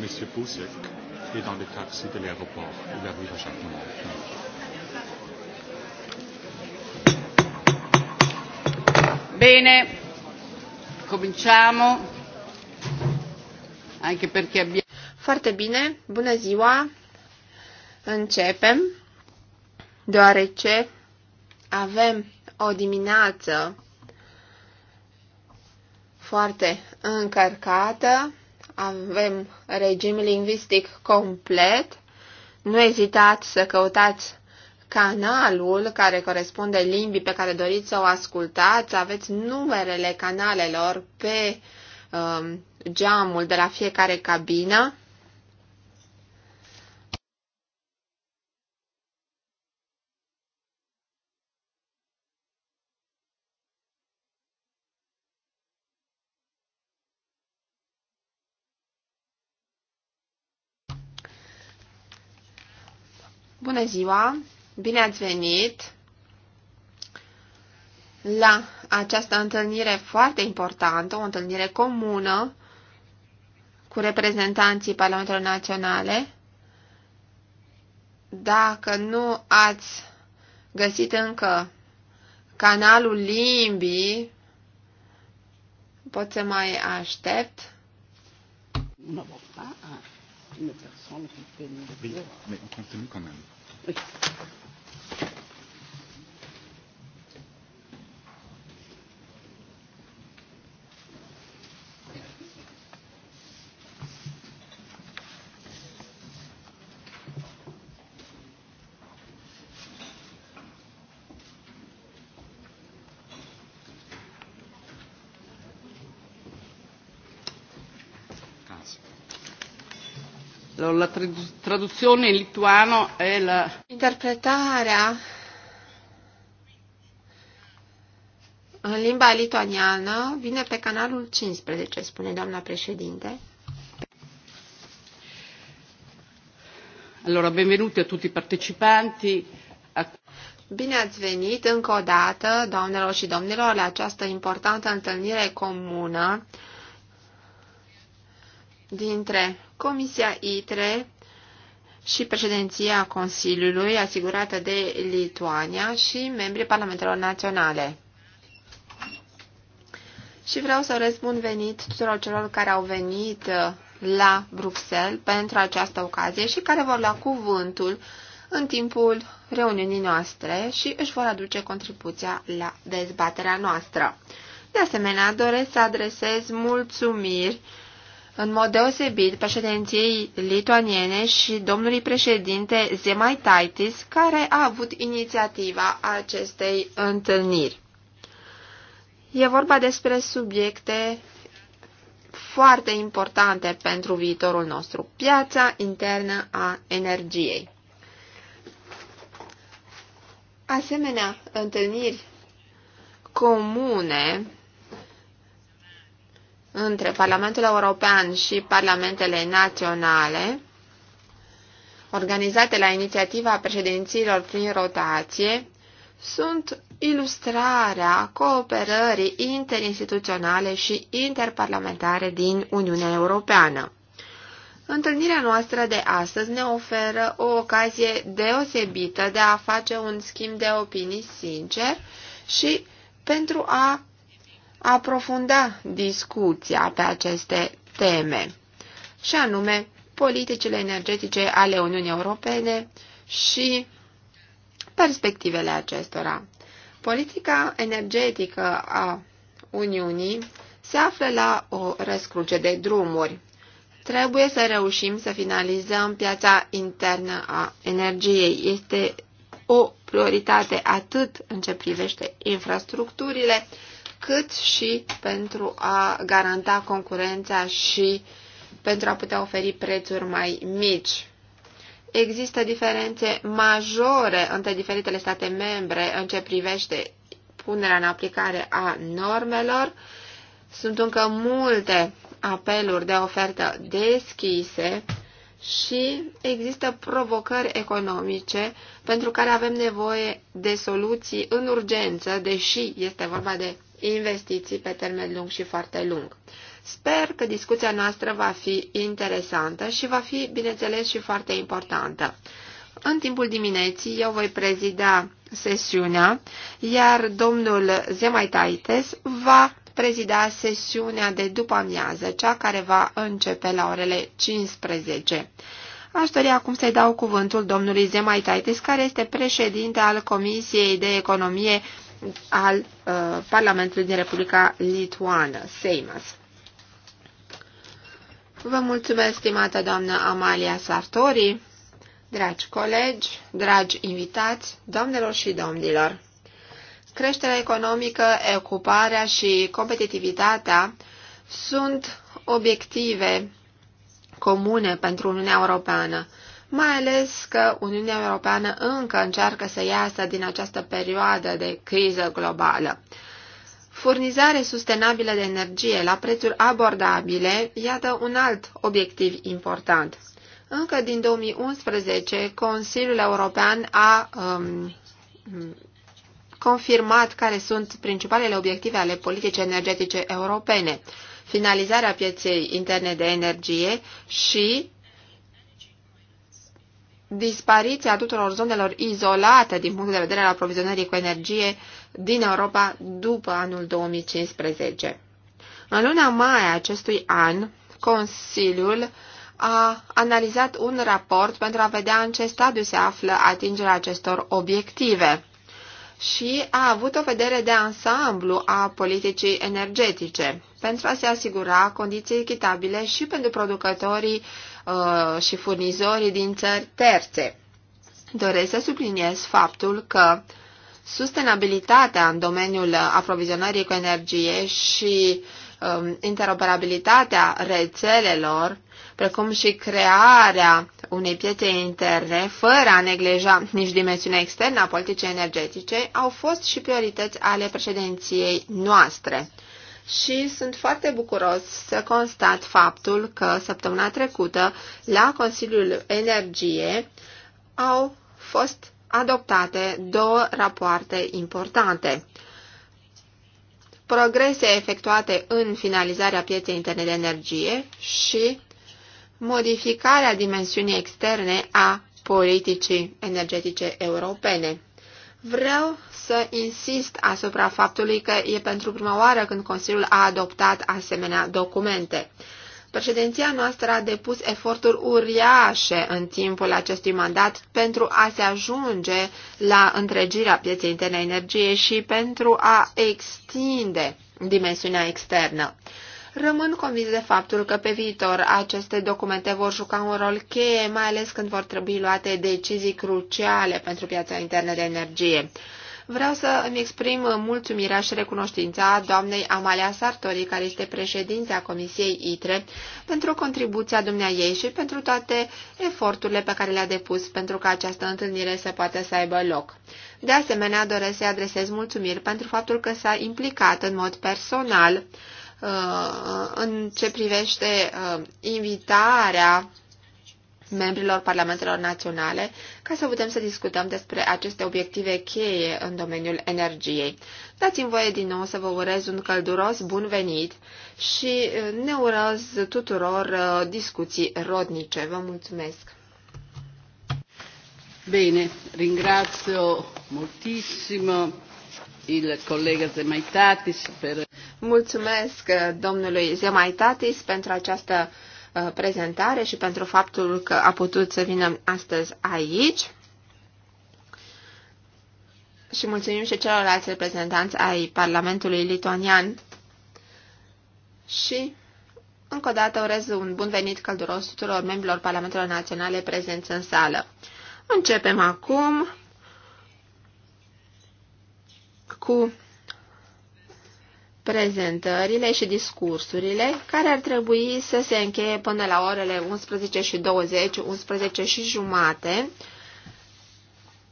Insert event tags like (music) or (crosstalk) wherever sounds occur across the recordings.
M. Buzek est dans le taxi de l'aéroport. Il arrive à chaque moment. Bene, cominciamo. Anche perché abbiamo... Foarte bine, bună ziua. Începem, deoarece avem o dimineață foarte încărcată avem regim lingvistic complet. Nu ezitați să căutați canalul care corespunde limbii pe care doriți să o ascultați. Aveți numerele canalelor pe um, geamul de la fiecare cabină. Bună ziua! Bine ați venit la această întâlnire foarte importantă, o întâlnire comună cu reprezentanții Parlamentului Naționale. Dacă nu ați găsit încă canalul limbii, pot să mai aștept. Nu, pas, une personne qui peut nous... Oui, mais on continue quand même. La traduzione in lituano è la interpretarea în limba lituaniană vine pe canalul 15, spune doamna președinte. Allora, benvenuti a tutti partecipanti. Bine ați venit încă o dată, doamnelor și domnilor, la această importantă întâlnire comună dintre Comisia ITRE și președinția Consiliului asigurată de Lituania și membrii Parlamentelor Naționale. Și vreau să răspund venit tuturor celor care au venit uh, la Bruxelles pentru această ocazie și care vor lua cuvântul în timpul reuniunii noastre și își vor aduce contribuția la dezbaterea noastră. De asemenea, doresc să adresez mulțumiri în mod deosebit președinției lituaniene și domnului președinte Taitis, care a avut inițiativa acestei întâlniri. E vorba despre subiecte foarte importante pentru viitorul nostru, piața internă a energiei. Asemenea, întâlniri comune între Parlamentul European și Parlamentele Naționale, organizate la inițiativa președinților prin rotație, sunt ilustrarea cooperării interinstituționale și interparlamentare din Uniunea Europeană. Întâlnirea noastră de astăzi ne oferă o ocazie deosebită de a face un schimb de opinii sincer și pentru a aprofunda discuția pe aceste teme, și anume politicile energetice ale Uniunii Europene și perspectivele acestora. Politica energetică a Uniunii se află la o răscruce de drumuri. Trebuie să reușim să finalizăm piața internă a energiei. Este o prioritate atât în ce privește infrastructurile, cât și pentru a garanta concurența și pentru a putea oferi prețuri mai mici. Există diferențe majore între diferitele state membre în ce privește punerea în aplicare a normelor. Sunt încă multe apeluri de ofertă deschise și există provocări economice pentru care avem nevoie de soluții în urgență, deși este vorba de investiții pe termen lung și foarte lung. Sper că discuția noastră va fi interesantă și va fi, bineînțeles, și foarte importantă. În timpul dimineții eu voi prezida sesiunea, iar domnul Zemaitaites va prezida sesiunea de după amiază, cea care va începe la orele 15. Aș dori acum să-i dau cuvântul domnului Zemaitaitis, care este președinte al Comisiei de Economie al uh, Parlamentului din Republica Lituană, Seimas. Vă mulțumesc, stimată doamnă Amalia Sartori, dragi colegi, dragi invitați, doamnelor și domnilor. Creșterea economică, ocuparea și competitivitatea sunt obiective comune pentru Uniunea Europeană mai ales că Uniunea Europeană încă încearcă să iasă din această perioadă de criză globală. Furnizare sustenabilă de energie la prețuri abordabile, iată un alt obiectiv important. Încă din 2011, Consiliul European a um, confirmat care sunt principalele obiective ale politicii energetice europene, finalizarea pieței interne de energie și dispariția tuturor zonelor izolate din punct de vedere al aprovizionării cu energie din Europa după anul 2015. În luna mai acestui an, Consiliul a analizat un raport pentru a vedea în ce stadiu se află atingerea acestor obiective și a avut o vedere de ansamblu a politicii energetice pentru a se asigura condiții echitabile și pentru producătorii Uh, și furnizorii din țări terțe. Doresc să subliniez faptul că sustenabilitatea în domeniul aprovizionării cu energie și um, interoperabilitatea rețelelor, precum și crearea unei piețe interne, fără a neglija nici dimensiunea externă a politicii energetice, au fost și priorități ale președinției noastre și sunt foarte bucuros să constat faptul că săptămâna trecută la Consiliul Energie au fost adoptate două rapoarte importante. Progrese efectuate în finalizarea pieței interne de energie și modificarea dimensiunii externe a politicii energetice europene. Vreau să insist asupra faptului că e pentru prima oară când Consiliul a adoptat asemenea documente. Președinția noastră a depus eforturi uriașe în timpul acestui mandat pentru a se ajunge la întregirea pieței interne a energiei și pentru a extinde dimensiunea externă. Rămân convins de faptul că pe viitor aceste documente vor juca un rol cheie, mai ales când vor trebui luate decizii cruciale pentru piața internă de energie. Vreau să îmi exprim mulțumirea și recunoștința doamnei Amalia Sartori, care este președintea Comisiei ITRE, pentru contribuția dumnea ei și pentru toate eforturile pe care le-a depus pentru ca această întâlnire să poată să aibă loc. De asemenea, doresc să-i adresez mulțumiri pentru faptul că s-a implicat în mod personal uh, în ce privește uh, invitarea membrilor parlamentelor naționale ca să putem să discutăm despre aceste obiective cheie în domeniul energiei. Dați-mi voie din nou să vă urez un călduros bun venit și uh, ne urez tuturor uh, discuții rodnice. Vă mulțumesc! Bine, ringrazio moltissimo il collega Zemaitatis per... Mulțumesc uh, domnului Zemaitatis pentru această Uh, prezentare și pentru faptul că a putut să vină astăzi aici. Și mulțumim și celorlalți reprezentanți ai Parlamentului lituanian. Și încă o dată urez un bun venit călduros tuturor membrilor Parlamentului Naționale prezenți în sală. Începem acum cu prezentările și discursurile, care ar trebui să se încheie până la orele 11 și 20, 11 și jumate,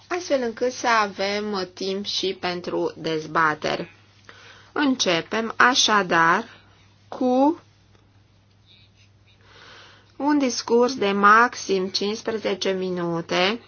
astfel încât să avem timp și pentru dezbateri. Începem așadar cu un discurs de maxim 15 minute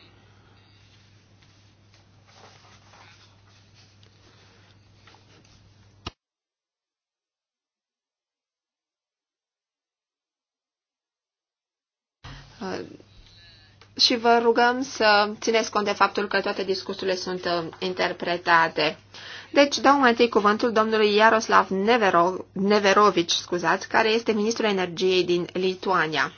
și vă rugăm să țineți cont de faptul că toate discursurile sunt uh, interpretate. Deci dau mai întâi cuvântul domnului Iaroslav Neverovici, scuzați, care este ministrul energiei din Lituania.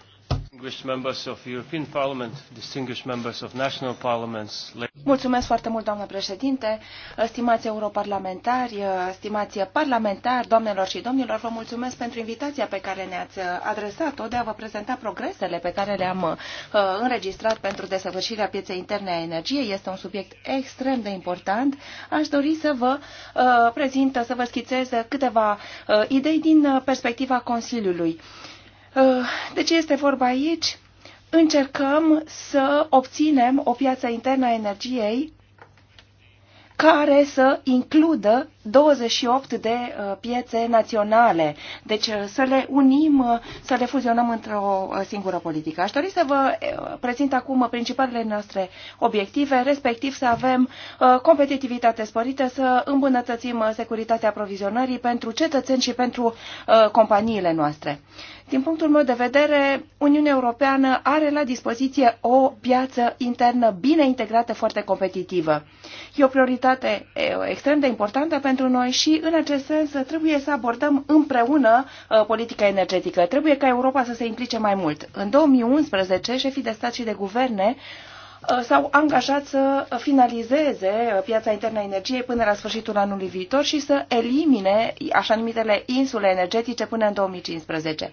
Mulțumesc foarte mult, doamnă președinte, stimați europarlamentari, stimați parlamentari, doamnelor și domnilor, vă mulțumesc pentru invitația pe care ne-ați adresat-o de a vă prezenta progresele pe care le-am uh, înregistrat pentru desăvârșirea pieței interne a energiei. Este un subiect extrem de important. Aș dori să vă uh, prezint, să vă schițez câteva uh, idei din perspectiva Consiliului. Uh, de ce este vorba aici? Încercăm să obținem o piață internă a energiei care să includă 28 de uh, piețe naționale. Deci uh, să le unim, uh, să le fuzionăm într-o singură politică. Aș dori să vă prezint acum principalele noastre obiective, respectiv să avem competitivitate sporită, să îmbunătățim securitatea aprovizionării pentru cetățeni și pentru companiile noastre. Din punctul meu de vedere, Uniunea Europeană are la dispoziție o piață internă bine integrată, foarte competitivă. E o prioritate extrem de importantă pentru pentru noi și, în acest sens, trebuie să abordăm împreună uh, politica energetică. Trebuie ca Europa să se implice mai mult. În 2011, șefii de stat și de guverne uh, s-au angajat să finalizeze uh, piața internă a energiei până la sfârșitul anului viitor și să elimine așa numitele insule energetice până în 2015.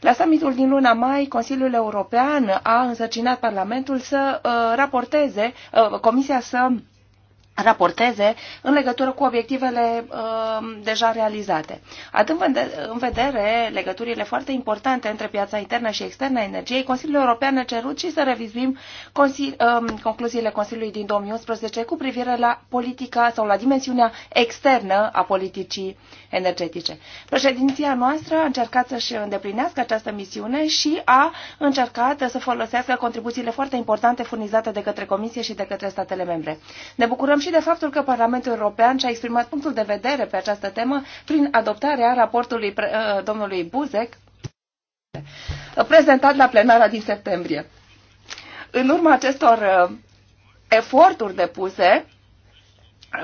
La summitul din luna mai, Consiliul European a însărcinat Parlamentul să uh, raporteze, Comisia să raporteze în legătură cu obiectivele uh, deja realizate. Atât în vedere legăturile foarte importante între piața internă și externă a energiei, Consiliul European a cerut și să revizuim uh, concluziile Consiliului din 2011 cu privire la politica sau la dimensiunea externă a politicii energetice. Președinția noastră a încercat să-și îndeplinească această misiune și a încercat să folosească contribuțiile foarte importante furnizate de către Comisie și de către statele membre. Ne bucurăm și de faptul că Parlamentul European și-a exprimat punctul de vedere pe această temă prin adoptarea raportului uh, domnului Buzek uh, prezentat la plenara din septembrie. În urma acestor uh, eforturi depuse,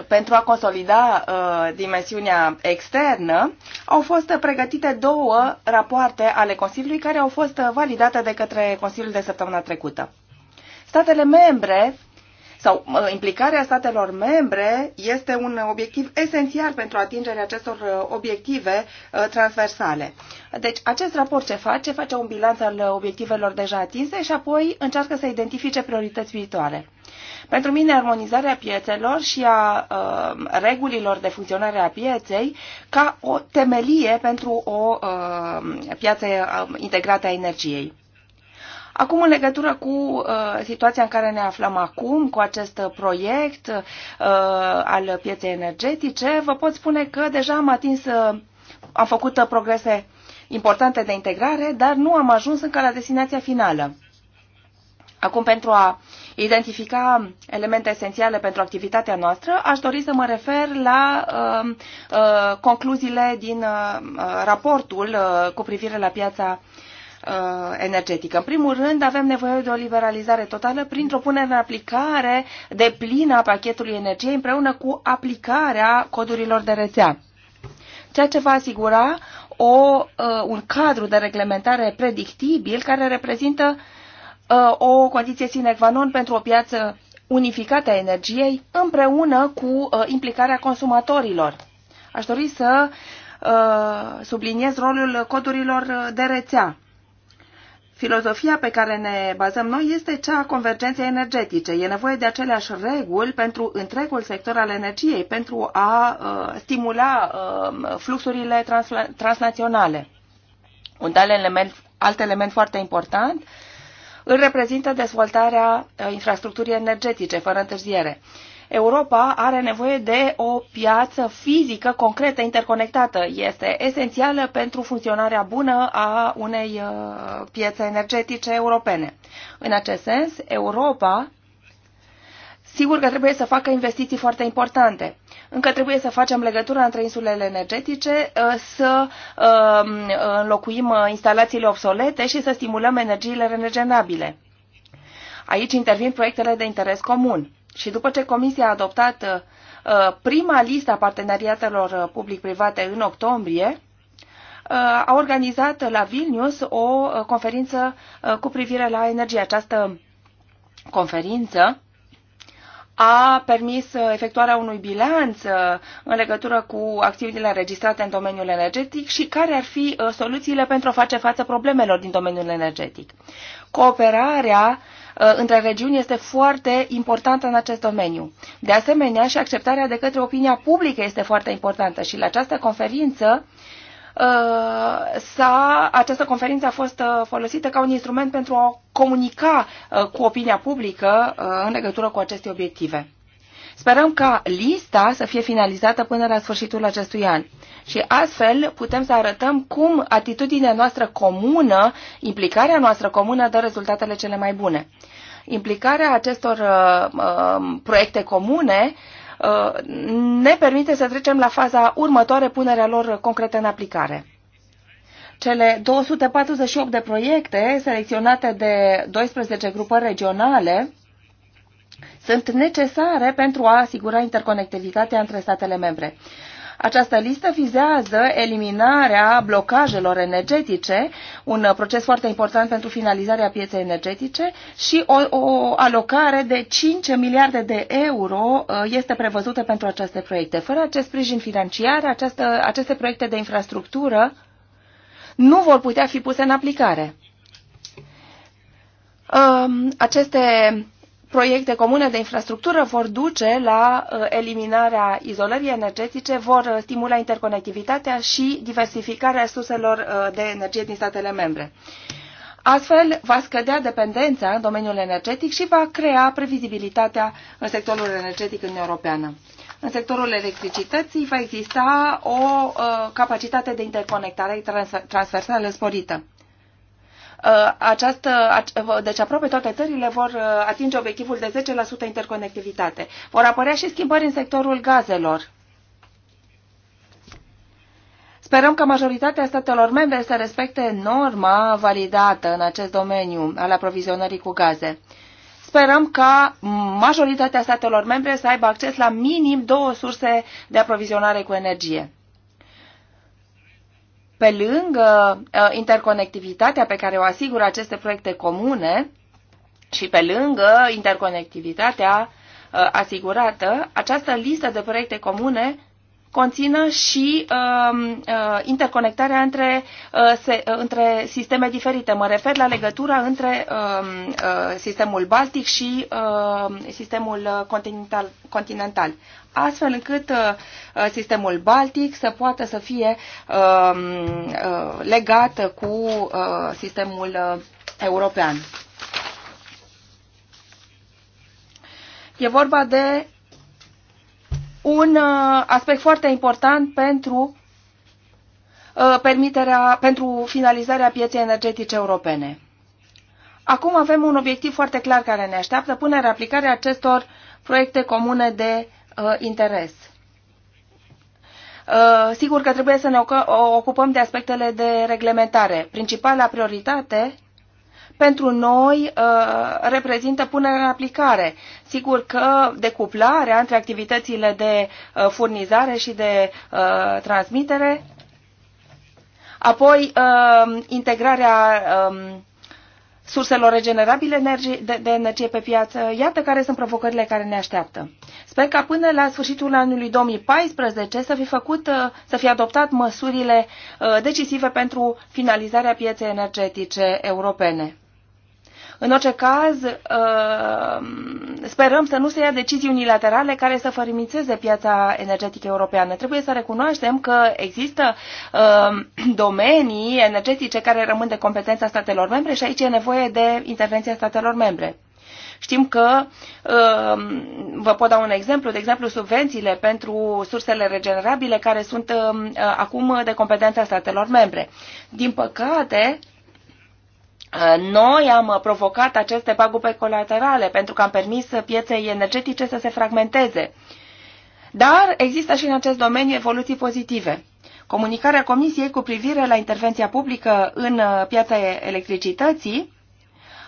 pentru a consolida uh, dimensiunea externă, au fost pregătite două rapoarte ale Consiliului care au fost validate de către Consiliul de săptămâna trecută. Statele membre sau implicarea statelor membre este un obiectiv esențial pentru atingerea acestor uh, obiective uh, transversale. Deci acest raport ce face, face un bilanț al obiectivelor deja atinse și apoi încearcă să identifice priorități viitoare. Pentru mine, armonizarea piețelor și a uh, regulilor de funcționare a pieței ca o temelie pentru o uh, piață uh, integrată a energiei. Acum, în legătură cu uh, situația în care ne aflăm acum, cu acest uh, proiect uh, al pieței energetice, vă pot spune că deja am atins, uh, am făcut uh, progrese importante de integrare, dar nu am ajuns încă la destinația finală. Acum, pentru a identifica elemente esențiale pentru activitatea noastră, aș dori să mă refer la uh, uh, concluziile din uh, raportul uh, cu privire la piața Uh, energetică. În primul rând, avem nevoie de o liberalizare totală printr-o punere în aplicare de plină a pachetului energiei împreună cu aplicarea codurilor de rețea. Ceea ce va asigura o, uh, un cadru de reglementare predictibil care reprezintă uh, o condiție sine qua non pentru o piață unificată a energiei împreună cu implicarea consumatorilor. Aș dori să subliniez rolul codurilor de rețea Filozofia pe care ne bazăm noi este cea a convergenței energetice. E nevoie de aceleași reguli pentru întregul sector al energiei, pentru a uh, stimula uh, fluxurile trans transnaționale. Un alt element, alt element foarte important îl reprezintă dezvoltarea uh, infrastructurii energetice, fără întârziere. Uh, Europa are nevoie de o piață fizică, concretă, interconectată. Este esențială pentru funcționarea bună a unei uh, piețe energetice europene. În acest sens, Europa Sigur că trebuie să facă investiții foarte importante. Încă trebuie să facem legătura între insulele energetice, uh, să um, înlocuim uh, instalațiile obsolete și să stimulăm energiile regenerabile. Aici intervin proiectele de interes comun și după ce Comisia a adoptat uh, prima listă a parteneriatelor uh, public-private în octombrie, uh, a organizat la Vilnius o conferință cu privire la energie. Această conferință a permis efectuarea unui bilanț în legătură cu acțiunile înregistrate în domeniul energetic și care ar fi soluțiile pentru a face față problemelor din domeniul energetic. Cooperarea Uh, între regiuni este foarte importantă în acest domeniu. De asemenea, și acceptarea de către opinia publică este foarte importantă și la această conferință uh, S-a, această conferință a fost uh, folosită ca un instrument pentru a comunica cu opinia publică în legătură cu aceste obiective. Sperăm ca lista să fie finalizată până la sfârșitul acestui an. Și astfel putem să arătăm cum atitudinea noastră comună, implicarea noastră comună dă rezultatele cele mai bune. Implicarea acestor uh, uh, proiecte comune uh, ne permite să trecem la faza următoare, punerea lor concretă în aplicare. Cele 248 de proiecte selecționate de 12 grupări regionale sunt necesare pentru a asigura interconectivitatea între statele membre. Această listă vizează eliminarea blocajelor energetice, un proces foarte important pentru finalizarea pieței energetice și o, o alocare de 5 miliarde de euro uh, este prevăzută pentru aceste proiecte. Fără acest sprijin financiar, această, aceste proiecte de infrastructură nu vor putea fi puse în aplicare. Um, aceste proiecte comune de infrastructură vor duce la uh, eliminarea izolării energetice, vor uh, stimula interconectivitatea și diversificarea surselor uh, de energie din statele membre. Astfel, va scădea dependența în domeniul energetic și va crea previzibilitatea în sectorul energetic în Europeană. În sectorul electricității va exista o capacitate de interconectare transversală sporită. Uh, această, uh, deci aproape toate țările vor uh, atinge obiectivul de 10% interconectivitate. Vor apărea și schimbări în sectorul gazelor. Sperăm că majoritatea statelor membre să respecte norma validată în acest domeniu al aprovizionării cu gaze. Sperăm ca majoritatea statelor membre să aibă acces la minim două surse de aprovizionare cu energie pe lângă ă, interconectivitatea pe care o asigură aceste proiecte comune și pe lângă interconectivitatea ă, asigurată, această listă de proiecte comune conțină și um, uh, interconectarea între, uh, se, uh, între sisteme diferite. Mă refer la legătura între um, uh, sistemul baltic și um, uh, sistemul continental, continental astfel încât uh, uh, sistemul baltic să poată să fie uh, uh, legat cu uh, sistemul uh, european. E vorba de un uh, aspect foarte important pentru uh, permiterea, pentru finalizarea pieței energetice europene. Acum avem un obiectiv foarte clar care ne așteaptă, punerea aplicarea acestor proiecte comune de uh, interes. Uh, sigur că trebuie să ne ocupăm de aspectele de reglementare. Principala prioritate pentru noi uh, reprezintă punerea în aplicare. Sigur că decuplarea între activitățile de uh, furnizare și de uh, transmitere, apoi um, integrarea um, surselor regenerabile de, de energie pe piață, iată care sunt provocările care ne așteaptă. Sper ca până la sfârșitul anului 2014 să fi, făcut, să fi adoptat măsurile decisive pentru finalizarea pieței energetice europene. În orice caz, uh, sperăm să nu se ia decizii unilaterale care să fărimițeze piața energetică europeană. Trebuie să recunoaștem că există uh, (clears throat) domenii energetice care rămân de competența statelor membre și aici e nevoie de intervenția statelor membre. Știm că, uh, vă pot da un exemplu, de exemplu subvențiile pentru sursele regenerabile care sunt acum de competența statelor membre. Din păcate, Uh, noi am uh, provocat aceste pagube colaterale pentru că am permis uh, pieței energetice să se fragmenteze. Dar există și în acest domeniu evoluții pozitive. Comunicarea Comisiei cu privire la intervenția publică în piața electricității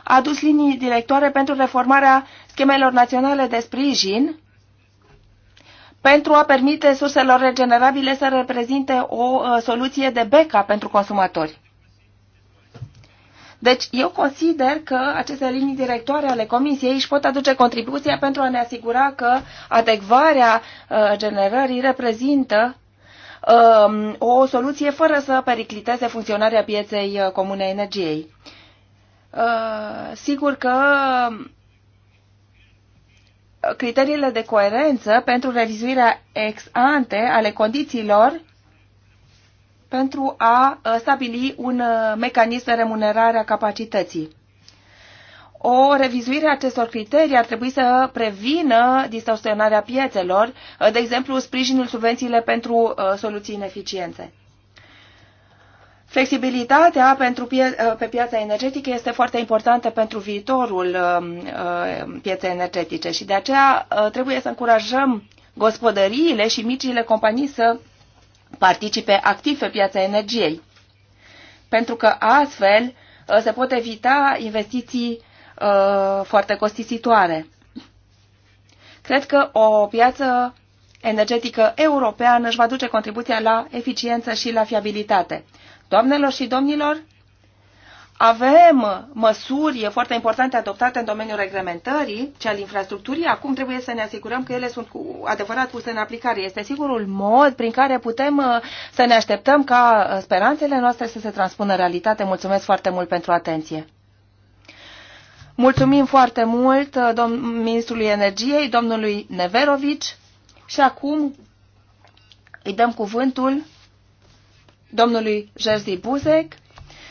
a dus linii directoare pentru reformarea schemelor naționale de sprijin pentru a permite surselor regenerabile să reprezinte o soluție de beca pentru consumatori. Deci eu consider că aceste linii directoare ale Comisiei își pot aduce contribuția pentru a ne asigura că adecvarea uh, generării reprezintă um, o soluție fără să pericliteze funcționarea pieței uh, comune a energiei. Uh, sigur că criteriile de coerență pentru revizuirea ex ante ale condițiilor pentru a uh, stabili un uh, mecanism de remunerare a capacității. O revizuire a acestor criterii ar trebui să prevină distorsionarea piețelor, uh, de exemplu sprijinul subvențiile pentru soluții ineficiențe. Flexibilitatea pentru pie pe piața energetică este foarte importantă pentru viitorul um, pieței energetice și de aceea trebuie să încurajăm gospodăriile și micile companii să participe activ pe piața energiei. Pentru că astfel uh, se pot evita investiții uh, foarte costisitoare. Cred că o piață energetică europeană își va duce contribuția la eficiență și la fiabilitate. Doamnelor și domnilor, avem măsuri foarte importante adoptate în domeniul reglementării, cel al infrastructurii. Acum trebuie să ne asigurăm că ele sunt cu adevărat puse în aplicare. Este singurul mod prin care putem uh, să ne așteptăm ca uh, speranțele noastre să se transpună în realitate. Mulțumesc foarte mult pentru atenție. Mulțumim foarte mult uh, domn, ministrului energiei, domnului Neverovici și acum îi dăm cuvântul domnului Jerzy Buzek,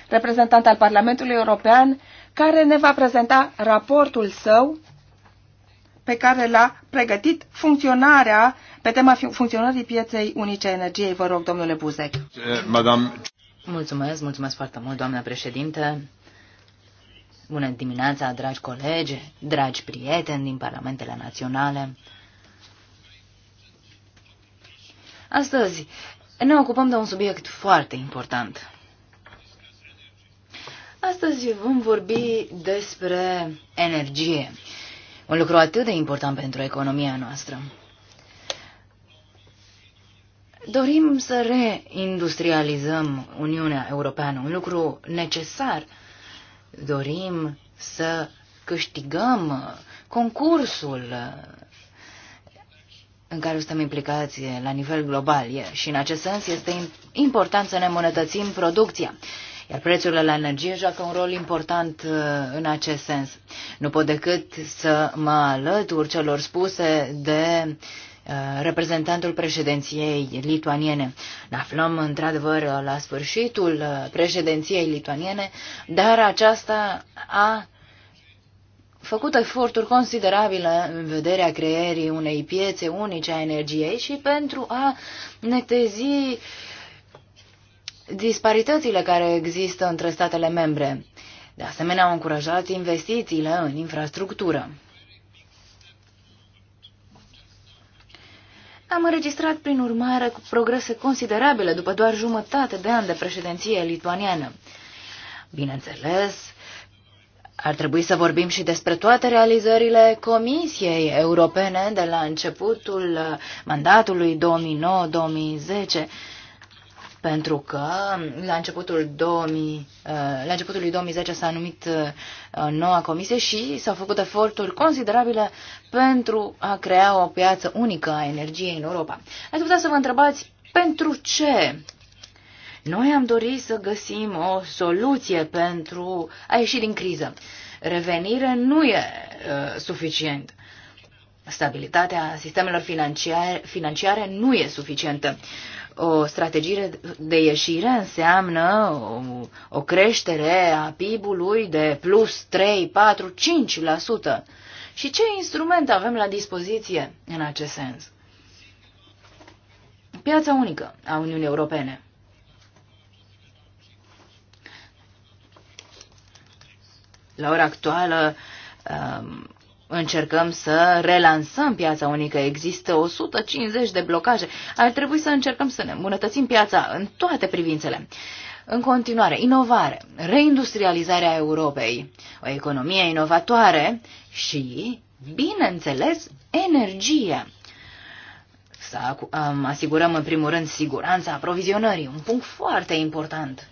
reprezentant al Parlamentului European, care ne va prezenta raportul său pe care l-a pregătit funcționarea pe tema funcționării pieței unice a energiei. Vă rog, domnule Buzec. Madame... Mulțumesc, mulțumesc foarte mult, doamna președinte. Bună dimineața, dragi colegi, dragi prieteni din Parlamentele Naționale. Astăzi ne ocupăm de un subiect foarte important. Astăzi vom vorbi despre energie, un lucru atât de important pentru economia noastră. Dorim să reindustrializăm Uniunea Europeană, un lucru necesar. Dorim să câștigăm concursul în care suntem implicați la nivel global. Și în acest sens este important să ne monetățim producția. Iar prețurile la energie joacă un rol important uh, în acest sens. Nu pot decât să mă alătur celor spuse de uh, reprezentantul președinției lituaniene. Ne aflăm într-adevăr la sfârșitul uh, președinției lituaniene, dar aceasta a făcut eforturi considerabile în vederea creierii unei piețe unice a energiei și pentru a netezi disparitățile care există între statele membre. De asemenea, au încurajat investițiile în infrastructură. Am înregistrat, prin urmare, progrese considerabile după doar jumătate de an de președinție lituaniană. Bineînțeles, ar trebui să vorbim și despre toate realizările Comisiei Europene de la începutul mandatului 2009-2010, pentru că la începutul, 2000, uh, la începutul lui 2010 s-a numit uh, noua comisie și s-au făcut eforturi considerabile pentru a crea o piață unică a energiei în Europa. Ați putea să vă întrebați pentru ce noi am dorit să găsim o soluție pentru a ieși din criză. Revenire nu e uh, suficient. Stabilitatea sistemelor financiare, financiare nu e suficientă. O strategie de ieșire înseamnă o, o creștere a PIB-ului de plus 3, 4, 5%. Și ce instrument avem la dispoziție în acest sens? Piața unică a Uniunii Europene. La ora actuală, um, încercăm să relansăm piața unică. Există 150 de blocaje. Ar trebui să încercăm să ne îmbunătățim piața în toate privințele. În continuare, inovare, reindustrializarea Europei, o economie inovatoare și, bineînțeles, energie. Să asigurăm, în primul rând, siguranța aprovizionării, un punct foarte important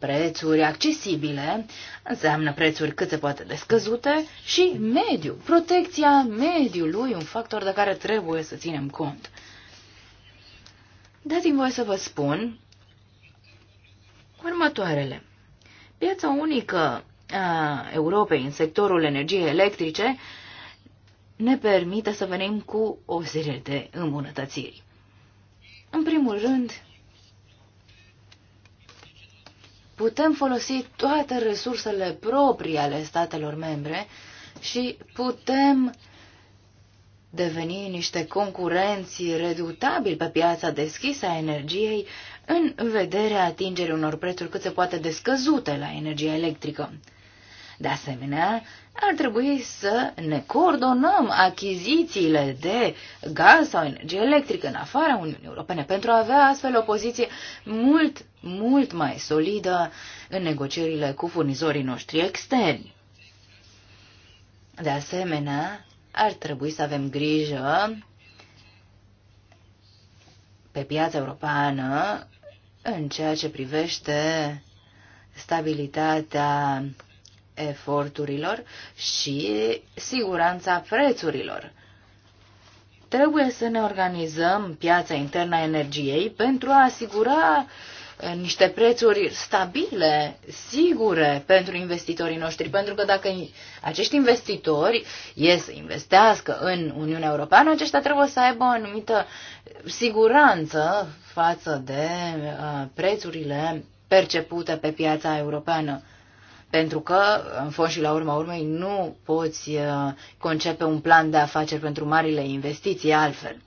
prețuri accesibile, înseamnă prețuri cât se poate de scăzute și mediu, protecția mediului, un factor de care trebuie să ținem cont. Dați-mi voie să vă spun următoarele. Piața unică a Europei în sectorul energiei electrice ne permite să venim cu o serie de îmbunătățiri. În primul rând, putem folosi toate resursele proprii ale statelor membre și putem deveni niște concurenți redutabili pe piața deschisă a energiei în vederea atingerii unor prețuri cât se poate descăzute la energia electrică. De asemenea, ar trebui să ne coordonăm achizițiile de gaz sau energie electrică în afara Uniunii Europene pentru a avea astfel o poziție mult, mult mai solidă în negocierile cu furnizorii noștri externi. De asemenea, ar trebui să avem grijă pe piața europeană în ceea ce privește stabilitatea eforturilor și siguranța prețurilor. Trebuie să ne organizăm piața internă a energiei pentru a asigura eh, niște prețuri stabile, sigure pentru investitorii noștri, pentru că dacă acești investitori ies să investească în Uniunea Europeană, aceștia trebuie să aibă o anumită siguranță față de eh, prețurile percepute pe piața europeană pentru că, în fond și la urma urmei, nu poți uh, concepe un plan de afaceri pentru marile investiții altfel.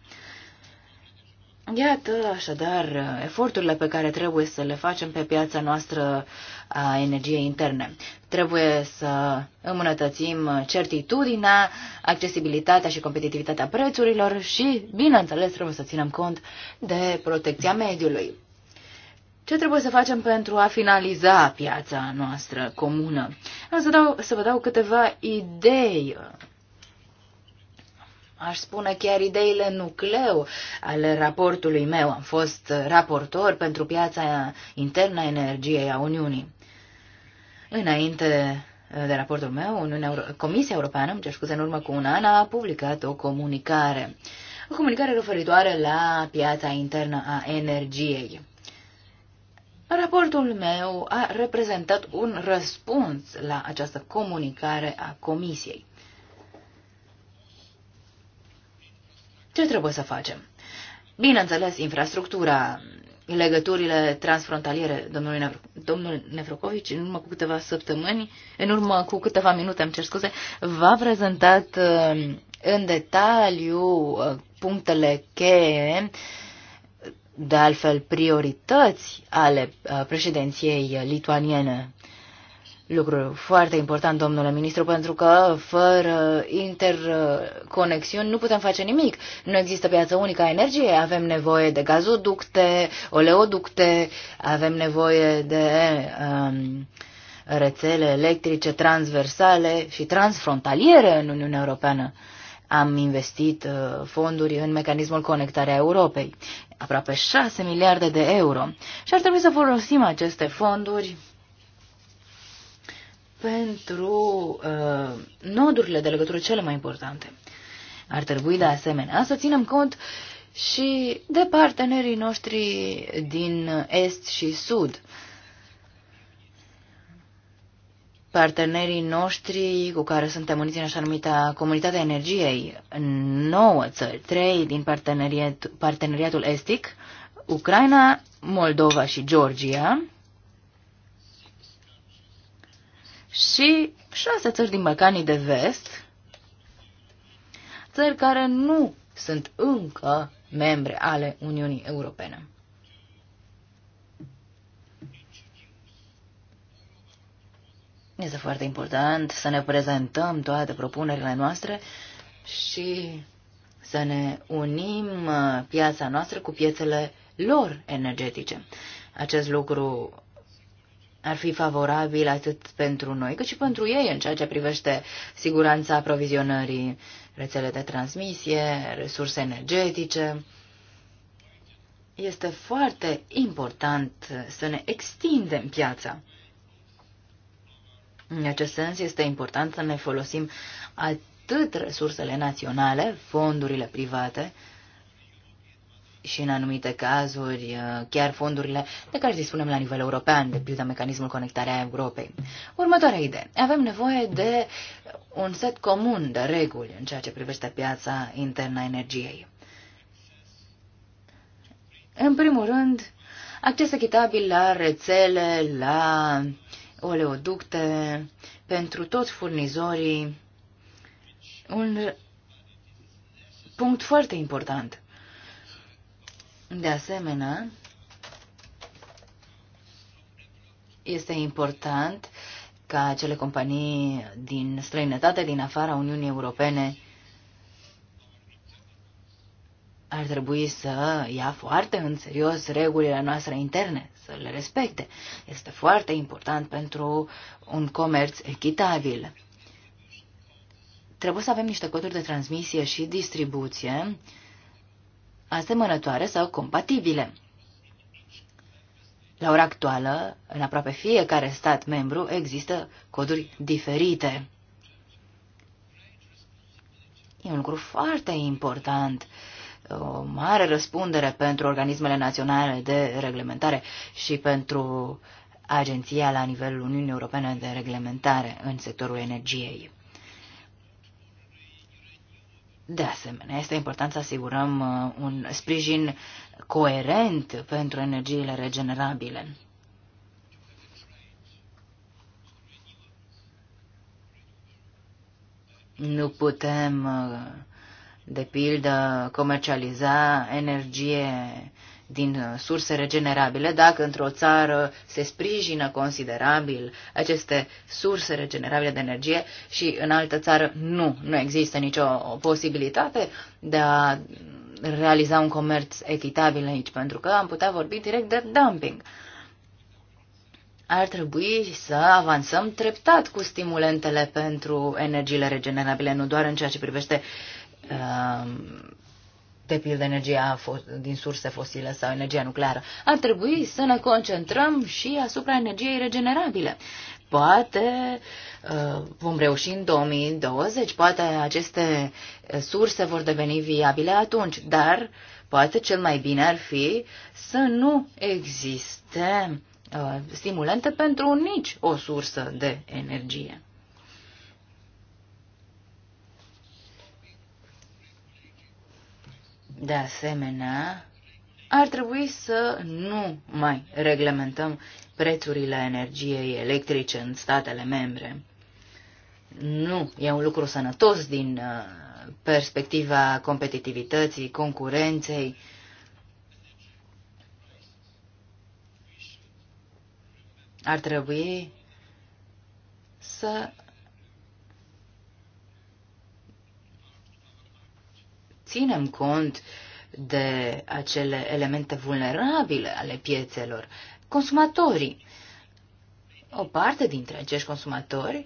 Iată, așadar, eforturile pe care trebuie să le facem pe piața noastră a energiei interne. Trebuie să îmbunătățim certitudinea, accesibilitatea și competitivitatea prețurilor și, bineînțeles, trebuie să ținem cont de protecția mediului ce trebuie să facem pentru a finaliza piața noastră comună. Am să, dau, să vă dau câteva idei aș spune chiar ideile nucleu ale raportului meu. Am fost raportor pentru piața internă a energiei a Uniunii. Înainte de raportul meu, Uniunea Euro- Comisia Europeană, îmi cer scuze, în urmă cu un an, a publicat o comunicare. O comunicare referitoare la piața internă a energiei. Raportul meu a reprezentat un răspuns la această comunicare a Comisiei. Ce trebuie să facem? Bineînțeles, infrastructura, legăturile transfrontaliere, domnul, Nevro, domnul Nevrocovici, în urmă cu câteva săptămâni, în urmă cu câteva minute, am cer scuze, v-a prezentat uh, în detaliu uh, punctele cheie de altfel priorități ale uh, președinției lituaniene. Lucru foarte important, domnule ministru, pentru că fără interconexiuni nu putem face nimic. Nu există piață unică a energiei, avem nevoie de gazoducte, oleoducte, avem nevoie de um, rețele electrice transversale și transfrontaliere în Uniunea Europeană am investit uh, fonduri în mecanismul conectarea Europei aproape 6 miliarde de euro. Și ar trebui să folosim aceste fonduri pentru uh, nodurile de legătură cele mai importante. Ar trebui de asemenea să ținem cont și de partenerii noștri din Est și Sud. Uh, partenerii noștri cu care suntem uniți în așa numită Comunitatea Energiei, nouă țări, trei din parteneriat, parteneriatul estic, Ucraina, Moldova și Georgia, și șase țări din Balcanii de Vest, țări care nu sunt încă membre ale Uniunii Europene. Este foarte important să ne prezentăm toate propunerile noastre și să ne unim uh, piața noastră cu piețele lor energetice. Acest lucru ar fi favorabil atât pentru noi cât și pentru ei în ceea ce privește siguranța aprovizionării, rețele de transmisie, resurse energetice. Este foarte important să ne extindem piața. În acest sens, este important să ne folosim atât resursele naționale, fondurile private, și în anumite cazuri uh, chiar fondurile de care dispunem la nivel european, de pildă mecanismul conectarea Europei. Următoarea idee. Avem nevoie de un set comun de reguli în ceea ce privește piața internă a energiei. În primul rând, acces echitabil la rețele, la oleoducte, pentru toți furnizorii, un punct foarte important. De asemenea, este important ca acele companii din străinătate, din afara Uniunii Europene, ar trebui să ia foarte în serios regulile noastre interne să le respecte. Este foarte important pentru un comerț echitabil. Trebuie să avem niște coduri de transmisie și distribuție asemănătoare sau compatibile. La ora actuală, în aproape fiecare stat membru există coduri diferite. E un lucru foarte important o mare răspundere pentru organismele naționale de reglementare și pentru agenția la nivelul Uniunii Europene de reglementare în sectorul energiei. De asemenea, este important să asigurăm uh, un sprijin coerent pentru energiile regenerabile. Nu putem uh, de pildă comercializa energie din surse regenerabile, dacă într-o țară se sprijină considerabil aceste surse regenerabile de energie și în altă țară nu, nu există nicio posibilitate de a realiza un comerț echitabil aici, pentru că am putea vorbi direct de dumping. Ar trebui să avansăm treptat cu stimulentele pentru energiile regenerabile, nu doar în ceea ce privește uh, Ehm, de pildă energia din surse fosile sau energia nucleară. Ar trebui să ne concentrăm și asupra energiei regenerabile. Poate ehm, vom reuși în 2020, poate aceste surse vor deveni viabile atunci, dar poate cel mai bine ar fi să nu existe ehm, stimulente pentru nici o sursă de energie. De asemenea, ar trebui să nu mai reglementăm prețurile energiei electrice în statele membre. Nu e un lucru sănătos din uh, perspectiva competitivității, concurenței. Ar trebui să ținem cont de acele elemente vulnerabile ale piețelor, consumatorii. O parte dintre acești consumatori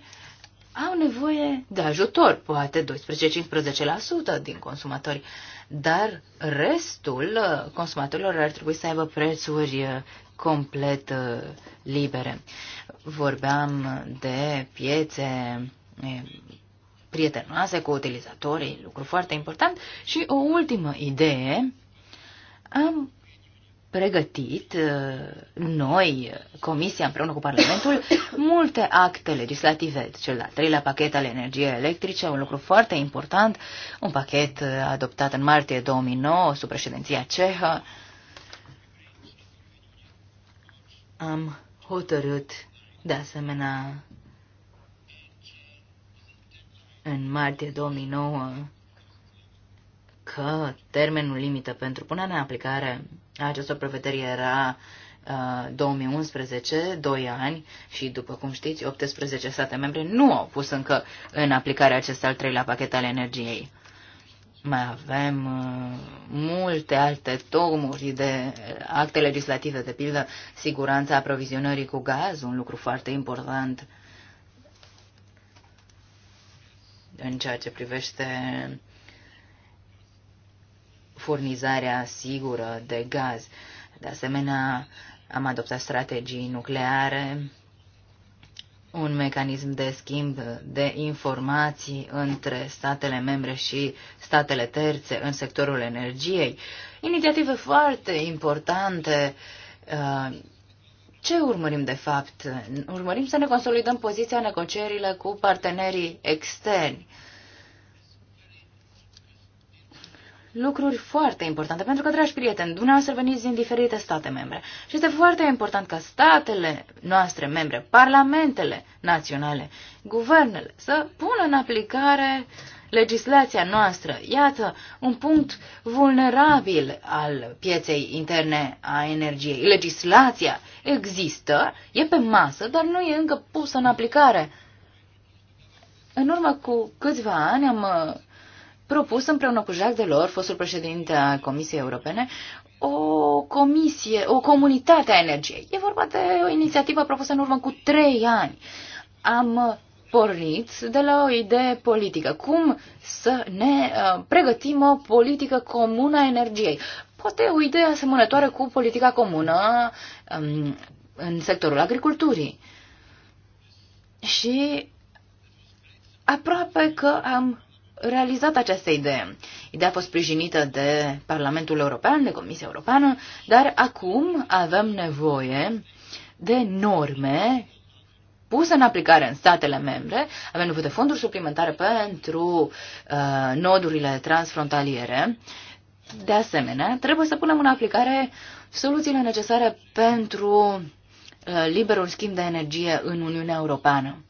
au nevoie de ajutor, poate 12-15% din consumatori, dar restul uh, consumatorilor ar trebui să aibă prețuri uh, complet uh, libere. Vorbeam de piețe prietenoase cu utilizatorii, lucru foarte important. Și o ultimă idee, am pregătit uh, noi, Comisia împreună cu Parlamentul, (coughs) multe acte legislative. Cel de-al treilea pachet al energiei electrice, un lucru foarte important, un pachet uh, adoptat în martie 2009 sub președinția cehă. Am hotărât de asemenea în martie 2009 că termenul limită pentru punerea în aplicare a acestor prevederi era uh, 2011, 2 ani și, după cum știți, 18 state membre nu au pus încă în aplicare acest al treilea pachet al energiei. Mai avem uh, multe alte tomuri de acte legislative, de pildă siguranța aprovizionării cu gaz, un lucru foarte important uh, în ceea ce privește furnizarea sigură de gaz. De asemenea, am adoptat strategii nucleare, un mecanism de schimb de informații între statele membre și statele terțe în sectorul energiei. Inițiative foarte importante uh, ce urmărim de fapt? Urmărim să ne consolidăm poziția negocierile cu partenerii externi. lucruri foarte importante, pentru că, dragi prieteni, dumneavoastră veniți din diferite state membre și este foarte important ca statele noastre membre, parlamentele naționale, guvernele, să pună în aplicare legislația noastră. Iată, un punct vulnerabil al pieței interne a energiei. Legislația există, e pe masă, dar nu e încă pusă în aplicare. În urmă cu câțiva ani am uh, propus împreună cu Jacques Delors, fostul președinte al Comisiei Europene, o comisie, o comunitate a energiei. E vorba de o inițiativă propusă în urmă cu trei ani. Am uh, porniți de la o idee politică. Cum să ne uh, pregătim o politică comună a energiei? Poate o idee asemănătoare cu politica comună um, în sectorul agriculturii. Și aproape că am realizat această idee. Ideea a fost sprijinită de Parlamentul European, de Comisia Europeană, dar acum avem nevoie de norme pusă în aplicare în statele membre, avem nevoie de fonduri suplimentare pentru uh, nodurile transfrontaliere. De asemenea, trebuie să punem în aplicare soluțiile necesare pentru uh, liberul schimb de energie în Uniunea Europeană.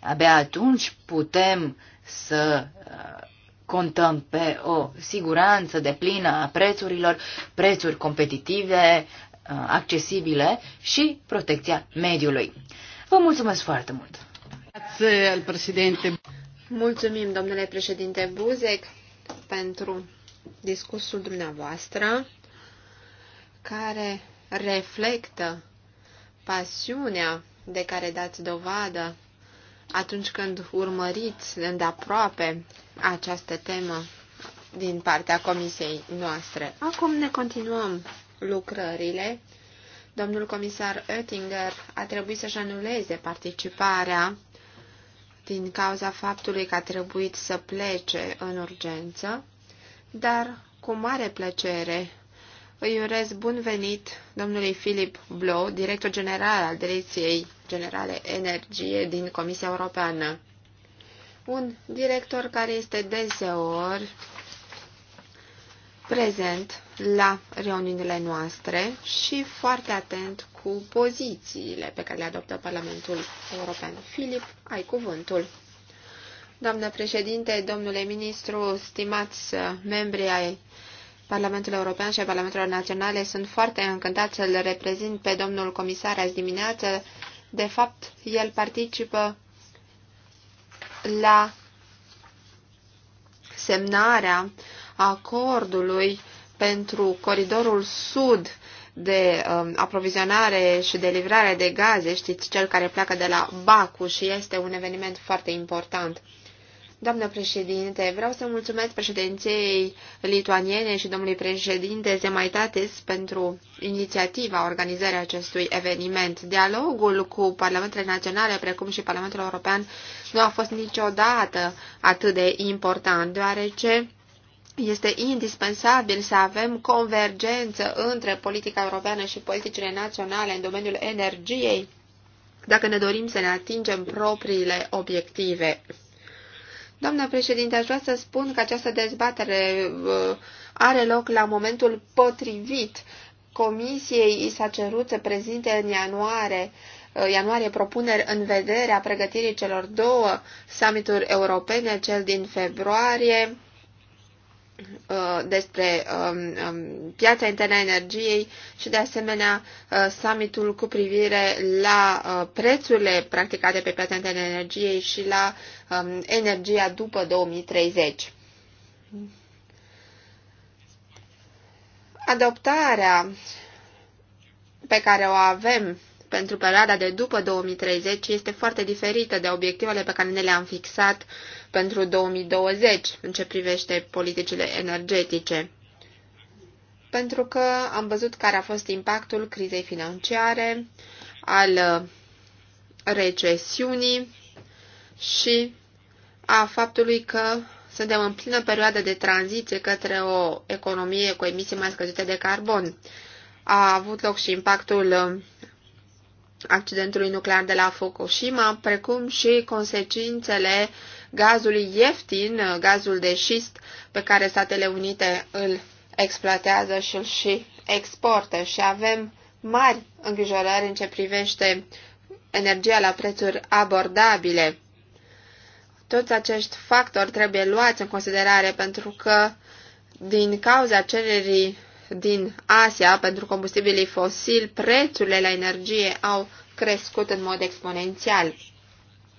Abia atunci putem să uh, contăm pe o siguranță de plină a prețurilor, prețuri competitive, uh, accesibile și protecția mediului. Vă mulțumesc foarte mult! Mulțumim, domnule președinte Buzek, pentru discursul dumneavoastră care reflectă pasiunea de care dați dovadă atunci când urmăriți îndeaproape această temă din partea comisiei noastre. Acum ne continuăm lucrările Domnul comisar Oettinger a trebuit să-și anuleze participarea din cauza faptului că a trebuit să plece în urgență, dar cu mare plăcere îi urez bun venit domnului Philip Blow, director general al Direcției Generale Energie din Comisia Europeană. Un director care este deseori prezent la reuniunile noastre și foarte atent cu pozițiile pe care le adoptă Parlamentul European. Filip, ai cuvântul. Doamnă președinte, domnule ministru, stimați membri ai Parlamentul European și Parlamentelor Naționale, sunt foarte încântat să-l reprezint pe domnul comisar azi dimineață. De fapt, el participă la semnarea acordului pentru coridorul sud de um, aprovizionare și de livrare de gaze, știți, cel care pleacă de la Baku și este un eveniment foarte important. Doamnă președinte, vreau să mulțumesc președinției lituaniene și domnului președinte Zemaitatis pentru inițiativa organizării acestui eveniment. Dialogul cu parlamentele naționale, precum și Parlamentul European, nu a fost niciodată atât de important, deoarece este indispensabil să avem convergență între politica europeană și politicile naționale în domeniul energiei dacă ne dorim să ne atingem propriile obiective. Doamnă președinte, aș vrea să spun că această dezbatere uh, are loc la momentul potrivit. Comisiei i s-a cerut să prezinte în ianuarie, uh, ianuarie propuneri în vederea pregătirii celor două summituri europene, cel din februarie Uh, despre um, um, piața internă a energiei și de asemenea uh, summitul cu privire la uh, prețurile practicate pe piața internă a energiei și la um, energia după 2030. Adoptarea pe care o avem pentru perioada de după 2030 este foarte diferită de obiectivele pe care ne le-am fixat pentru 2020 în ce privește politicile energetice. Pentru că am văzut care a fost impactul crizei financiare, al uh, recesiunii și a faptului că suntem în plină perioadă de tranziție către o economie cu emisii mai scăzute de carbon. A avut loc și impactul uh, accidentului nuclear de la Fukushima, precum și consecințele gazului ieftin, gazul de șist pe care Statele Unite îl exploatează și îl și exportă și avem mari îngrijorări în ce privește energia la prețuri abordabile. Toți acești factori trebuie luați în considerare pentru că din cauza cererii din Asia pentru combustibilii fosili, prețurile la energie au crescut în mod exponențial.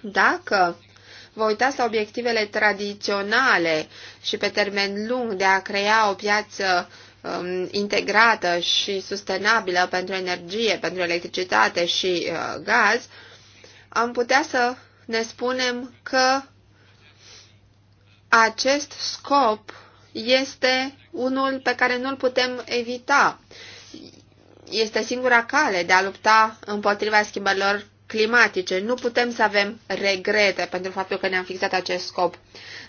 Dacă vă uitați la obiectivele tradiționale și pe termen lung de a crea o piață um, integrată și sustenabilă pentru energie, pentru electricitate și uh, gaz, am putea să ne spunem că acest scop este unul pe care nu-l putem evita. Este singura cale de a lupta împotriva schimbărilor climatice. Nu putem să avem regrete pentru faptul că ne-am fixat acest scop.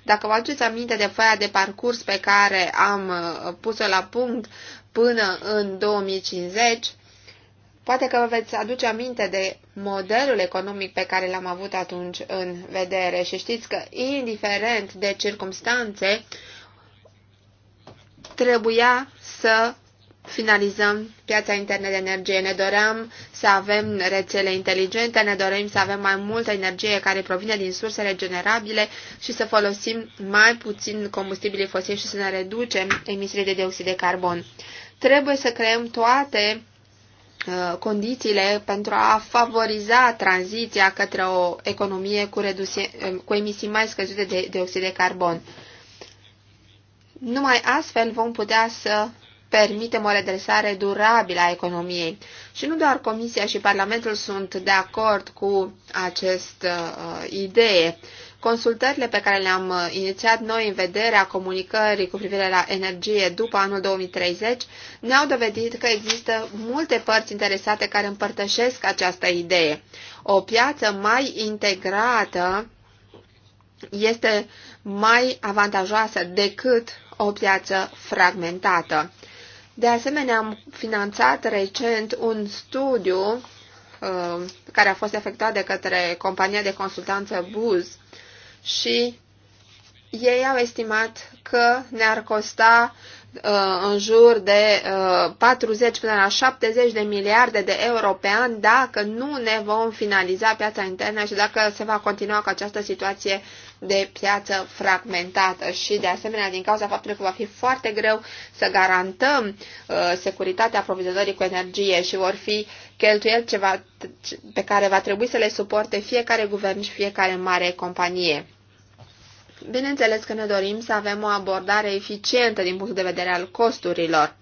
Dacă vă aduceți aminte de foaia de parcurs pe care am uh, pus-o la punct până în 2050, poate că vă veți aduce aminte de modelul economic pe care l-am avut atunci în vedere și știți că, indiferent de circumstanțe, trebuia să finalizăm piața internă de energie. Ne doream să avem rețele inteligente, ne dorim să avem mai multă energie care provine din surse regenerabile și să folosim mai puțin combustibili fosili și să ne reducem emisiile de dioxid de carbon. Trebuie să creăm toate uh, condițiile pentru a favoriza tranziția către o economie cu, reduse, uh, cu emisii mai scăzute de dioxid de carbon. Numai astfel vom putea să permitem o redresare durabilă a economiei. Și nu doar Comisia și Parlamentul sunt de acord cu această uh, idee. Consultările pe care le-am uh, inițiat noi în vederea comunicării cu privire la energie după anul 2030 ne-au dovedit că există multe părți interesate care împărtășesc această idee. O piață mai integrată este mai avantajoasă decât o piață fragmentată. De asemenea, am finanțat recent un studiu uh, care a fost efectuat de către compania de consultanță Buz și ei au estimat că ne-ar costa uh, în jur de uh, 40 până la 70 de miliarde de euro pe an dacă nu ne vom finaliza piața internă și dacă se va continua cu această situație de piață fragmentată și, de asemenea, din cauza faptului că va fi foarte greu să garantăm uh, securitatea aprovizionării cu energie și vor fi cheltuieli ceva pe care va trebui să le suporte fiecare guvern și fiecare mare companie. Bineînțeles că ne dorim să avem o abordare eficientă din punct de vedere al costurilor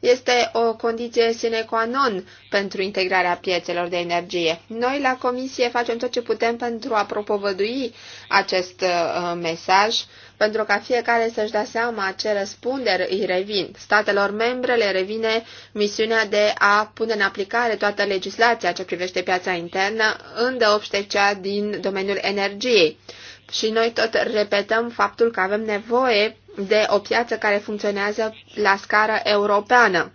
este o condiție sine qua non pentru integrarea piețelor de energie. Noi la Comisie facem tot ce putem pentru a propovădui acest uh, mesaj, pentru ca fiecare să-și dea seama ce răspunderi îi revin. Statelor membre le revine misiunea de a pune în aplicare toată legislația ce privește piața internă, îndeopște cea din domeniul energiei. Și noi tot repetăm faptul că avem nevoie de o piață care funcționează la scară europeană.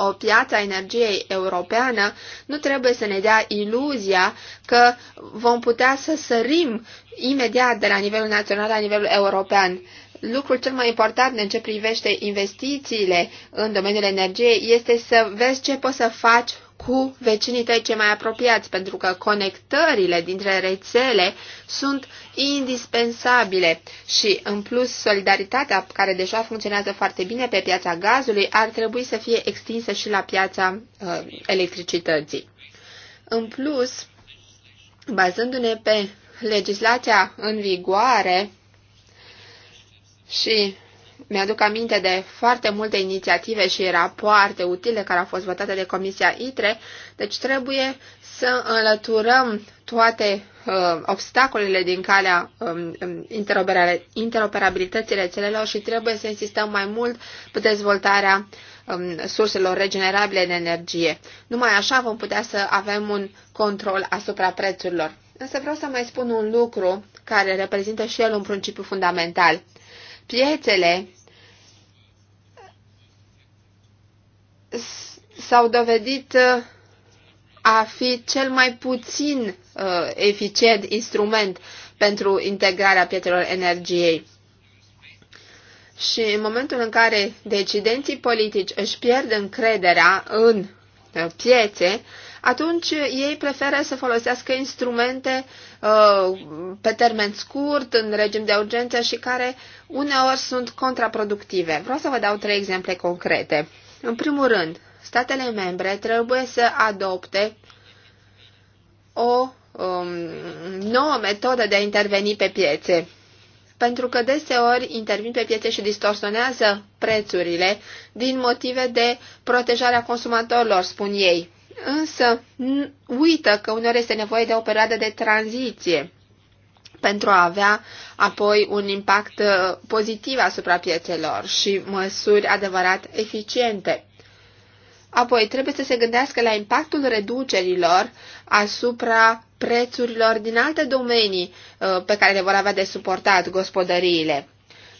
O piață a energiei europeană nu trebuie să ne dea iluzia că vom putea să sărim imediat de la nivelul național la nivelul european. Lucrul cel mai important în ce privește investițiile în domeniul energiei este să vezi ce poți să faci cu vecinii tăi cei mai apropiați, pentru că conectările dintre rețele sunt indispensabile și, în plus, solidaritatea care deja funcționează foarte bine pe piața gazului ar trebui să fie extinsă și la piața uh, electricității. În plus, bazându-ne pe legislația în vigoare și mi-aduc aminte de foarte multe inițiative și rapoarte utile care au fost votate de Comisia ITRE, deci trebuie să înlăturăm toate uh, obstacolele din calea um, um interoperabilității rețelelor și trebuie să insistăm mai mult pe dezvoltarea um, surselor regenerabile de energie. Numai așa vom putea să avem un control asupra prețurilor. Însă vreau să mai spun un lucru care reprezintă și el un principiu fundamental. Piețele s-au dovedit uh, a fi cel mai puțin uh, eficient instrument pentru integrarea pietrelor energiei. Și în momentul în care decidenții politici își pierd încrederea în uh, piețe, atunci ei preferă să folosească instrumente uh, pe termen scurt, în regim de urgență și care uneori sunt contraproductive. Vreau să vă dau trei exemple concrete. În primul rând, statele membre trebuie să adopte o um, nouă metodă de a interveni pe piețe. Pentru că deseori intervin pe piețe și distorsionează prețurile din motive de protejarea consumatorilor, spun ei. Însă uită că uneori este nevoie de o perioadă de tranziție pentru a avea apoi un impact uh, pozitiv asupra piețelor și măsuri adevărat eficiente. Apoi trebuie să se gândească la impactul reducerilor asupra prețurilor din alte domenii uh, pe care le vor avea de suportat gospodăriile.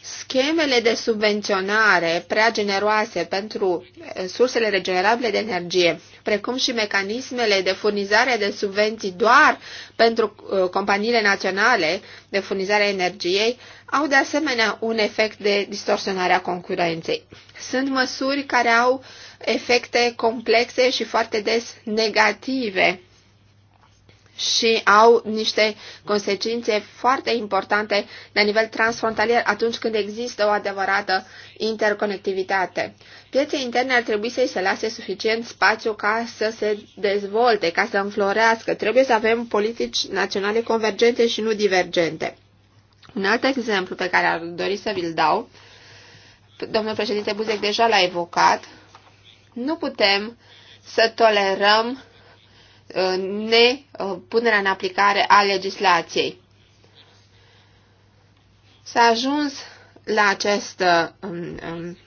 Schemele de subvenționare prea generoase pentru uh, sursele regenerabile de energie, precum și mecanismele de furnizare de subvenții doar pentru uh, companiile naționale de furnizare a energiei, au de asemenea un efect de distorsionare a concurenței. Sunt măsuri care au uh, efecte complexe și foarte des negative și au niște consecințe foarte importante la nivel transfrontalier atunci când există o adevărată interconectivitate. Pieței interne ar trebui să-i se lase suficient spațiu ca să se dezvolte, ca să înflorească. Trebuie să avem politici naționale convergente și nu divergente. Un alt exemplu pe care ar dori să vi-l dau, domnul președinte Buzec deja l-a evocat, nu putem să tolerăm uh, nepunerea uh, în aplicare a legislației. S-a ajuns la această um, um,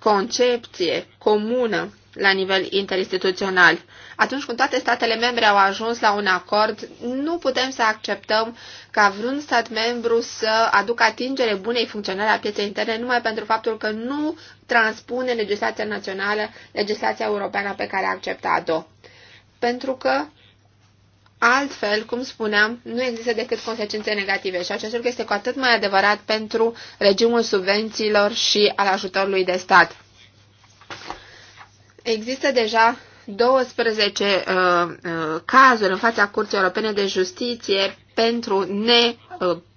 concepție comună la nivel interinstituțional atunci când toate statele membre au ajuns la un acord, nu putem să acceptăm ca vreun stat membru să aducă atingere bunei funcționări a pieței interne numai pentru faptul că nu transpune legislația națională, legislația europeană pe care a acceptat-o. Pentru că Altfel, cum spuneam, nu există decât consecințe negative și acest lucru este cu atât mai adevărat pentru regimul subvențiilor și al ajutorului de stat. Există deja 12 uh, uh, cazuri în fața Curții Europene de Justiție pentru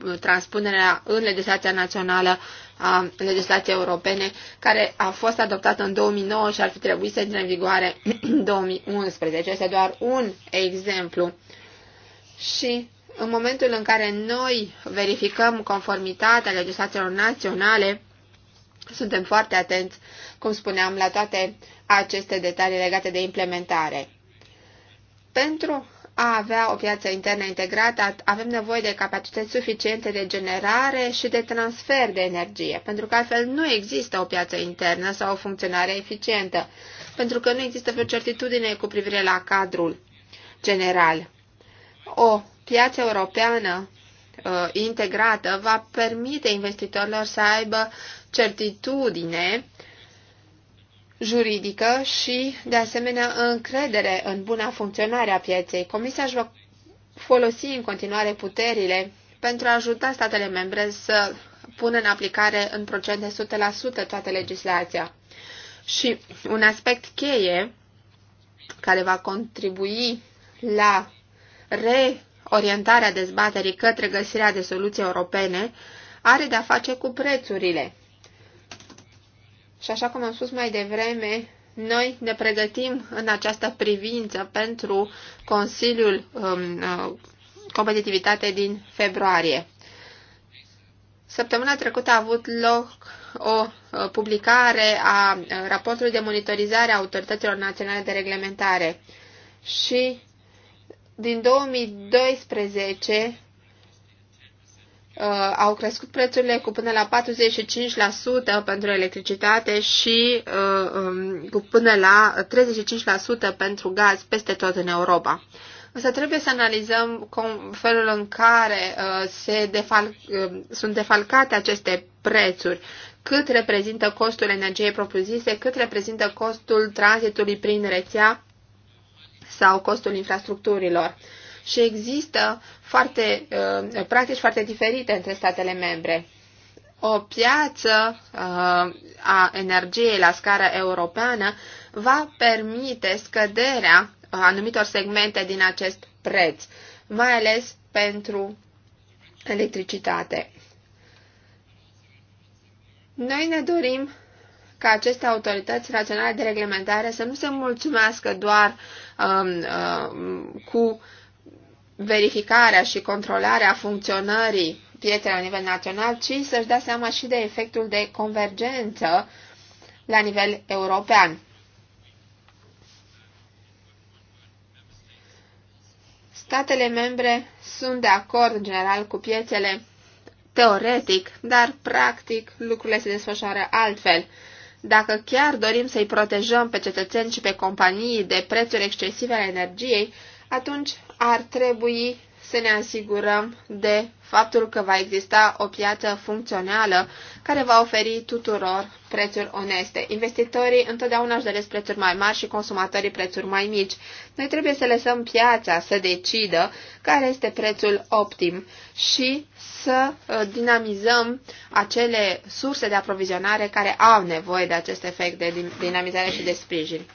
netranspunerea uh, în legislația națională a legislației europene, care a fost adoptată în 2009 și ar fi trebuit să intre în vigoare în 2011. Este doar un exemplu. Și în momentul în care noi verificăm conformitatea legislațiilor naționale, suntem foarte atenți, cum spuneam, la toate aceste detalii legate de implementare. Pentru a avea o piață internă integrată, avem nevoie de capacități suficiente de generare și de transfer de energie, pentru că altfel nu există o piață internă sau o funcționare eficientă, pentru că nu există vreo certitudine cu privire la cadrul general. O piață europeană uh, integrată va permite investitorilor să aibă certitudine juridică și, de asemenea, încredere în buna funcționare a pieței. Comisia își va folosi în continuare puterile pentru a ajuta statele membre să pună în aplicare în procent de 100% toată legislația. Și un aspect cheie care va contribui la reorientarea dezbaterii către găsirea de soluții europene are de-a face cu prețurile și așa cum am spus mai devreme, noi ne pregătim în această privință pentru Consiliul um, uh, Competitivitate din februarie. Săptămâna trecută a avut loc o uh, publicare a uh, raportului de monitorizare a autorităților naționale de reglementare și din 2012 uh, au crescut prețurile cu până la 45% pentru electricitate și uh, um, cu până la 35% pentru gaz peste tot în Europa. Însă trebuie să analizăm cum, felul în care uh, se defal, uh, sunt defalcate aceste prețuri, cât reprezintă costul energiei propriu-zise, cât reprezintă costul tranzitului prin rețea sau costul infrastructurilor. Uh, și există foarte, uh, practici foarte diferite între statele membre. O piață uh, a energiei la scară europeană va permite scăderea anumitor segmente din acest preț, mai ales pentru electricitate. Noi ne dorim ca aceste autorități naționale de reglementare să nu se mulțumească doar um, uh, cu verificarea și controlarea funcționării pieței la nivel național, ci să-și dea seama și de efectul de convergență la nivel european. Statele membre sunt de acord în general cu piețele teoretic, dar practic lucrurile se desfășoară altfel. Dacă chiar dorim să-i protejăm pe cetățeni și pe companii de prețuri excesive ale energiei, atunci ar trebui să ne asigurăm de faptul că va exista o piață funcțională care va oferi tuturor prețuri oneste. Investitorii întotdeauna își doresc prețuri mai mari și consumatorii prețuri mai mici. Noi trebuie să lăsăm piața să decidă care este prețul optim și să uh, dinamizăm acele surse de aprovizionare care au nevoie de acest efect de dinamizare și de sprijin.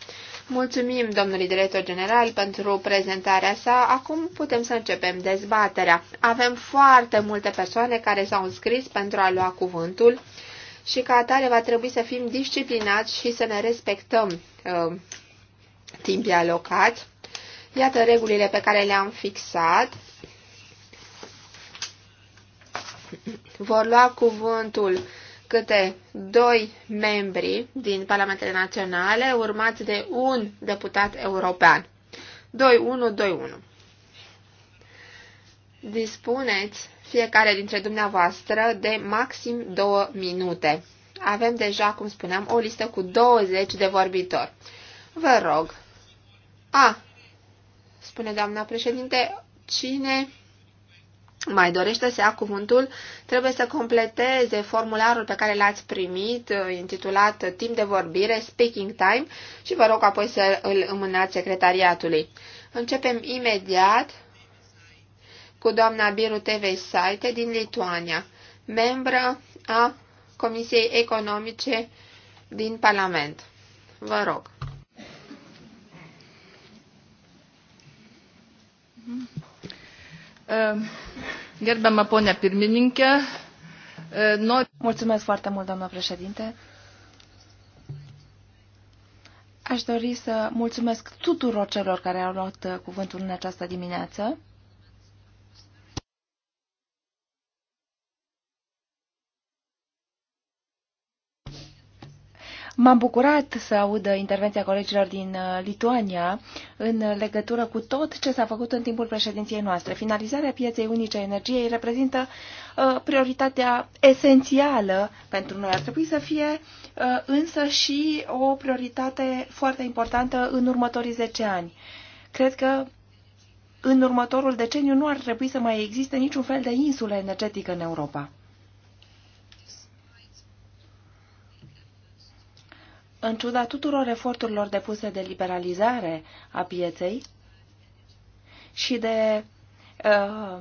Mulțumim domnului director general pentru prezentarea sa. Acum putem să începem dezbaterea. Avem foarte multe persoane care s-au înscris pentru a lua cuvântul și ca atare va trebui să fim disciplinați și să ne respectăm uh, timpii alocați. Iată regulile pe care le-am fixat. Vor lua cuvântul câte doi membri din Parlamentele Naționale, urmați de un deputat european. 2-1-2-1. Dispuneți fiecare dintre dumneavoastră de maxim două minute. Avem deja, cum spuneam, o listă cu 20 de vorbitori. Vă rog. A, spune doamna președinte, cine mai dorește să ia cuvântul, trebuie să completeze formularul pe care l-ați primit, uh, intitulat Timp de vorbire, Speaking Time, și vă rog apoi să îl îmânați secretariatului. Începem imediat cu doamna Biru TV Saite din Lituania, membră a Comisiei Economice din Parlament. Vă rog. Ehm, Gerbiamă ponea pirmininke, ehm, noi... Mulțumesc foarte mult, doamnă președinte. Aș dori să mulțumesc tuturor celor care au luat uh, cuvântul în această dimineață. M-am bucurat să aud intervenția colegilor din uh, Lituania în legătură cu tot ce s-a făcut în timpul președinției noastre. Finalizarea pieței unice a energiei reprezintă uh, prioritatea esențială pentru noi. Ar trebui să fie uh, însă și o prioritate foarte importantă în următorii 10 ani. Cred că în următorul deceniu nu ar trebui să mai existe niciun fel de insulă energetică în Europa. în ciuda tuturor eforturilor depuse de liberalizare a pieței și de uh,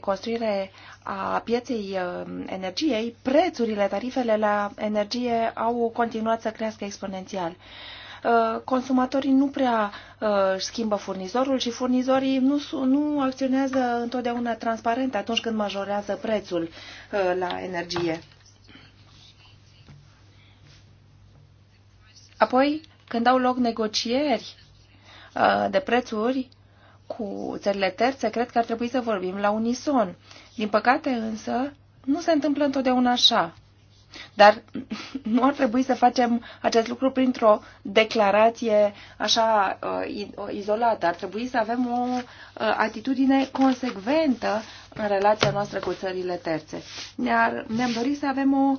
construire a pieței uh, energiei, prețurile, tarifele la energie au continuat să crească exponențial. Uh, consumatorii nu prea își uh, schimbă furnizorul și furnizorii nu, nu acționează întotdeauna transparent atunci când majorează prețul uh, la energie. Apoi, când au loc negocieri uh, de prețuri cu țările terțe, cred că ar trebui să vorbim la unison. Din păcate însă, nu se întâmplă întotdeauna așa. Dar (laughs) nu ar trebui să facem acest lucru printr-o declarație așa uh, uh, izolată. Ar trebui să avem o uh, atitudine consecventă în relația noastră cu țările terțe. Ne-ar, ne-am dorit să avem o,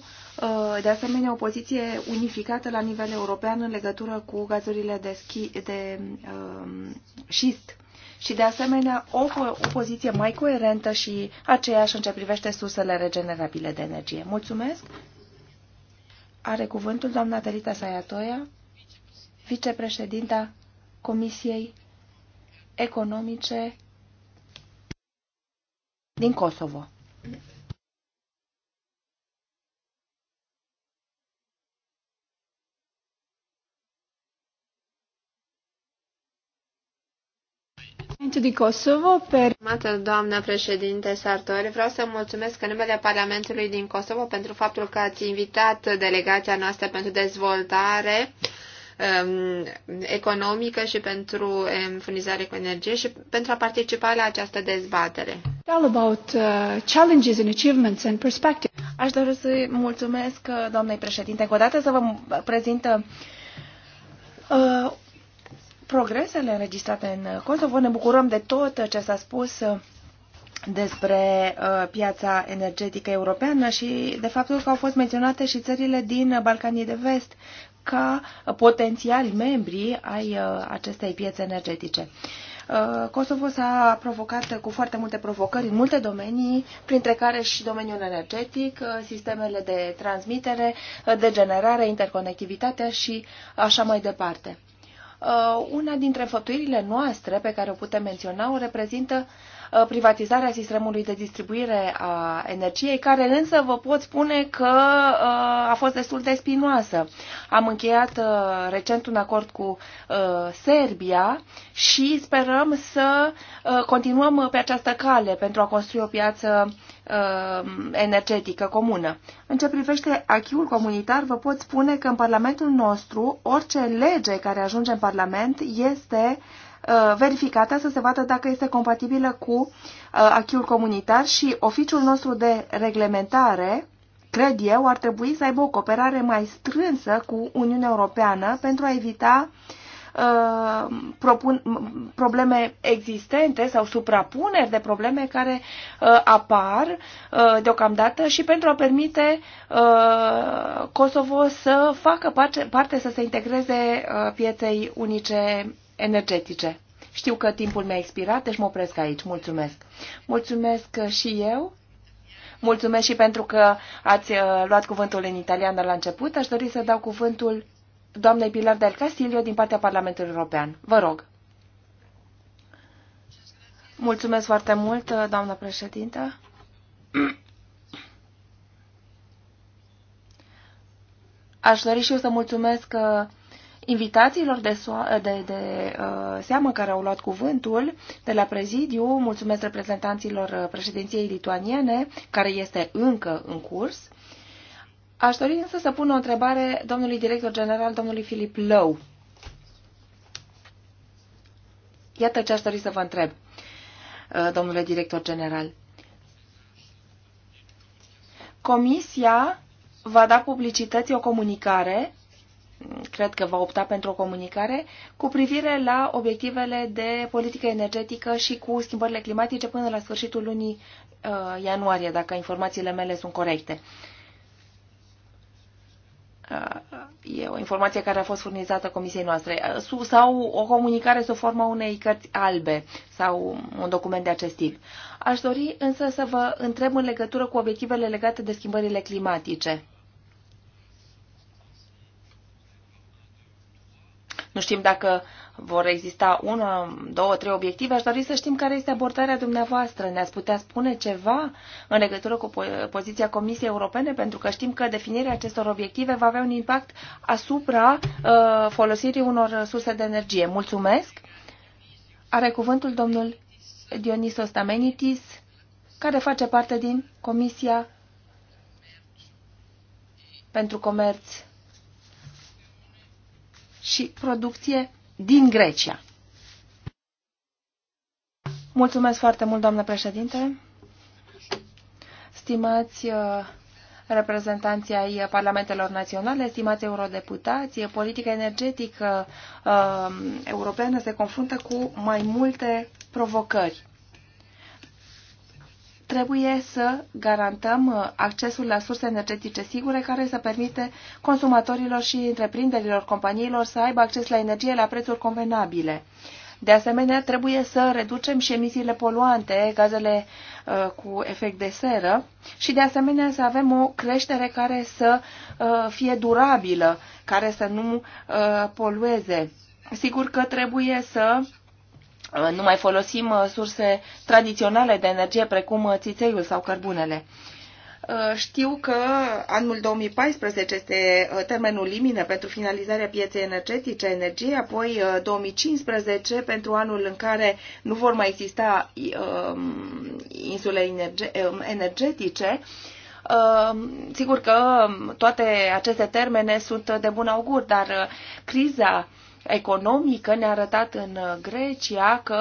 de asemenea o poziție unificată la nivel european în legătură cu gazurile de, schi, de um, șist și de asemenea o, o poziție mai coerentă și aceeași în ce privește sursele regenerabile de energie. Mulțumesc! are cuvântul doamna Telita Saiatoia, vicepreședinta Comisiei Economice din Kosovo. Di Kosovo per... Mată, doamnă președinte Sartori, vreau să mulțumesc în numele Parlamentului din Kosovo pentru faptul că ați invitat delegația noastră pentru dezvoltare um, economică și pentru um, furnizare cu energie și pentru a participa la această dezbatere. Tell about uh, challenges and achievements and perspective. Aș dori să mulțumesc uh, doamnei președinte. Cu o dată să vă prezint uh, progresele înregistrate în Kosovo. Ne bucurăm de tot ce s-a spus despre uh, piața energetică europeană și de faptul că au fost menționate și țările din Balcanii de Vest ca potențiali membri ai uh, acestei piețe energetice. Uh, Kosovo s-a provocat cu foarte multe provocări în multe domenii, printre care și domeniul energetic, sistemele de transmitere, de generare, interconectivitatea și așa mai departe. Uh, una dintre înfăptuirile noastre pe care o putem menționa o reprezintă Uh, privatizarea sistemului de distribuire a energiei, care însă vă pot spune că uh, a fost destul de spinoasă. Am încheiat uh, recent un acord cu Serbia și sperăm să continuăm pe această cale pentru a construi o piață energetică comună. În ce privește achiul comunitar, vă pot spune că în Parlamentul nostru orice lege care ajunge în Parlament este uh, Uh, verificată să se vadă dacă este compatibilă cu uh, achiul comunitar și oficiul nostru de reglementare, cred eu, ar trebui să aibă o cooperare mai strânsă cu Uniunea Europeană pentru a evita uh, propun, probleme existente sau suprapuneri de probleme care uh, apar uh, deocamdată și pentru a permite uh, Kosovo să facă parte, parte să se integreze uh, pieței unice energetice. Știu că timpul mi-a expirat, deci mă opresc aici. Mulțumesc. Mulțumesc și eu. Mulțumesc și pentru că ați uh, luat cuvântul în italiană la început. Aș dori să dau cuvântul doamnei Pilar del Castillo din partea Parlamentului European. Vă rog. Mulțumesc foarte mult, uh, doamna președintă. Aș dori și eu să mulțumesc uh, invitațiilor de, so- de, de uh, seamă care au luat cuvântul de la prezidiu, mulțumesc reprezentanților uh, președinției lituaniene, care este încă în curs. Aș dori însă să pun o întrebare domnului director general, domnului Filip Lău. Iată ce aș dori să vă întreb, uh, domnule director general. Comisia va da publicității o comunicare cred că va opta pentru o comunicare cu privire la obiectivele de politică energetică și cu schimbările climatice până la sfârșitul lunii uh, ianuarie, dacă informațiile mele sunt corecte. Uh, e o informație care a fost furnizată comisiei noastre, uh, sau o comunicare sub forma unei cărți albe sau un document de acest tip. Aș dori însă să vă întreb în legătură cu obiectivele legate de schimbările climatice Nu știm dacă vor exista una, două, trei obiective. Aș dori să știm care este abordarea dumneavoastră. Ne-ați putea spune ceva în legătură cu poziția Comisiei Europene? Pentru că știm că definirea acestor obiective va avea un impact asupra uh, folosirii unor surse de energie. Mulțumesc! Are cuvântul domnul Dionisos Tamenitis, care face parte din Comisia pentru Comerț și producție din Grecia. Mulțumesc foarte mult, doamnă președinte. Stimați uh, reprezentanții ai parlamentelor naționale, stimați eurodeputați, politica energetică uh, europeană se confruntă cu mai multe provocări trebuie să garantăm uh, accesul la surse energetice sigure care să permite consumatorilor și întreprinderilor companiilor să aibă acces la energie la prețuri convenabile. De asemenea, trebuie să reducem și emisiile poluante, gazele uh, cu efect de seră și, de asemenea, să avem o creștere care să uh, fie durabilă, care să nu uh, polueze. Sigur că trebuie să Uh, nu mai folosim uh, surse tradiționale de energie precum uh, țițeiul sau cărbunele. Știu că anul 2014 este termenul limine pentru finalizarea pieței energetice energie, apoi 2015 pentru anul în care nu vor mai exista um, insule um, energetice. Sigur că toate aceste termene sunt de bun augur, dar criza economică ne-a arătat în uh, Grecia că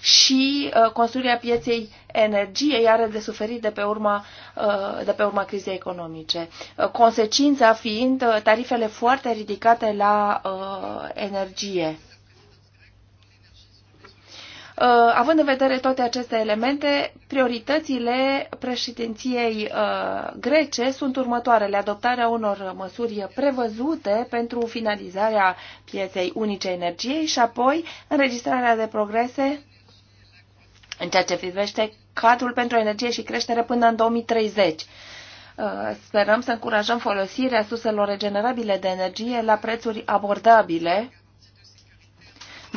și uh, construirea pieței energiei are de suferit de pe urma, uh, de pe urma crizei economice. Consecința fiind tarifele foarte ridicate la energie. Uh, având în vedere toate aceste elemente, prioritățile președinției uh, grece sunt următoarele. Adoptarea unor măsuri prevăzute pentru finalizarea pieței unice energiei și apoi înregistrarea de progrese în ceea ce privește cadrul pentru energie și creștere până în 2030. Uh, sperăm să încurajăm folosirea surselor regenerabile de energie la prețuri abordabile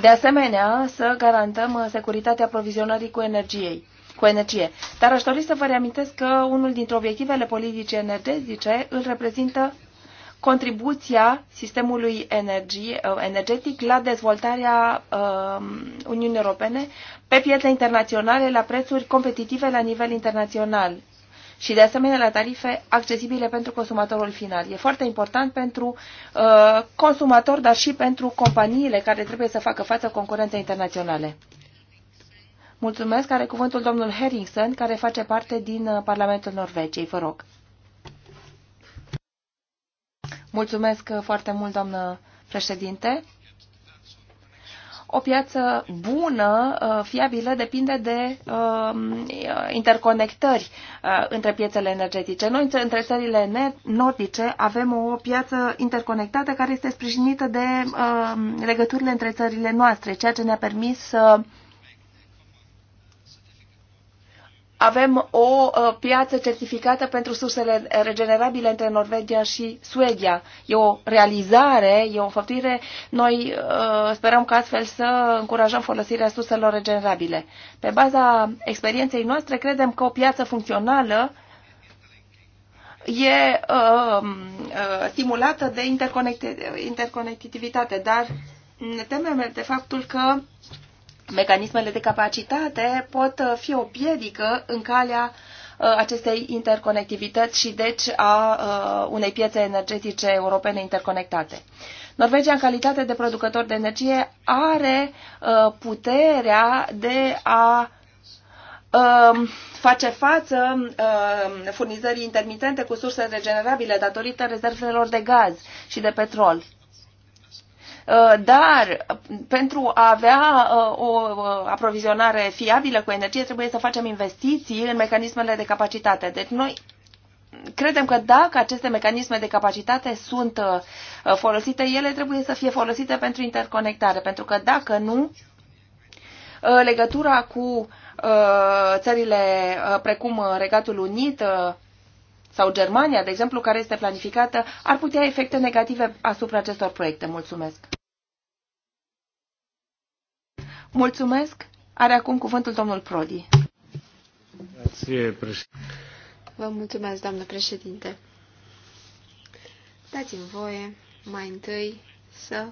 de asemenea, să garantăm uh, securitatea aprovizionării cu energiei cu energie. Dar aș dori să vă reamintesc că unul dintre obiectivele politice energetice îl reprezintă contribuția sistemului energie, uh, energetic la dezvoltarea uh, Uniunii Europene pe piețe internaționale la prețuri competitive la nivel internațional, și de asemenea la tarife accesibile pentru consumatorul final. E foarte important pentru uh, consumator, dar și pentru companiile care trebuie să facă față concurenței internaționale. Mulțumesc. Are cuvântul domnul Herringsen, care face parte din uh, Parlamentul Norvegiei. Vă rog. Mulțumesc uh, foarte mult, doamnă președinte o piață bună, uh, fiabilă, depinde de um, interconectări uh, între piețele energetice. Noi, între țările nordice, avem o piață interconectată care este sprijinită de um, legăturile între țările noastre, ceea ce ne-a permis să avem o uh, piață certificată pentru sursele regenerabile între Norvegia și Suedia. E o realizare, e o făptuire. Noi uh, sperăm că astfel să încurajăm folosirea surselor regenerabile. Pe baza experienței noastre, credem că o piață funcțională e uh, um, uh, stimulată de interconectivitate, dar ne temem de faptul că mecanismele de capacitate pot uh, fi o piedică în calea uh, acestei interconectivități și deci a uh, unei piețe energetice europene interconectate. Norvegia, în calitate de producător de energie, are puterea de a um, face față um, furnizării intermitente cu surse regenerabile datorită rezervelor de gaz și de petrol. Uh, dar pentru a avea uh, o uh, aprovizionare fiabilă cu energie trebuie să facem investiții în mecanismele de capacitate. Deci noi credem că dacă aceste mecanisme de capacitate sunt folosite, ele trebuie să fie folosite pentru interconectare, pentru că dacă nu, legătura cu țările precum Regatul Unit sau Germania, de exemplu, care este planificată, ar putea efecte negative asupra acestor proiecte. Mulțumesc! Mulțumesc. Are acum cuvântul domnul Prodi. Vă mulțumesc, doamnă președinte. Dați-mi voie mai întâi să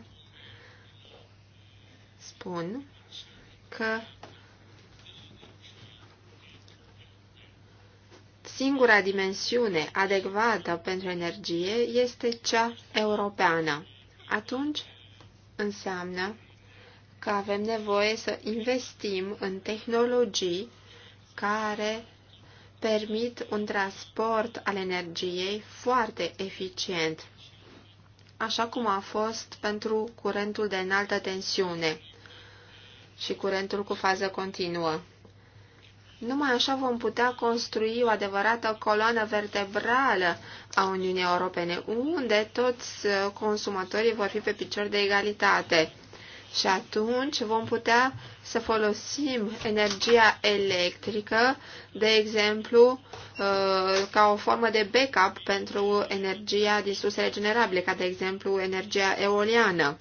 spun că singura dimensiune adecvată pentru energie este cea europeană. Atunci înseamnă că avem nevoie să investim în tehnologii care permit un transport al energiei foarte eficient, așa cum a fost pentru curentul de înaltă tensiune și curentul cu fază continuă. Numai așa vom putea construi o adevărată coloană vertebrală a Uniunii Europene, unde toți uh, consumatorii vor fi pe picior de egalitate. Și atunci vom putea să folosim energia electrică, de exemplu, uh, ca o formă de backup pentru energia din surse regenerabile, ca de exemplu energia eoliană.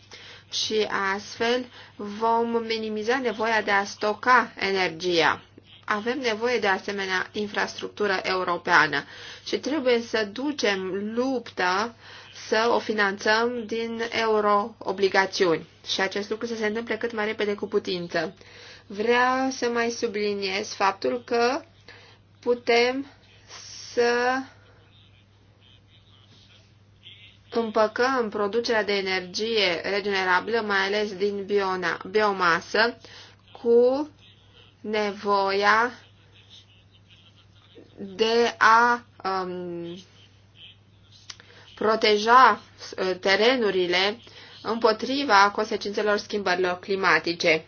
Și astfel vom minimiza nevoia de a stoca energia. Avem nevoie de asemenea infrastructură europeană și trebuie să ducem lupta uh, să o finanțăm din euro-obligațiuni și acest lucru să se întâmple cât mai repede cu putință. Vreau să mai subliniez faptul că putem să împăcăm producerea de energie regenerabilă, mai ales din biona, biomasă, cu nevoia de a um, proteja uh, terenurile împotriva consecințelor schimbărilor climatice.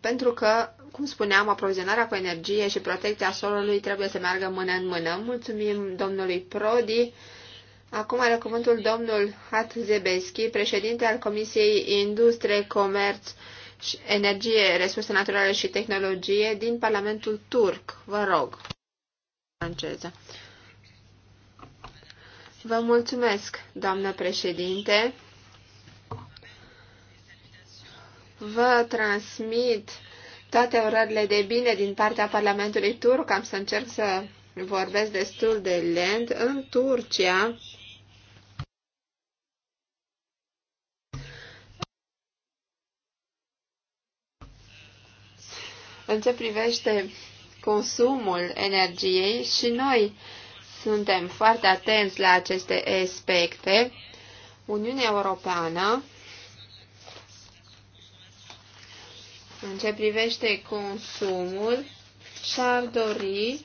Pentru că, cum spuneam, aprovizionarea cu energie și protecția solului trebuie să meargă mână în mână. Mulțumim domnului Prodi. Acum are cuvântul domnul Zebeschi, președinte al Comisiei Industrie, Comerț, Energie, Resurse Naturale și Tehnologie din Parlamentul Turc. Vă rog. Franceză. Vă mulțumesc, doamnă președinte. Vă transmit toate urările de bine din partea Parlamentului turc. Am să încerc să vorbesc destul de lent. În Turcia, în ce privește consumul energiei și noi suntem foarte atenți la aceste aspecte. Uniunea Europeană, în ce privește consumul, și-ar dori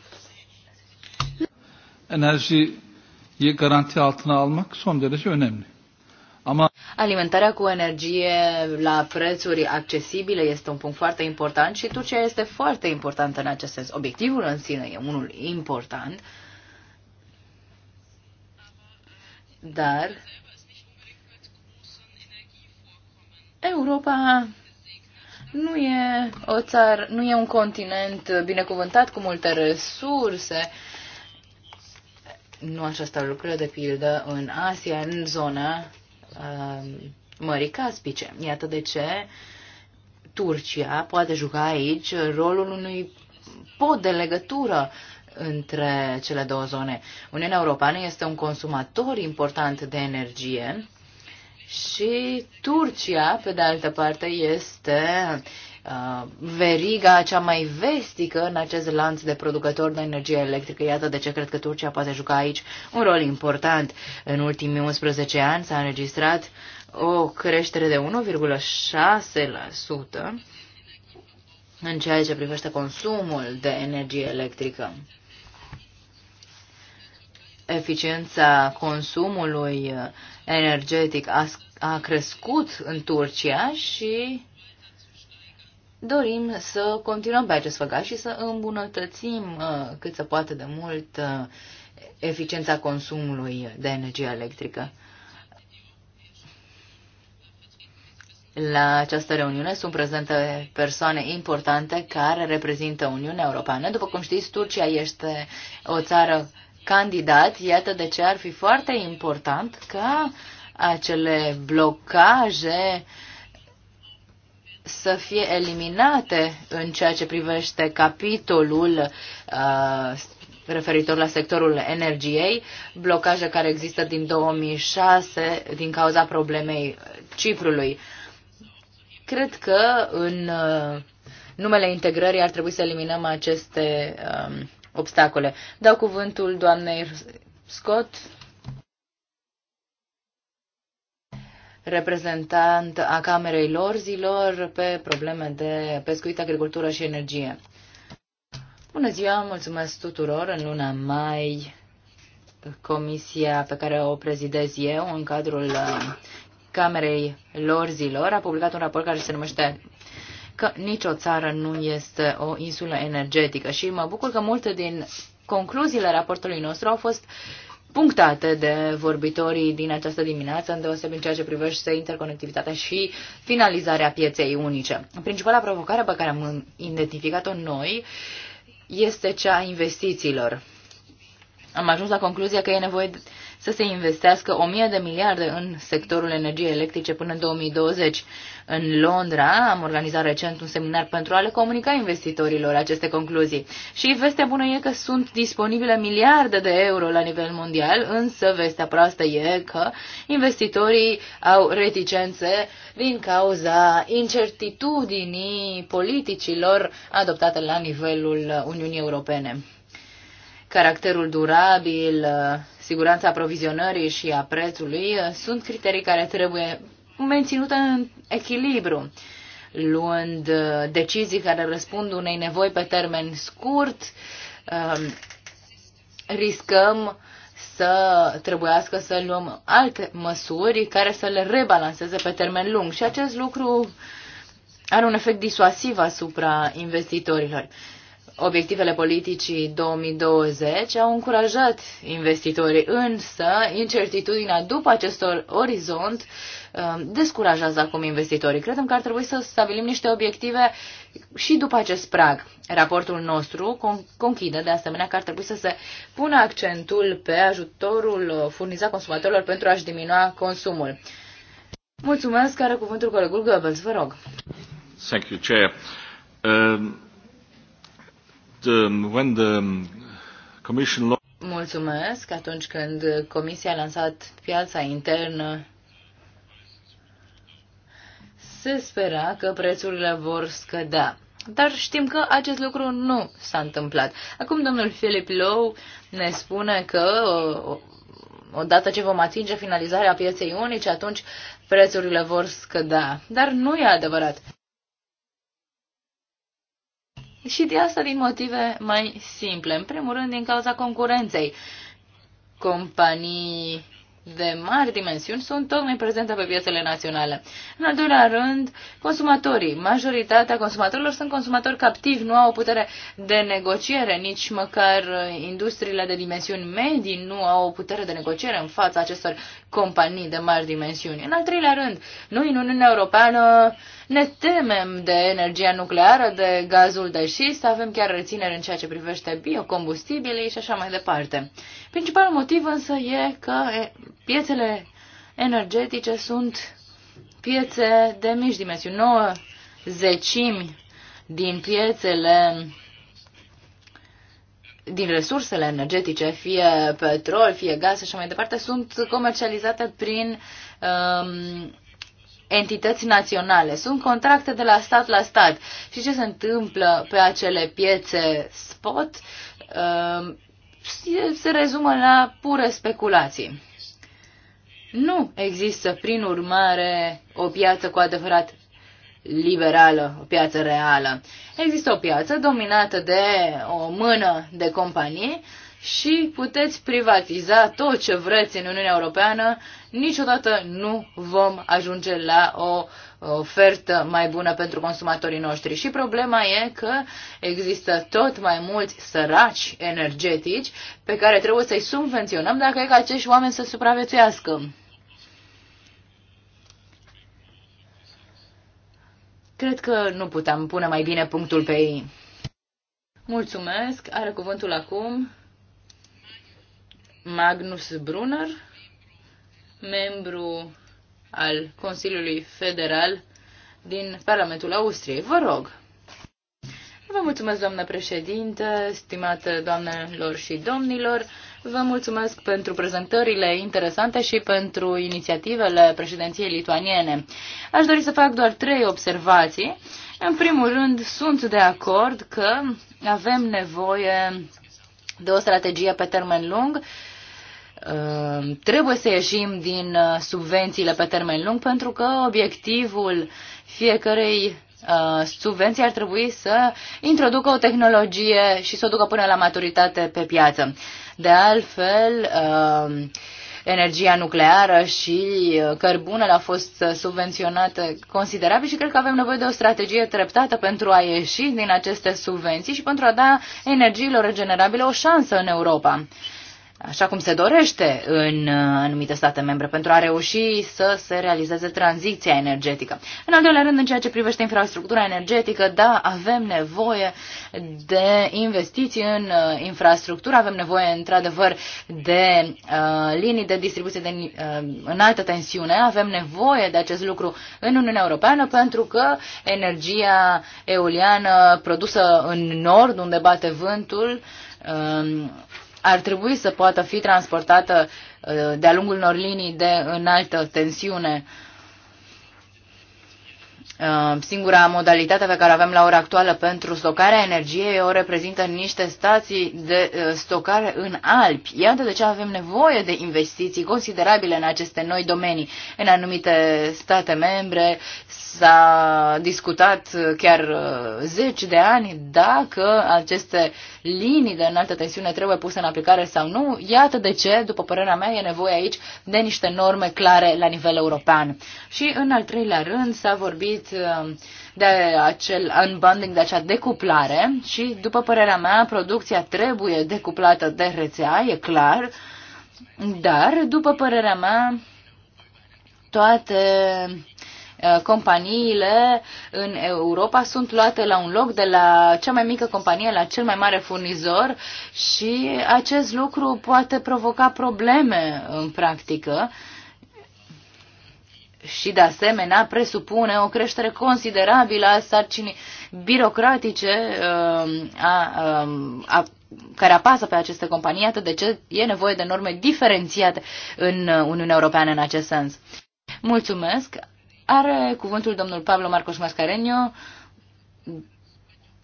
enerjiyi garanti altına almak son derece önemli. Ama Alimentarea cu energie la prețuri accesibile este un punct foarte important și Turcia este foarte importantă în acest sens. Obiectivul în sine e unul important, dar Europa nu e o țară, nu e un continent binecuvântat cu multe resurse. Nu așa lucrurile, de pildă, în Asia, în zona uh, Mării Caspice. Iată de ce Turcia poate juca aici rolul unui pod de legătură uh, între cele două zone. Uniunea Europeană este un consumator important de energie și Turcia, pe de altă parte, este uh, veriga cea mai vestică în acest lanț de producători de energie electrică. Iată de ce cred că Turcia poate juca aici un rol important. În ultimii 11 ani s-a înregistrat o creștere de 1,6% în ceea ce privește consumul de energie electrică eficiența consumului energetic a, a crescut în Turcia și dorim să continuăm pe acest făgaș și să îmbunătățim uh, cât se poate de mult uh, eficiența consumului de energie electrică. La această reuniune sunt prezente persoane importante care reprezintă Uniunea Europeană. După cum știți, Turcia este o țară candidat, iată de ce ar fi foarte important ca acele blocaje să fie eliminate în ceea ce privește capitolul uh, referitor la sectorul energiei, blocaje care există din 2006 din cauza problemei Ciprului. Cred că în uh, numele integrării ar trebui să eliminăm aceste um, obstacole. Dau cuvântul doamnei Scott, reprezentant a Camerei Lorzilor pe probleme de pescuit, agricultură și energie. Bună ziua, mulțumesc tuturor. În luna mai, comisia pe care o prezidez eu, în cadrul uh, Camerei Lorzilor, a publicat un raport care se numește că nicio țară nu este o insulă energetică și mă bucur că multe din concluziile raportului nostru au fost punctate de vorbitorii din această dimineață, deosebit în ceea ce privește interconectivitatea și finalizarea pieței unice. Principala provocare pe care am identificat-o noi este cea a investițiilor. Am ajuns la concluzia că e nevoie să se investească 1000 de miliarde în sectorul energiei electrice până în 2020. În Londra am organizat recent un seminar pentru a le comunica investitorilor aceste concluzii. Și vestea bună e că sunt disponibile miliarde de euro la nivel mondial, însă vestea proastă e că investitorii au reticențe din cauza incertitudinii politicilor adoptate la nivelul Uniunii Europene. Caracterul durabil siguranța aprovizionării și a prețului uh, sunt criterii care trebuie menținute în echilibru, luând uh, decizii care răspund unei nevoi pe termen scurt, um, riscăm să trebuiască să luăm alte măsuri care să le rebalanceze pe termen lung și acest lucru are un efect disuasiv asupra investitorilor obiectivele politicii 2020 au încurajat investitorii, însă incertitudinea după acest orizont um, descurajează acum investitorii. Credem că ar trebui să stabilim niște obiective și după acest prag. Raportul nostru conchide de asemenea că ar trebui să se pună accentul pe ajutorul uh, furnizat consumatorilor pentru a-și diminua consumul. Mulțumesc, care cuvântul colegul Goebbels, vă rog. Thank you, Chair. Um... Um, when the um, Commission Mulțumesc. Atunci când Comisia a lansat piața internă, se spera că prețurile vor scădea. Dar știm că acest lucru nu s-a întâmplat. Acum domnul Philip Lowe ne spune că odată ce vom atinge finalizarea pieței unice, atunci prețurile vor scădea. Dar nu e adevărat. Și de asta din motive mai simple. În primul rând, din cauza concurenței. Companii de mari dimensiuni sunt tocmai prezente pe piețele naționale. În al doilea rând, consumatorii. Majoritatea consumatorilor sunt consumatori captivi, nu au o putere de negociere, nici măcar industriile de dimensiuni medii nu au o putere de negociere în fața acestor companii de mari dimensiuni. În al treilea rând, noi în Uniunea Europeană ne temem de energia nucleară, de gazul de șist, avem chiar rețineri în ceea ce privește biocombustibilii și așa mai departe. Principalul motiv însă e că piețele energetice sunt piețe de mici dimensiuni, 9 zecimi din piețele din resursele energetice, fie petrol, fie gaz și așa mai departe, sunt comercializate prin um, entități naționale. Sunt contracte de la stat la stat. Și ce se întâmplă pe acele piețe spot um, se rezumă la pure speculații. Nu există, prin urmare, o piață cu adevărat liberală, o piață reală. Există o piață dominată de o mână de companii și puteți privatiza tot ce vreți în Uniunea Europeană, niciodată nu vom ajunge la o ofertă mai bună pentru consumatorii noștri. Și problema e că există tot mai mulți săraci energetici pe care trebuie să-i subvenționăm dacă e ca acești oameni să supraviețuiască. Cred că nu puteam pune mai bine punctul pe ei. Mulțumesc. Are cuvântul acum Magnus Brunner, membru al Consiliului Federal din Parlamentul Austriei. Vă rog! Vă mulțumesc, doamnă președinte, stimate doamnelor și domnilor. Vă mulțumesc pentru prezentările interesante și pentru inițiativele președinției lituaniene. Aș dori să fac doar trei observații. În primul rând, sunt de acord că avem nevoie de o strategie pe termen lung Ehm, trebuie să ieșim din uh, subvențiile pe termen lung pentru că obiectivul fiecărei uh, subvenții ar trebui să introducă o tehnologie și să o ducă până la maturitate pe piață. De altfel, ehm, energia nucleară și uh, cărbunele au fost subvenționate considerabil și cred că avem nevoie de o strategie treptată pentru a ieși din aceste subvenții și pentru a da energiilor regenerabile o șansă în Europa așa cum se dorește în uh, anumite state membre pentru a reuși să se realizeze tranziția energetică. În al doilea rând, în ceea ce privește infrastructura energetică, da, avem nevoie de investiții în uh, infrastructură, avem nevoie într-adevăr de uh, linii de distribuție de uh, altă tensiune, avem nevoie de acest lucru în Uniunea Europeană pentru că energia eoliană produsă în nord, unde bate vântul, uh, ar trebui să poată fi transportată uh, de-a lungul unor linii de înaltă tensiune. Uh, singura modalitate pe care avem la ora actuală pentru stocarea energiei o reprezintă niște stații de uh, stocare în Alpi. Iată de ce avem nevoie de investiții considerabile în aceste noi domenii. În anumite state membre s-a discutat chiar zeci de ani dacă aceste uh, linii de înaltă tensiune trebuie puse în aplicare sau nu. Iată de ce, după părerea mea, e nevoie aici de niște norme clare la nivel european. Și în al treilea rând s-a vorbit um, de acel unbundling, de acea decuplare și, după părerea mea, producția trebuie decuplată de rețea, e clar, dar, după părerea mea, toate uh, Eh, companiile în Europa sunt luate la un loc de la cea mai mică companie la cel mai mare furnizor și acest lucru poate provoca probleme în practică și de asemenea presupune o creștere considerabilă a sarcinii birocratice ehm, a, a, ehm, a, care apasă pe aceste companii, atât de ce e nevoie de norme diferențiate în Uniunea Europeană în acest sens. Mulțumesc! Are cuvântul domnul Pablo Marcos Mascareño,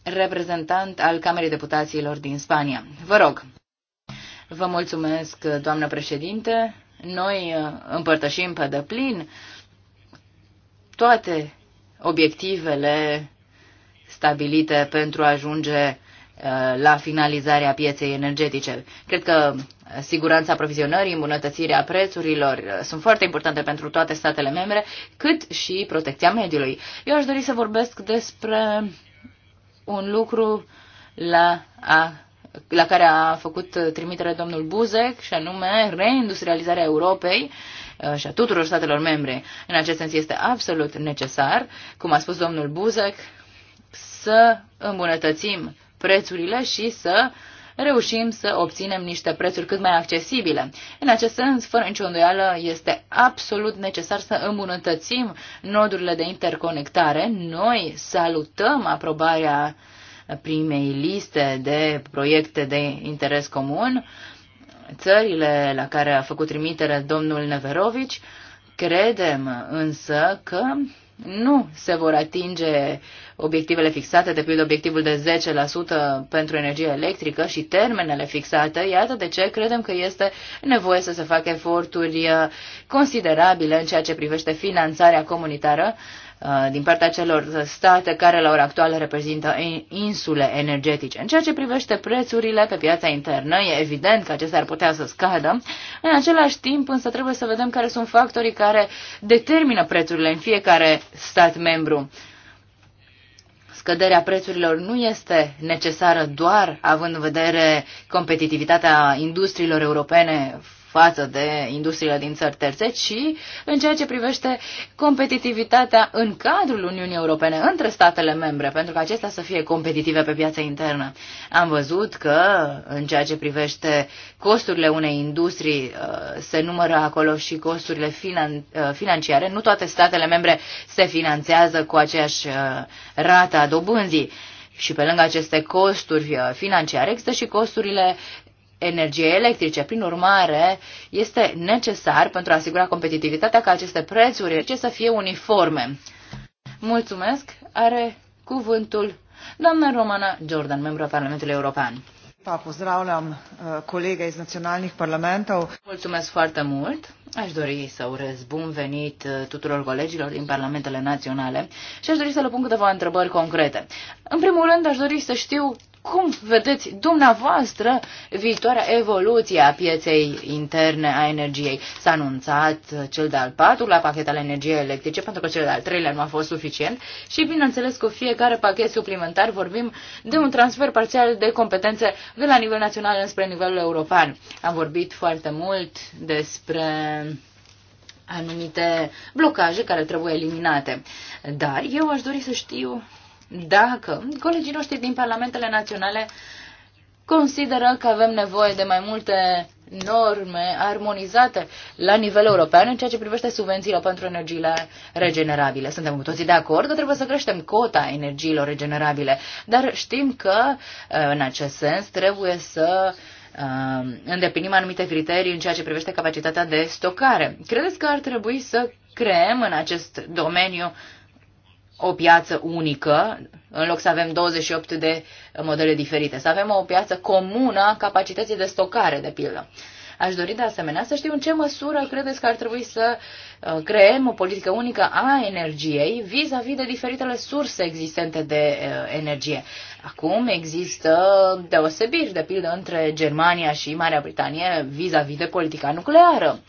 reprezentant al Camerei Deputaților din Spania. Vă rog. Vă mulțumesc, doamnă președinte. Noi uh, împărtășim pe deplin toate obiectivele stabilite pentru a ajunge uh, la finalizarea pieței energetice. Cred că siguranța aprovizionării, îmbunătățirea prețurilor uh, sunt foarte importante pentru toate statele membre, cât și protecția mediului. Eu aș dori să vorbesc despre un lucru la, a, la care a făcut trimitere domnul Buzek, și anume reindustrializarea Europei uh, și a tuturor statelor membre. În acest sens este absolut necesar, cum a spus domnul Buzek, să îmbunătățim prețurile și să uh, reușim să obținem niște prețuri cât mai accesibile. În acest sens, fără nicio îndoială, este absolut necesar să îmbunătățim nodurile de interconectare. Noi salutăm aprobarea primei liste de proiecte de interes comun, țările la care a făcut trimitere domnul Neverovici, Credem însă că nu se vor atinge obiectivele fixate, de pildă obiectivul de 10% pentru energie electrică și termenele fixate, iată de ce credem că este nevoie să se facă eforturi uh, considerabile în ceea ce privește finanțarea comunitară uh, din partea celor state care la ora actuală reprezintă insule energetice. În ceea ce privește prețurile pe piața internă, e evident că acestea ar putea să scadă. În același timp, însă, trebuie să vedem care sunt factorii care determină prețurile în fiecare stat membru. Scăderea prețurilor nu este necesară doar având în vedere competitivitatea industriilor europene față de industriile din țări terțe, ci în ceea ce privește competitivitatea în cadrul Uniunii Europene între statele membre, pentru că acestea să fie competitive pe piața internă. Am văzut că în ceea ce privește costurile unei industrii uh, se numără acolo și costurile finan- uh, financiare. Nu toate statele membre se finanțează cu aceeași uh, rată a dobânzii. Și pe lângă aceste costuri financiare există și costurile energie electrice. Prin urmare, este necesar pentru a asigura competitivitatea ca aceste prețuri ce să fie uniforme. Mulțumesc. Are cuvântul doamna Romana Jordan, membru al Parlamentului European. Eh, Mulțumesc foarte mult. Aș dori să urez bun venit eh, tuturor colegilor din parlamentele naționale și aș dori să le pun câteva întrebări concrete. În primul rând, aș dori să știu cum vedeți dumneavoastră viitoarea evoluție a pieței interne a energiei? S-a anunțat cel de-al patrulea pachet al energiei electrice, pentru că cel de-al treilea nu a fost suficient și, bineînțeles, cu fiecare pachet suplimentar vorbim de un transfer parțial de competențe de la nivel național înspre nivelul european. Am vorbit foarte mult despre anumite blocaje care trebuie eliminate. Dar eu aș dori să știu dacă colegii noștri din parlamentele naționale consideră că avem nevoie de mai multe norme armonizate la nivel european în ceea ce privește subvențiile pentru energiile regenerabile. Suntem cu toții de acord că trebuie să creștem cota energiilor regenerabile, dar știm că uh, în acest sens trebuie să uh, îndeplinim anumite criterii în ceea ce privește capacitatea de stocare. Credeți că ar trebui să creăm în acest domeniu o piață unică, în loc să avem 28 de modele diferite, să avem o piață comună a capacității de stocare, de pildă. Aș dori de asemenea să știu în ce măsură credeți că ar trebui să uh, creăm o politică unică a energiei vis-a-vis -vis de diferitele surse existente de uh, energie. Acum există deosebiri, de pildă, între Germania și Marea Britanie vis-a-vis -vis de politica nucleară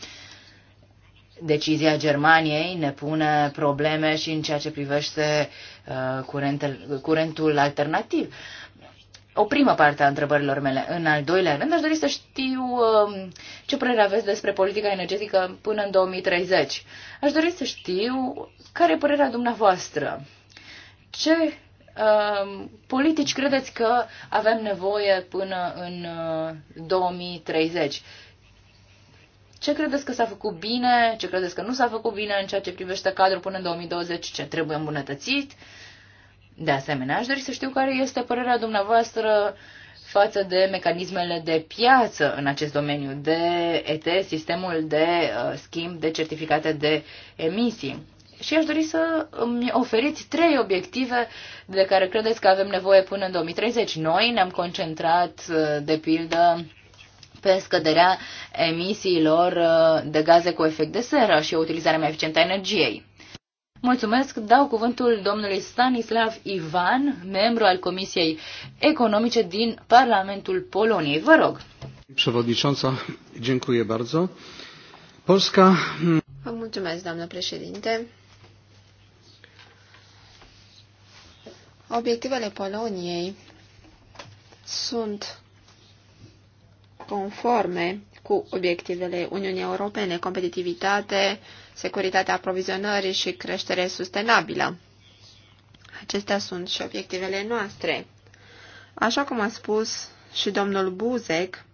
decizia Germaniei ne pune probleme și în ceea ce privește uh, curentul, curentul alternativ. O primă parte a întrebărilor mele. În al doilea rând, aș dori să știu um, ce părere aveți despre politica energetică până în 2030. Aș dori să știu care e părerea dumneavoastră. Ce um, politici credeți că avem nevoie până în 2030? Uh, ce credeți că s-a făcut bine, ce credeți că nu s-a făcut bine în ceea ce privește cadrul până în 2020, ce trebuie îmbunătățit? De asemenea, aș dori să știu care este părerea dumneavoastră față de mecanismele de piață în acest domeniu, de ET, sistemul de uh, schimb de certificate de emisii. Și aș dori să îmi oferiți trei obiective de care credeți că avem nevoie până în 2030. Noi ne-am concentrat, uh, de pildă, pe scăderea emisiilor uh, de gaze cu efect de seră și o utilizare mai eficientă a energiei. Mulțumesc, dau cuvântul domnului Stanislav Ivan, membru al Comisiei Economice din Parlamentul Poloniei. Vă rog. Przewodnicząca, dziękuję bardzo. Polska... Hmm. Vă mulțumesc, doamnă președinte. Obiectivele Poloniei sunt conforme cu obiectivele Uniunii Europene, competitivitate, securitatea aprovizionării și creștere sustenabilă. Acestea sunt și obiectivele noastre. Așa cum a spus și domnul Buzek,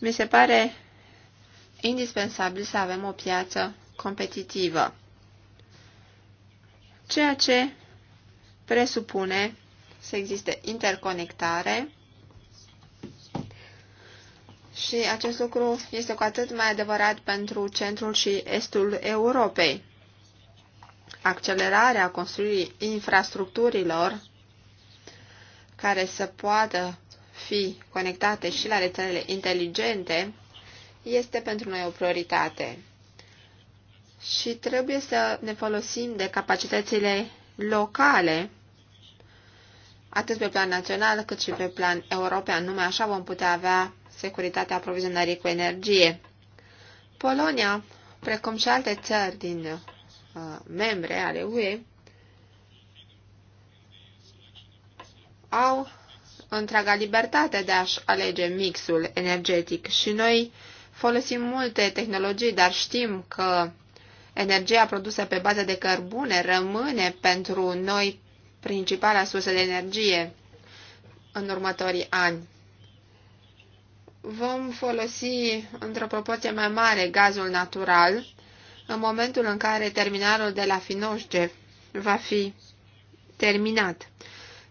mi se pare indispensabil să avem o piață competitivă, ceea ce presupune să existe interconectare și acest lucru este cu atât mai adevărat pentru centrul și estul Europei. Accelerarea construirii infrastructurilor care să poată fi conectate și la rețelele inteligente este pentru noi o prioritate. Și trebuie să ne folosim de capacitățile locale, atât pe plan național cât și pe plan european. Numai așa vom putea avea securitatea aprovizionării cu energie. Polonia, precum și alte țări din uh, membre ale UE, au întreaga libertate de a-și alege mixul energetic și noi folosim multe tehnologii, dar știm că energia produsă pe bază de cărbune rămâne pentru noi principala sursă de energie în următorii ani vom folosi într-o proporție mai mare gazul natural în momentul în care terminalul de la Finoșge va fi terminat.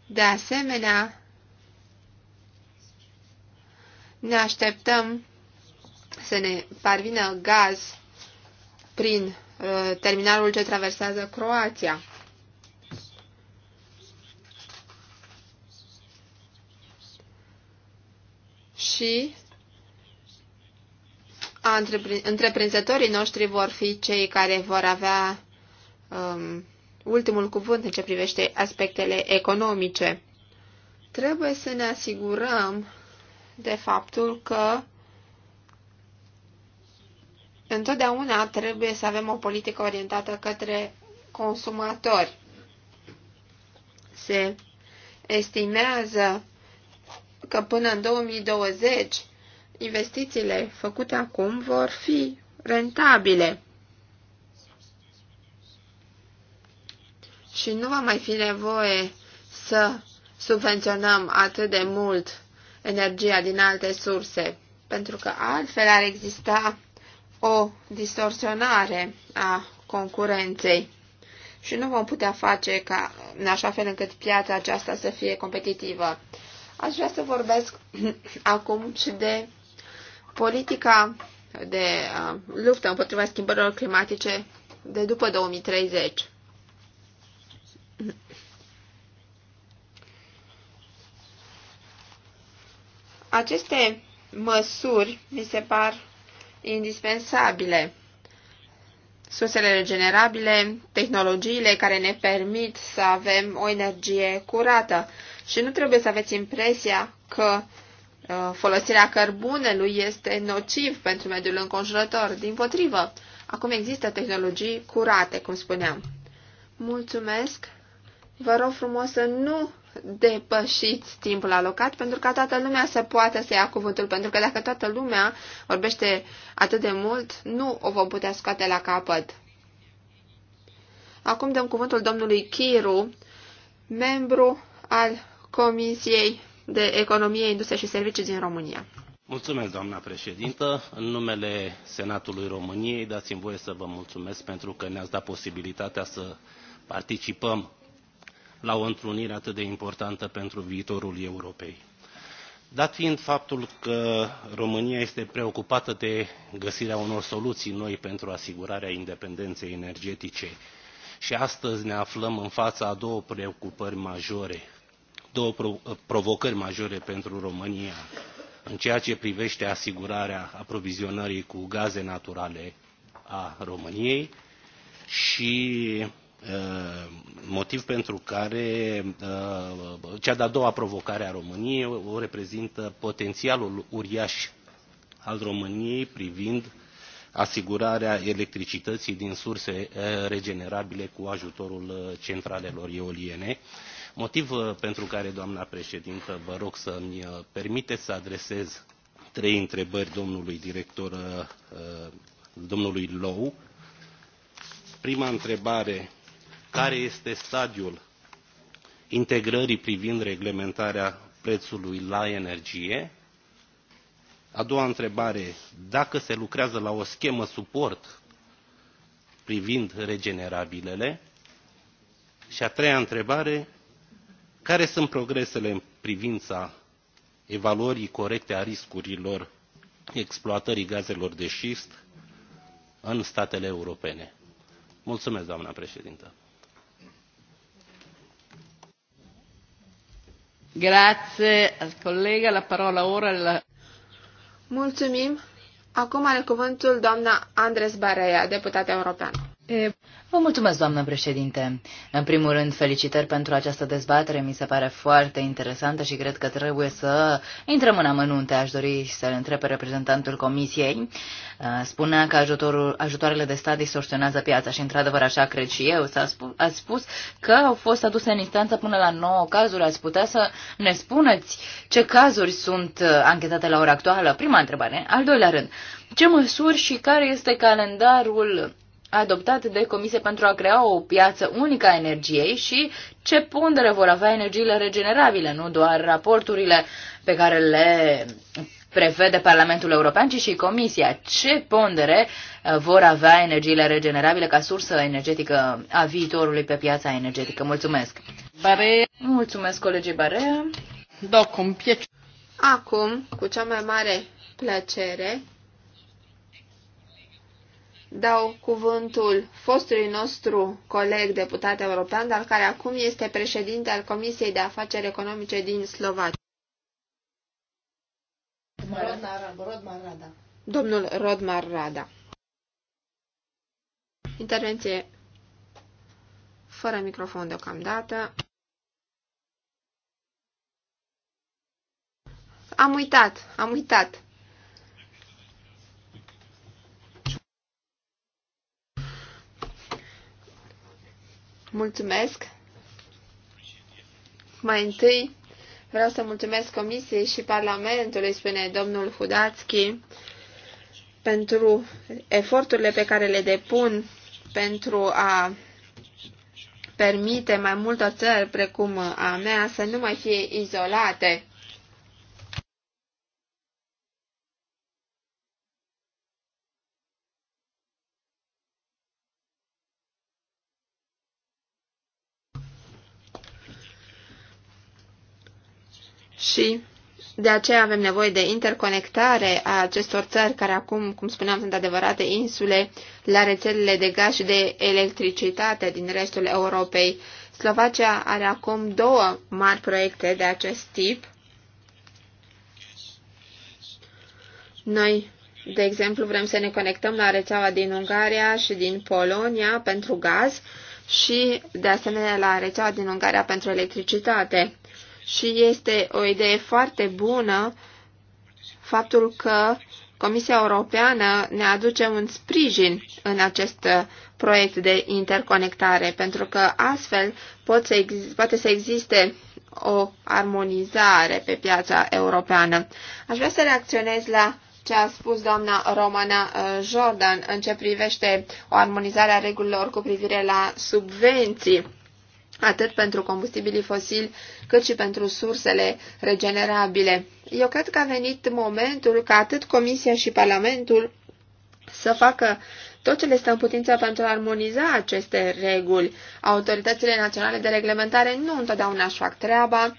De asemenea, ne așteptăm să ne parvină gaz prin uh, terminalul ce traversează Croația. și întreprinzătorii noștri vor fi cei care vor avea um, ultimul cuvânt în ce privește aspectele economice. Trebuie să ne asigurăm de faptul că întotdeauna trebuie să avem o politică orientată către consumatori. Se estimează că până în 2020 investițiile făcute acum vor fi rentabile. Și nu va mai fi nevoie să subvenționăm atât de mult energia din alte surse, pentru că altfel ar exista o distorsionare a concurenței și nu vom putea face ca în așa fel încât piața aceasta să fie competitivă. Aș vrea să vorbesc (clears throat) acum și de politica de uh, luptă împotriva schimbărilor climatice de după 2030. Aceste măsuri mi se par indispensabile. Sursele regenerabile, tehnologiile care ne permit să avem o energie curată, și nu trebuie să aveți impresia că uh, folosirea cărbunelui este nociv pentru mediul înconjurător. Din potrivă, acum există tehnologii curate, cum spuneam. Mulțumesc! Vă rog frumos să nu depășiți timpul alocat pentru ca toată lumea să poată să ia cuvântul, pentru că dacă toată lumea vorbește atât de mult, nu o vom putea scoate la capăt. Acum dăm cuvântul domnului Chiru, membru al Comisiei de Economie, Industrie și Servicii din România. Mulțumesc, doamna președintă. În numele Senatului României dați-mi voie să vă mulțumesc pentru că ne-ați dat posibilitatea să participăm la o întrunire atât de importantă pentru viitorul Europei. Dat fiind faptul că România este preocupată de găsirea unor soluții noi pentru asigurarea independenței energetice și astăzi ne aflăm în fața a două preocupări majore două uh, provocări majore pentru România în ceea ce privește asigurarea aprovizionării cu gaze naturale a României și uh, motiv pentru care uh, cea de-a doua provocare a României o reprezintă potențialul uriaș al României privind asigurarea electricității din surse regenerabile cu ajutorul centralelor eoliene Motiv uh, pentru care, doamna președintă, vă rog să-mi uh, permiteți să adresez trei întrebări domnului director, uh, domnului Lou. Prima întrebare, care este stadiul integrării privind reglementarea prețului la energie? A doua întrebare, dacă se lucrează la o schemă suport privind regenerabilele? Și a treia întrebare, care sunt progresele în privința evaluării corecte a riscurilor exploatării gazelor de șist în statele europene? Mulțumesc, doamna președintă. Grazie al La parola ora la... Mulțumim. Acum are cuvântul doamna Andres Barea, deputată europeană. Vă mulțumesc, doamnă președinte. În primul rând, felicitări pentru această dezbatere. Mi se pare foarte interesantă și cred că trebuie să intrăm în amănunte. Aș dori să-l întreb pe reprezentantul Comisiei. Spunea că ajutorul, ajutoarele de stat distorsionează piața și, într-adevăr, așa cred și eu. S-a spus, a spus că au fost aduse în instanță până la 9 cazuri. Ați putea să ne spuneți ce cazuri sunt uh, anchetate la ora actuală? Prima întrebare. Al doilea rând, ce măsuri și care este calendarul adoptat de Comisie pentru a crea o piață unică a energiei și ce pondere vor avea energiile regenerabile, nu doar raporturile pe care le prevede Parlamentul European, ci și Comisia. Ce pondere uh, vor avea energiile regenerabile ca sursă energetică a viitorului pe piața energetică? Mulțumesc! Barea. Mulțumesc, colegii Barea. Da, Acum, cu cea mai mare plăcere, dau cuvântul fostului nostru coleg deputat european, dar care acum este președinte al Comisiei de Afaceri Economice din Slovacia. Rodmar Rada. Domnul Rodmar Rada. Intervenție fără microfon deocamdată. Am uitat, am uitat. Mulțumesc! Mai întâi vreau să mulțumesc Comisiei și Parlamentului, spune domnul Hudațchi, pentru eforturile pe care le depun pentru a permite mai multor țări, precum a mea, să nu mai fie izolate și de aceea avem nevoie de interconectare a acestor țări care acum, cum spuneam, sunt adevărate insule la rețelele de gaz și de electricitate din restul Europei. Slovacia are acum două mari proiecte de acest tip. Noi, de exemplu, vrem să ne conectăm la rețeaua din Ungaria și din Polonia pentru gaz și, de asemenea, la rețeaua din Ungaria pentru electricitate și este o idee foarte bună faptul că Comisia Europeană ne aduce un sprijin în acest proiect de interconectare, pentru că astfel pot să poate să existe o armonizare pe piața europeană. Aș vrea să reacționez la ce a spus doamna Romana uh, Jordan în ce privește o armonizare a regulilor cu privire la subvenții atât pentru combustibilii fosili, cât și pentru sursele regenerabile. Eu cred că a venit momentul ca atât Comisia și Parlamentul să facă tot ce le stă în putință pentru a armoniza aceste reguli. Autoritățile naționale de reglementare nu întotdeauna își fac treaba.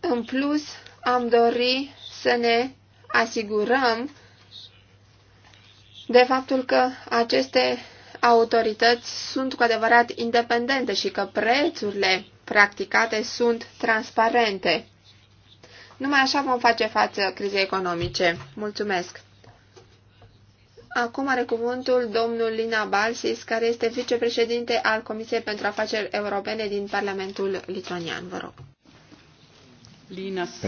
În plus, am dori să ne asigurăm de faptul că aceste autorități sunt cu adevărat independente și că prețurile practicate sunt transparente. Numai așa vom face față crizei economice. Mulțumesc! Acum are cuvântul domnul Lina Balsis, care este vicepreședinte al Comisiei pentru Afaceri Europene din Parlamentul Lituanian. Vă rog.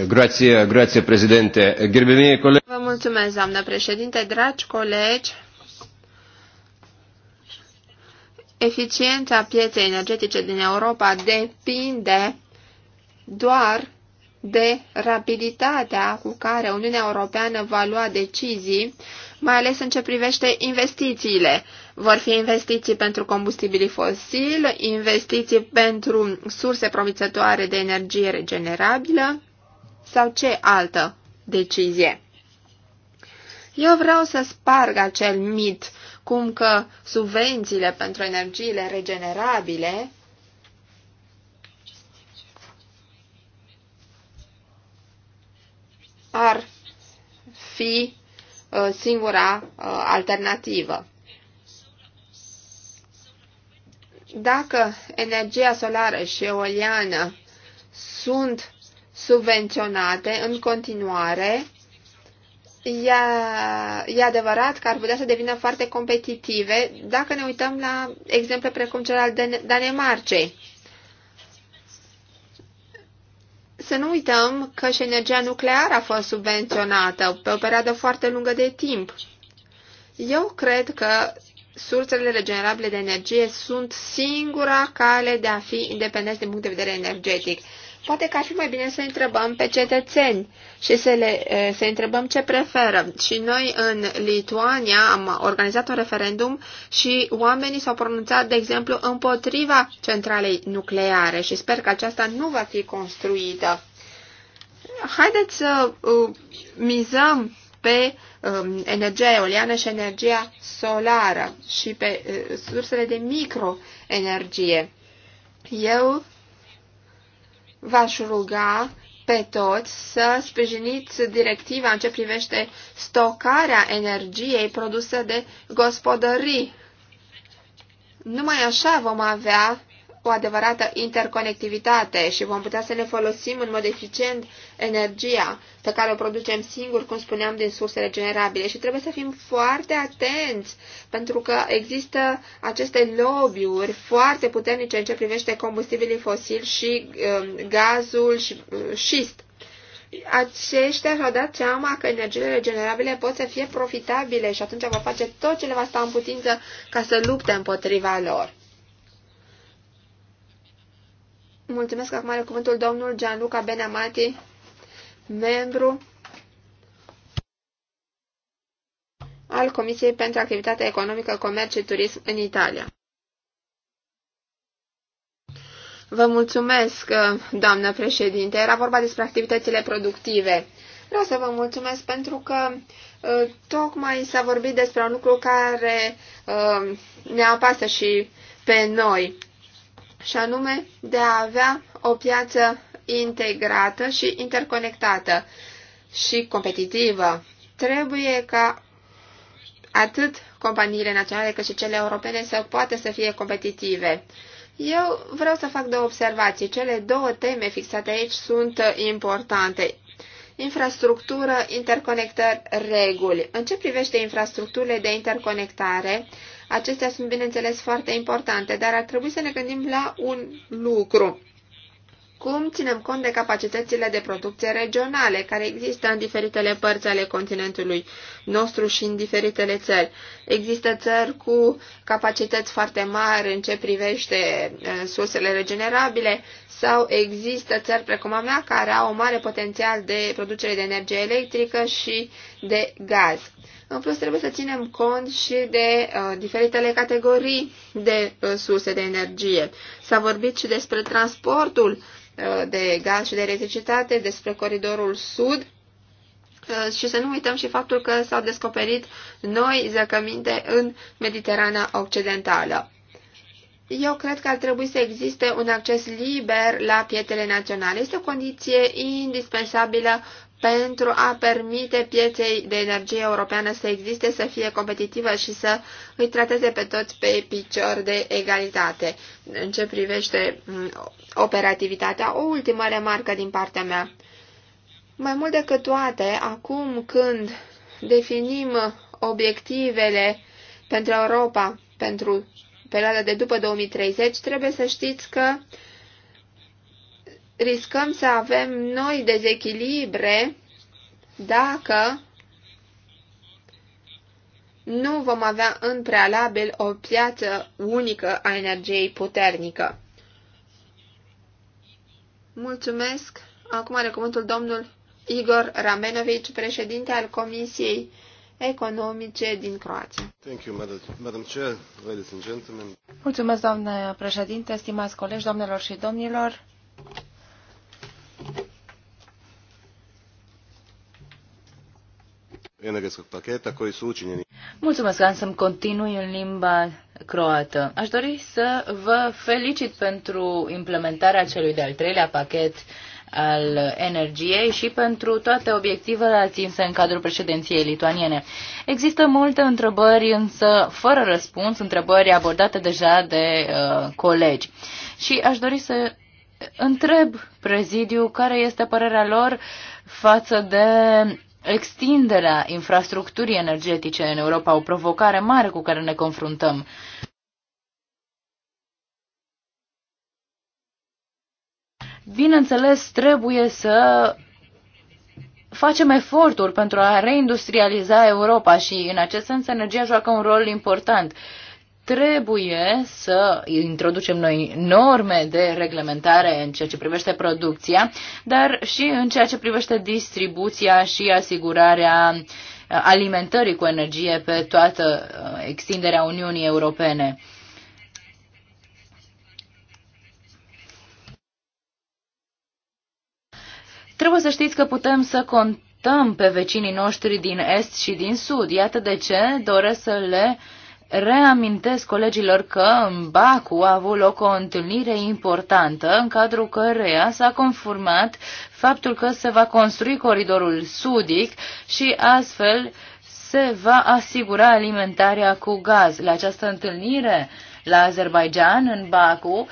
Grație, grație, președinte. Vă mulțumesc, doamnă președinte, dragi colegi. eficiența pieței energetice din Europa depinde doar de rapiditatea cu care Uniunea Europeană va lua decizii, mai ales în ce privește investițiile. Vor fi investiții pentru combustibilii fosili, investiții pentru surse promițătoare de energie regenerabilă sau ce altă decizie. Eu vreau să sparg acel mit cum că subvențiile pentru energiile regenerabile ar fi uh, singura uh, alternativă. Dacă energia solară și eoliană sunt subvenționate în continuare, e, e adevărat că ar putea să devină foarte competitive dacă ne uităm la exemple precum cel al Dan Danemarcei. Să nu uităm că și energia nucleară a fost subvenționată pe o perioadă foarte lungă de timp. Eu cred că sursele regenerabile de energie sunt singura cale de a fi independenți din punct de vedere energetic. Poate că ar fi mai bine să întrebăm pe cetățeni și să, le, să întrebăm ce preferă. Și noi în Lituania am organizat un referendum și oamenii s-au pronunțat, de exemplu, împotriva centralei nucleare și sper că aceasta nu va fi construită. Haideți să uh, mizăm pe um, energia eoliană și energia solară și pe uh, sursele de microenergie. Eu v-aș ruga pe toți să sprijiniți directiva în ce privește stocarea energiei produsă de gospodării. Numai așa vom avea o adevărată interconectivitate și vom putea să ne folosim în mod eficient energia pe care o producem singur, cum spuneam, din surse regenerabile și trebuie să fim foarte atenți pentru că există aceste lobby-uri foarte puternice în ce privește combustibilii fosili și um, gazul și uh, șist. Aceștia și-au dat seama că energiile regenerabile pot să fie profitabile și atunci vor face tot ce le va sta în putință ca să lupte împotriva lor. Mulțumesc acum are cuvântul domnul Gianluca Benamati membru al Comisiei pentru Activitatea Economică, Comerț și Turism în Italia. Vă mulțumesc, uh, doamnă președinte. Era vorba despre activitățile productive. Vreau să vă mulțumesc pentru că uh, tocmai s-a vorbit despre un lucru care uh, ne apasă și pe noi, și anume de a avea o piață integrată și interconectată și competitivă. Trebuie ca atât companiile naționale cât și cele europene să poată să fie competitive. Eu vreau să fac două observații. Cele două teme fixate aici sunt importante. Infrastructură, interconectări, reguli. În ce privește infrastructurile de interconectare, acestea sunt bineînțeles foarte importante, dar ar trebui să ne gândim la un lucru. Cum ținem cont de capacitățile de producție regionale care există în diferitele părți ale continentului nostru și în diferitele țări? Există țări cu capacități foarte mari în ce privește eh, sursele regenerabile sau există țări precum a mea care au un mare potențial de producere de energie electrică și de gaz. În plus, trebuie să ținem cont și de uh, diferitele categorii de uh, surse de energie. S-a vorbit și despre transportul Uh, de gaz și de electricitate, despre coridorul sud uh, și să nu uităm și faptul că s-au descoperit noi zăcăminte în Mediterana Occidentală. Eu cred că ar trebui să existe un acces liber la pietele naționale. Este o condiție indispensabilă pentru a permite pieței de energie europeană să existe, să fie competitivă și să îi trateze pe toți pe picior de egalitate. În ce privește mm, operativitatea, o ultimă remarcă din partea mea. Mai mult decât toate, acum când definim obiectivele pentru Europa, pentru perioada de după 2030, trebuie să știți că uh, riscăm să avem noi dezechilibre dacă nu vom avea în prealabil o piață unică a energiei puternică. Mulțumesc. Acum are cuvântul domnul Igor Ramenovici, președinte al Comisiei Economice din Croația. Thank you, Madam Chair, ladies and gentlemen. Mulțumesc, doamnă președinte, stimați colegi, domnilor și domnilor. energetskog paketa koji su učinjeni. Mulțumesc, am continui în limba croată. Aș dori să vă felicit pentru implementarea celui de-al treilea pachet al energiei și pentru toate obiectivele atinse în cadrul președinției lituaniene. Există multe întrebări, însă fără răspuns, întrebări abordate deja de uh, colegi. Și aș dori să întreb prezidiu care este părerea lor față de extinderea infrastructurii energetice în Europa, o provocare mare cu care ne confruntăm. Bineînțeles, trebuie să facem eforturi pentru a reindustrializa Europa și, în acest sens, energia joacă un rol important. Uh, trebuie să introducem noi norme de reglementare în ceea ce privește producția, dar și în ceea ce privește distribuția și asigurarea alimentării cu energie pe toată uh, extinderea Uniunii Europene. Trebuie să știți că putem să contăm pe vecinii noștri din Est și din Sud. Iată de ce doresc să le uh, Reamintesc colegilor că în Bacu a avut loc o întâlnire importantă în cadrul căreia s-a confirmat faptul că se va construi coridorul sudic și astfel se va asigura alimentarea cu gaz. La această întâlnire la Azerbaijan, în Baku,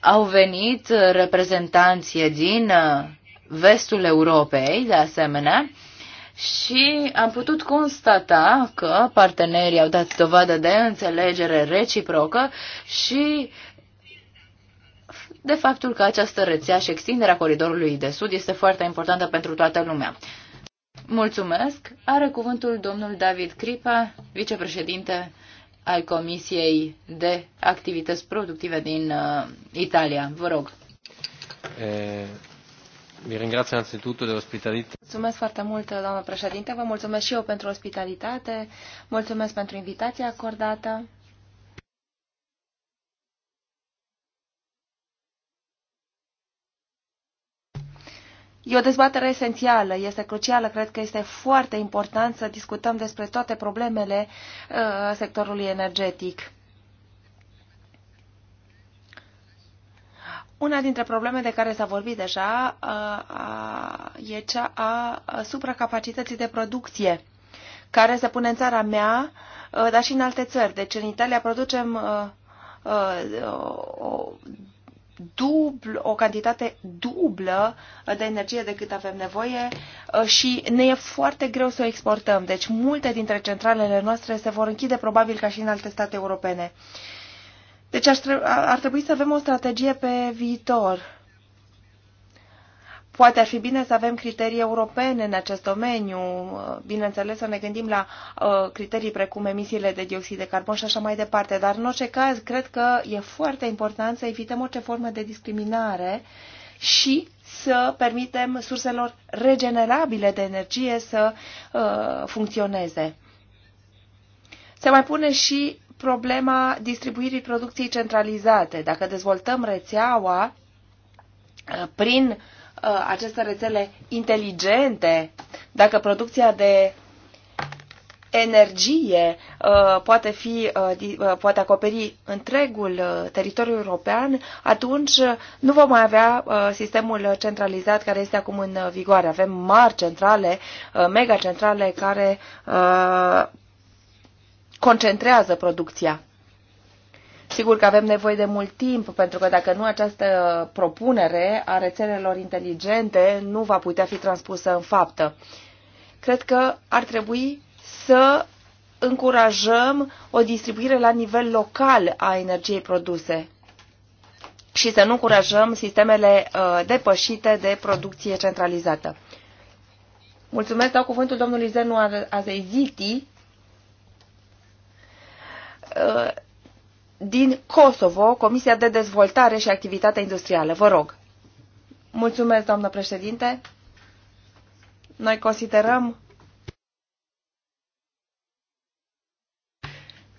au venit reprezentanții din uh, vestul Europei, de asemenea, și am putut constata că partenerii au dat dovadă de înțelegere reciprocă și de faptul că această rețea și extinderea coridorului de sud este foarte importantă pentru toată lumea. Mulțumesc. Are cuvântul domnul David Cripa, vicepreședinte al Comisiei de Activități Productive din uh, Italia. Vă rog. E... Eh, Mulțumesc foarte mult, doamnă președinte. Vă mulțumesc și eu pentru ospitalitate. Mulțumesc pentru invitația acordată. E o dezbatere esențială, este crucială, cred că este foarte important să discutăm despre toate problemele uh, sectorului energetic. Una dintre probleme de care s-a vorbit deja a, uh, a, e cea a supracapacității de producție, care se pune în țara mea, a, uh, dar și în alte țări. Deci în Italia producem a, uh, a, o, dubl, o cantitate dublă de energie decât avem nevoie și ne e foarte greu să o exportăm. Deci multe dintre centralele noastre se vor închide probabil ca și în alte state europene. Deci ar trebui să avem o strategie pe viitor. Poate ar fi bine să avem criterii europene în acest domeniu, bineînțeles să ne gândim la uh, criterii precum emisiile de dioxid de carbon și așa mai departe, dar în orice caz cred că e foarte important să evităm orice formă de discriminare și să permitem surselor regenerabile de energie să uh, funcționeze. Se mai pune și problema distribuirii producției centralizate. Dacă dezvoltăm rețeaua uh, prin uh, aceste rețele inteligente, dacă producția de energie uh, poate, fi, poate acoperi întregul teritoriu european, atunci nu vom mai avea sistemul centralizat care este acum în vigoare. Avem mari centrale, mega centrale care concentrează producția. Sigur că avem nevoie de mult timp, pentru că dacă nu această propunere a rețelelor inteligente nu va putea fi transpusă în faptă. Cred că ar trebui să încurajăm o distribuire la nivel local a energiei produse și să nu încurajăm sistemele uh, depășite de producție centralizată. Mulțumesc, dau cuvântul domnului Zenu Azeiziti, Uh, din Kosovo, Comisia de Dezvoltare și Activitate Industrială. Vă rog. Mulțumesc, doamnă președinte. Noi considerăm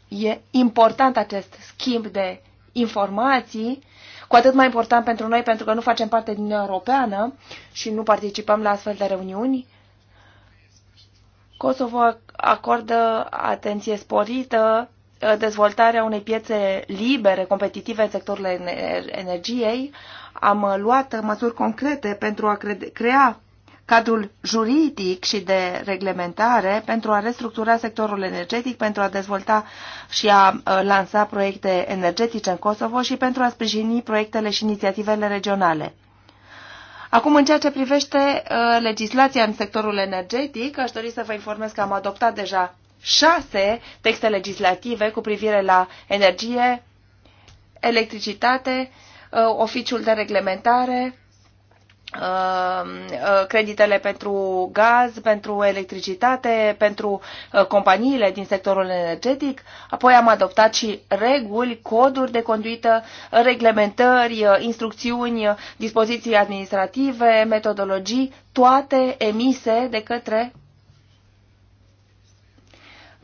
e important acest schimb de informații, cu atât mai important pentru noi pentru că nu facem parte din Europeană și nu participăm la astfel de reuniuni. Kosovo acordă atenție sporită dezvoltarea unei piețe libere, competitive în sectorul energiei, am luat măsuri concrete pentru a crea cadrul juridic și de reglementare pentru a restructura sectorul energetic, pentru a dezvolta și a lansa proiecte energetice în Kosovo și pentru a sprijini proiectele și inițiativele regionale. Acum, în ceea ce privește legislația în sectorul energetic, aș dori să vă informez că am adoptat deja șase texte legislative cu privire la energie, electricitate, uh, oficiul de reglementare, uh, uh, creditele pentru gaz, pentru electricitate, pentru companiile din sectorul energetic. Apoi am adoptat și reguli, coduri de conduită, reglementări, instrucțiuni, dispoziții administrative, metodologii, toate emise de către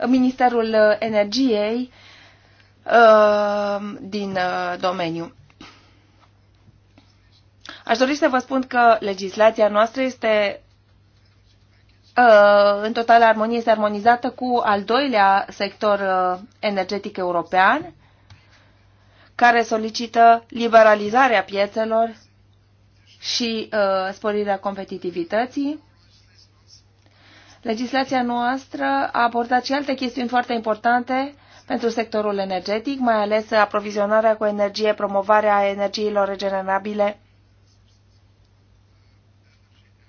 Ministerul Energiei uh, din uh, domeniu. Aș dori să vă spun că legislația noastră este uh, în totală armonie, este armonizată cu al doilea sector energetic european, care solicită liberalizarea piețelor și sporirea competitivității. Legislația noastră a abordat și alte chestiuni foarte importante pentru sectorul energetic, mai ales aprovizionarea cu energie, promovarea energiilor regenerabile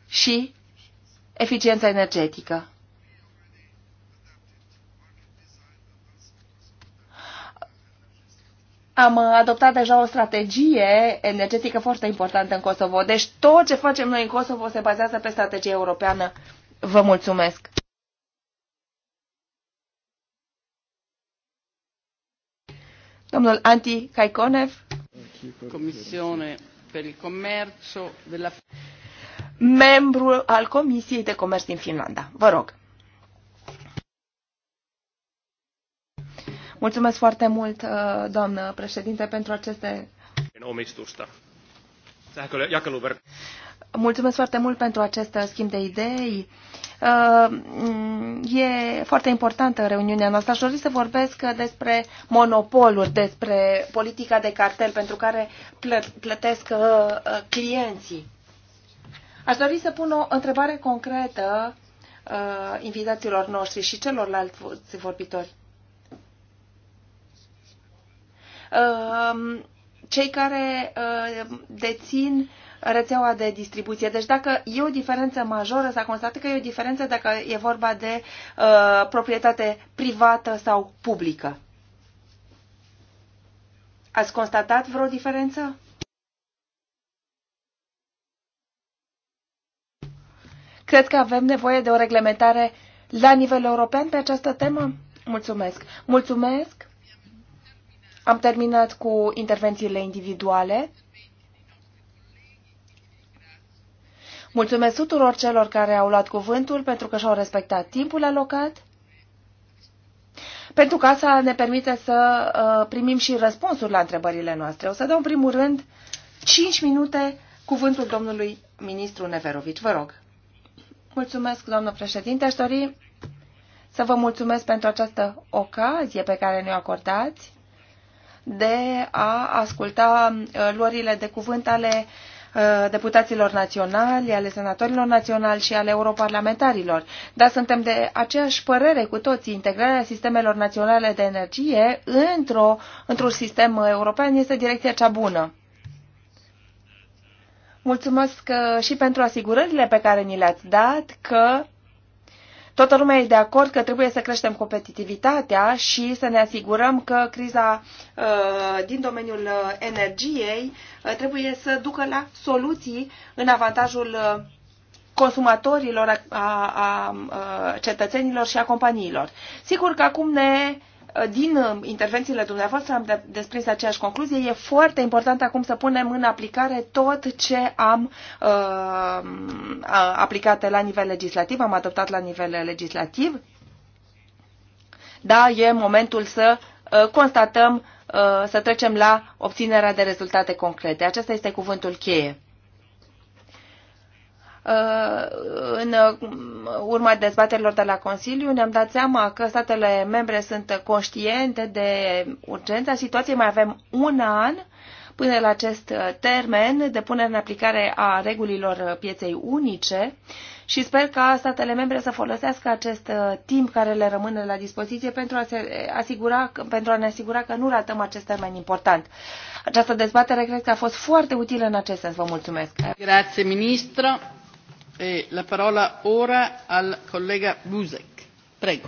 și eficiența energetică. am adoptat deja o strategie energetică foarte importantă în Kosovo. Deci tot ce facem noi în Kosovo se bazează pe strategia europeană Vă mulțumesc! Domnul Anti Kaikonev, Comisiune per il commercio della... Membru al Comisiei de Comerț din Finlanda. Vă rog. Mulțumesc foarte mult, uh, doamnă președinte, pentru aceste... Omistusta mulțumesc foarte mult pentru acest schimb de idei. Uh, e foarte importantă reuniunea noastră. Aș dori să vorbesc despre monopoluri, despre politica de cartel pentru care plătesc uh, uh, clienții. Aș dori să pun o întrebare concretă invitațiilor noștri și celorlalți vorbitori cei care dețin rețeaua de distribuție. Deci dacă e o diferență majoră, s-a constatat că e o diferență dacă e vorba de uh, proprietate privată sau publică. Ați constatat vreo diferență? Cred că avem nevoie de o reglementare la nivel european pe această temă? Mulțumesc. Mulțumesc. Am terminat cu intervențiile individuale. Mulțumesc tuturor celor care au luat cuvântul pentru că și-au respectat timpul alocat. Pentru că asta ne permite să uh, primim și răspunsuri la întrebările noastre. O să dau în primul rând 5 minute cuvântul domnului ministru Neverovici. Vă rog. Mulțumesc, doamnă președinte. Aș dori să vă mulțumesc pentru această ocazie pe care ne-o acordați de a asculta uh, luările de cuvânt ale uh, Uh, deputaților naționali, ale senatorilor naționali și ale europarlamentarilor. Dar suntem de aceeași părere cu toții. Integrarea sistemelor naționale de energie într-o, într-un sistem european este direcția cea bună. Mulțumesc uh, și pentru asigurările pe care ni le-ați dat că Toată lumea e de acord că trebuie să creștem competitivitatea și să ne asigurăm că criza uh, din domeniul uh, energiei uh, trebuie să ducă la soluții în avantajul consumatorilor, a, a, a cetățenilor și a companiilor. Sigur că acum ne Uh, din uh, intervențiile dumneavoastră am desprins aceeași concluzie. E foarte important acum să punem în aplicare tot ce am uh, aplicat la nivel legislativ, am adoptat la nivel legislativ. Da, e momentul să uh, constatăm, să trecem la obținerea de rezultate concrete. Acesta este cuvântul cheie. Uh, în uh, urma dezbaterilor de la Consiliu ne-am dat seama că statele membre sunt conștiente de urgența situației. Mai avem un an până la acest uh, termen de punere în aplicare a regulilor pieței unice și sper ca statele membre să folosească acest timp care le rămâne la dispoziție pentru a, se asigura, pentru a ne asigura că nu ratăm acest termen important. Această dezbatere cred că a fost foarte utilă în acest sens. Vă mulțumesc. Grazie, ministru la parola ora al colega Buzek. Prego.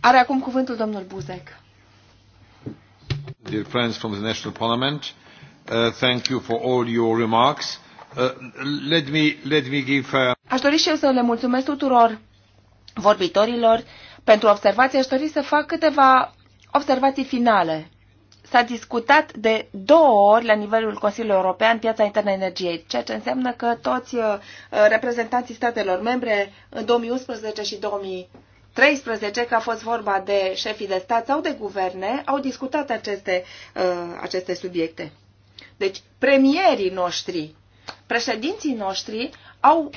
Are acum cuvântul domnul Buzek. Dear friends from the National Parliament, uh, thank you for all your remarks. Uh, let me, let me give, uh... Aș dori și eu să le mulțumesc tuturor vorbitorilor pentru observații. Aș dori să fac câteva observații finale S-a discutat de două ori la nivelul Consiliului European piața internă a energiei, ceea ce înseamnă că toți uh, reprezentanții statelor membre în 2011 și 2013, că a fost vorba de șefii de stat sau de guverne, au discutat aceste, uh, aceste subiecte. Deci, premierii noștri, președinții noștri au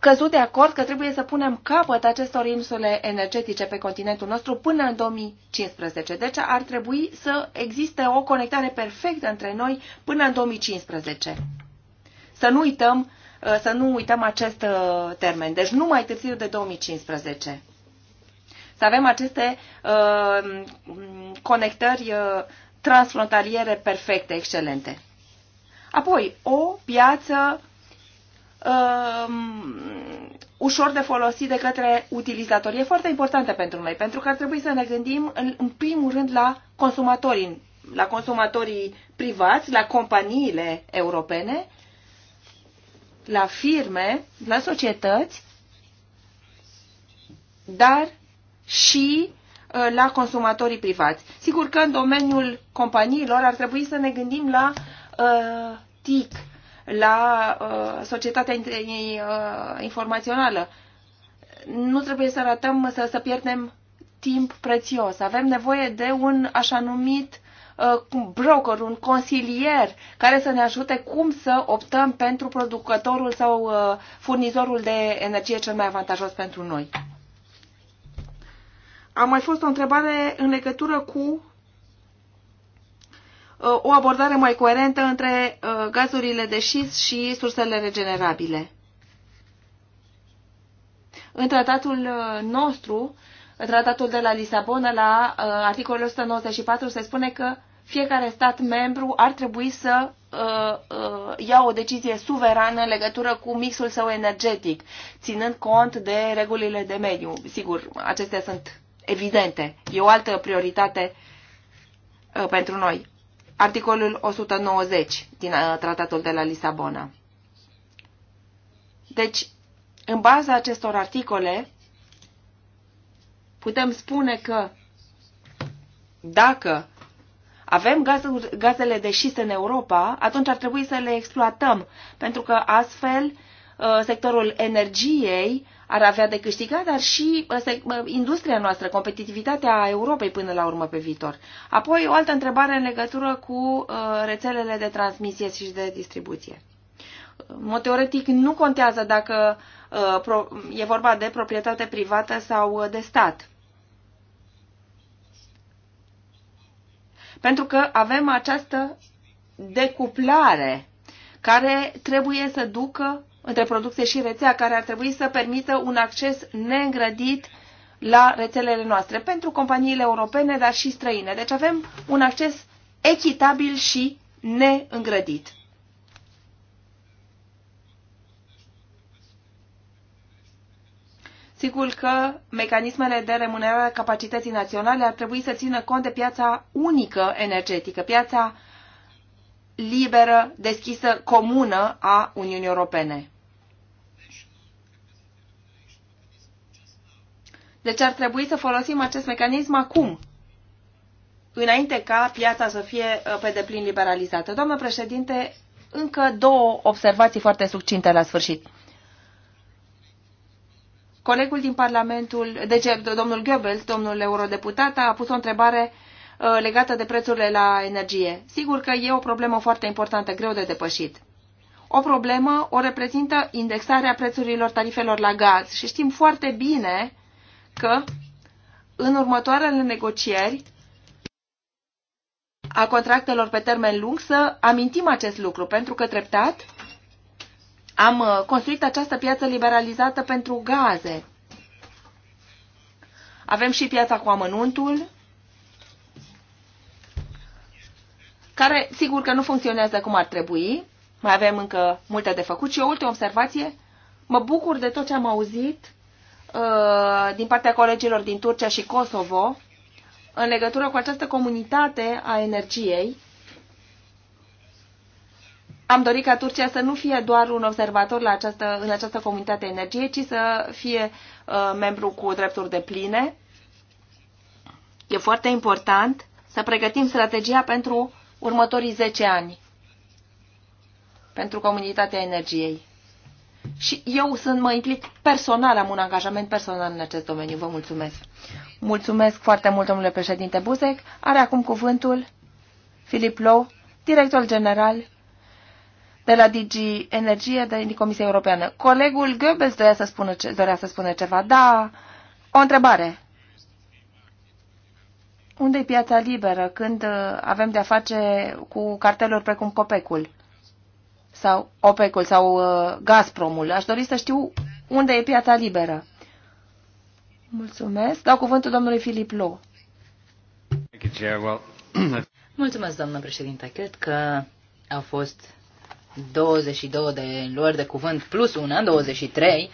căzut de acord că trebuie să punem capăt acestor insule energetice pe continentul nostru până în 2015. Deci ar trebui să existe o conectare perfectă între noi până în 2015. Să nu uităm, uh, să nu uităm acest uh, termen. Deci nu mai târziu de 2015. Să avem aceste uh, conectări transfrontaliere perfecte, excelente. Apoi, o piață Um, ușor de folosit de către utilizatori. E foarte importantă pentru noi, pentru că ar trebui să ne gândim în, în primul rând la consumatorii, la consumatorii privați, la companiile europene, la firme, la societăți, dar și uh, la consumatorii privați. Sigur că în domeniul companiilor ar trebui să ne gândim la uh, TIC, la uh, societatea uh, informațională. Nu trebuie să ratăm, să, să pierdem timp prețios. Avem nevoie de un așa numit un uh, broker, un consilier care să ne ajute cum să optăm pentru producătorul sau uh, furnizorul de energie cel mai avantajos pentru noi. A mai fost o întrebare în legătură cu Uh, o abordare mai coerentă între uh, gazurile de șist și sursele regenerabile. În tratatul uh, nostru, tratatul de la Lisabona, la articolul 194, se spune că fiecare stat membru ar trebui să ia o decizie suverană în legătură cu mixul său energetic, ținând cont de regulile de mediu. Sigur, acestea sunt evidente. E o altă prioritate pentru noi articolul 190 din uh, Tratatul de la Lisabona. Deci, în baza acestor articole, putem spune că dacă avem gazele de șist în Europa, atunci ar trebui să le exploatăm, pentru că astfel uh, sectorul energiei ar avea de câștigat, dar și ă, ă, industria noastră, competitivitatea Europei până la urmă pe viitor. Apoi o altă întrebare în legătură cu ă, rețelele de transmisie și de distribuție. În mod teoretic nu contează dacă e vorba de proprietate privată sau de stat. Pentru că avem această decuplare care trebuie să ducă între producție și rețea care ar trebui să permită un acces neîngrădit la rețelele noastre pentru companiile europene, dar și străine. Deci avem un acces echitabil și neîngrădit. Sigur că mecanismele de remunerare a capacității naționale ar trebui să țină cont de piața unică energetică, piața liberă, deschisă, comună a Uniunii Europene. Deci ar trebui să folosim acest mecanism acum, înainte ca piața să fie uh, pe deplin liberalizată. Doamnă președinte, încă două observații foarte succinte la sfârșit. Colegul din Parlamentul, deci domnul Goebbels, domnul eurodeputat, a pus o întrebare uh, legată de prețurile la energie. Sigur că e o problemă foarte importantă, greu de depășit. O problemă o reprezintă indexarea prețurilor tarifelor la gaz și știm foarte bine că în următoarele negocieri a contractelor pe termen lung să amintim acest lucru, pentru că treptat am uh, construit această piață liberalizată pentru gaze. Avem și piața cu amănuntul, care sigur că nu funcționează cum ar trebui. Mai avem încă multe de făcut și o ultimă observație. Mă bucur de tot ce am auzit Uh, din partea colegilor din Turcia și Kosovo în legătură cu această comunitate a energiei. Am dorit ca Turcia să nu fie doar un observator la această, în această comunitate a energiei, ci să fie uh, membru cu drepturi de pline. E foarte important să pregătim strategia pentru următorii 10 ani pentru comunitatea energiei și eu sunt, mă implic personal, am un angajament personal în acest domeniu. Vă mulțumesc. Mulțumesc foarte mult, domnule președinte Buzec. Are acum cuvântul Filip Lou, director general de la DG Energie din Comisia Europeană. Colegul Goebbels dorea să spună, ce, dorea să spună ceva. Da, o întrebare. Unde e piața liberă când uh, avem de-a face cu carteluri precum Copecul? sau OPEC-ul sau uh, Gazpromul. Aș dori să știu unde e piața liberă. Mulțumesc. Dau cuvântul domnului Filip Lou. (clears throat) Mulțumesc, doamnă președinte. Cred că au fost 22 de luări de cuvânt plus una, 23,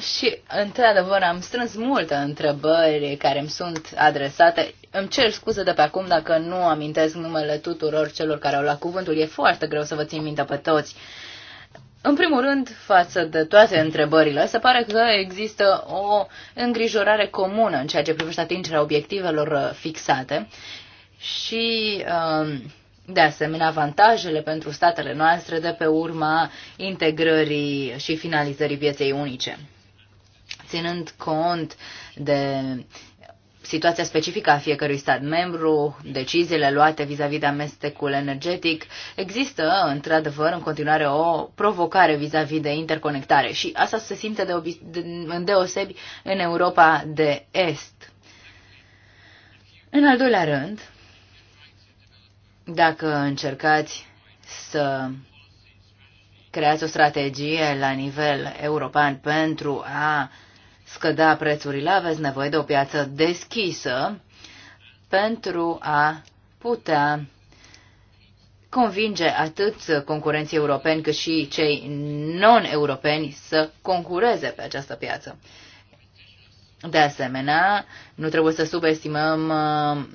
și, într-adevăr, am strâns multe întrebări care îmi sunt adresate. Îmi cer scuze de pe acum dacă nu amintesc numele tuturor celor care au luat cuvântul. E foarte greu să vă țin minte pe toți. În primul rând, față de toate întrebările, se pare că există o îngrijorare comună în ceea ce privește atingerea obiectivelor uh, fixate și, um, de asemenea, avantajele pentru statele noastre de pe urma integrării și finalizării pieței unice ținând cont de situația specifică a fiecărui stat membru, deciziile luate vis-a-vis -vis de amestecul energetic, există într-adevăr în continuare o provocare vis-a-vis -vis de interconectare și asta se simte de obi- de, deosebi în Europa de Est. În al doilea rând, dacă încercați să creați o strategie la nivel european pentru a scădea prețurile, aveți nevoie de o piață deschisă pentru a putea convinge atât concurenții europeni cât și cei non-europeni să concureze pe această piață. De asemenea, nu trebuie să subestimăm uh,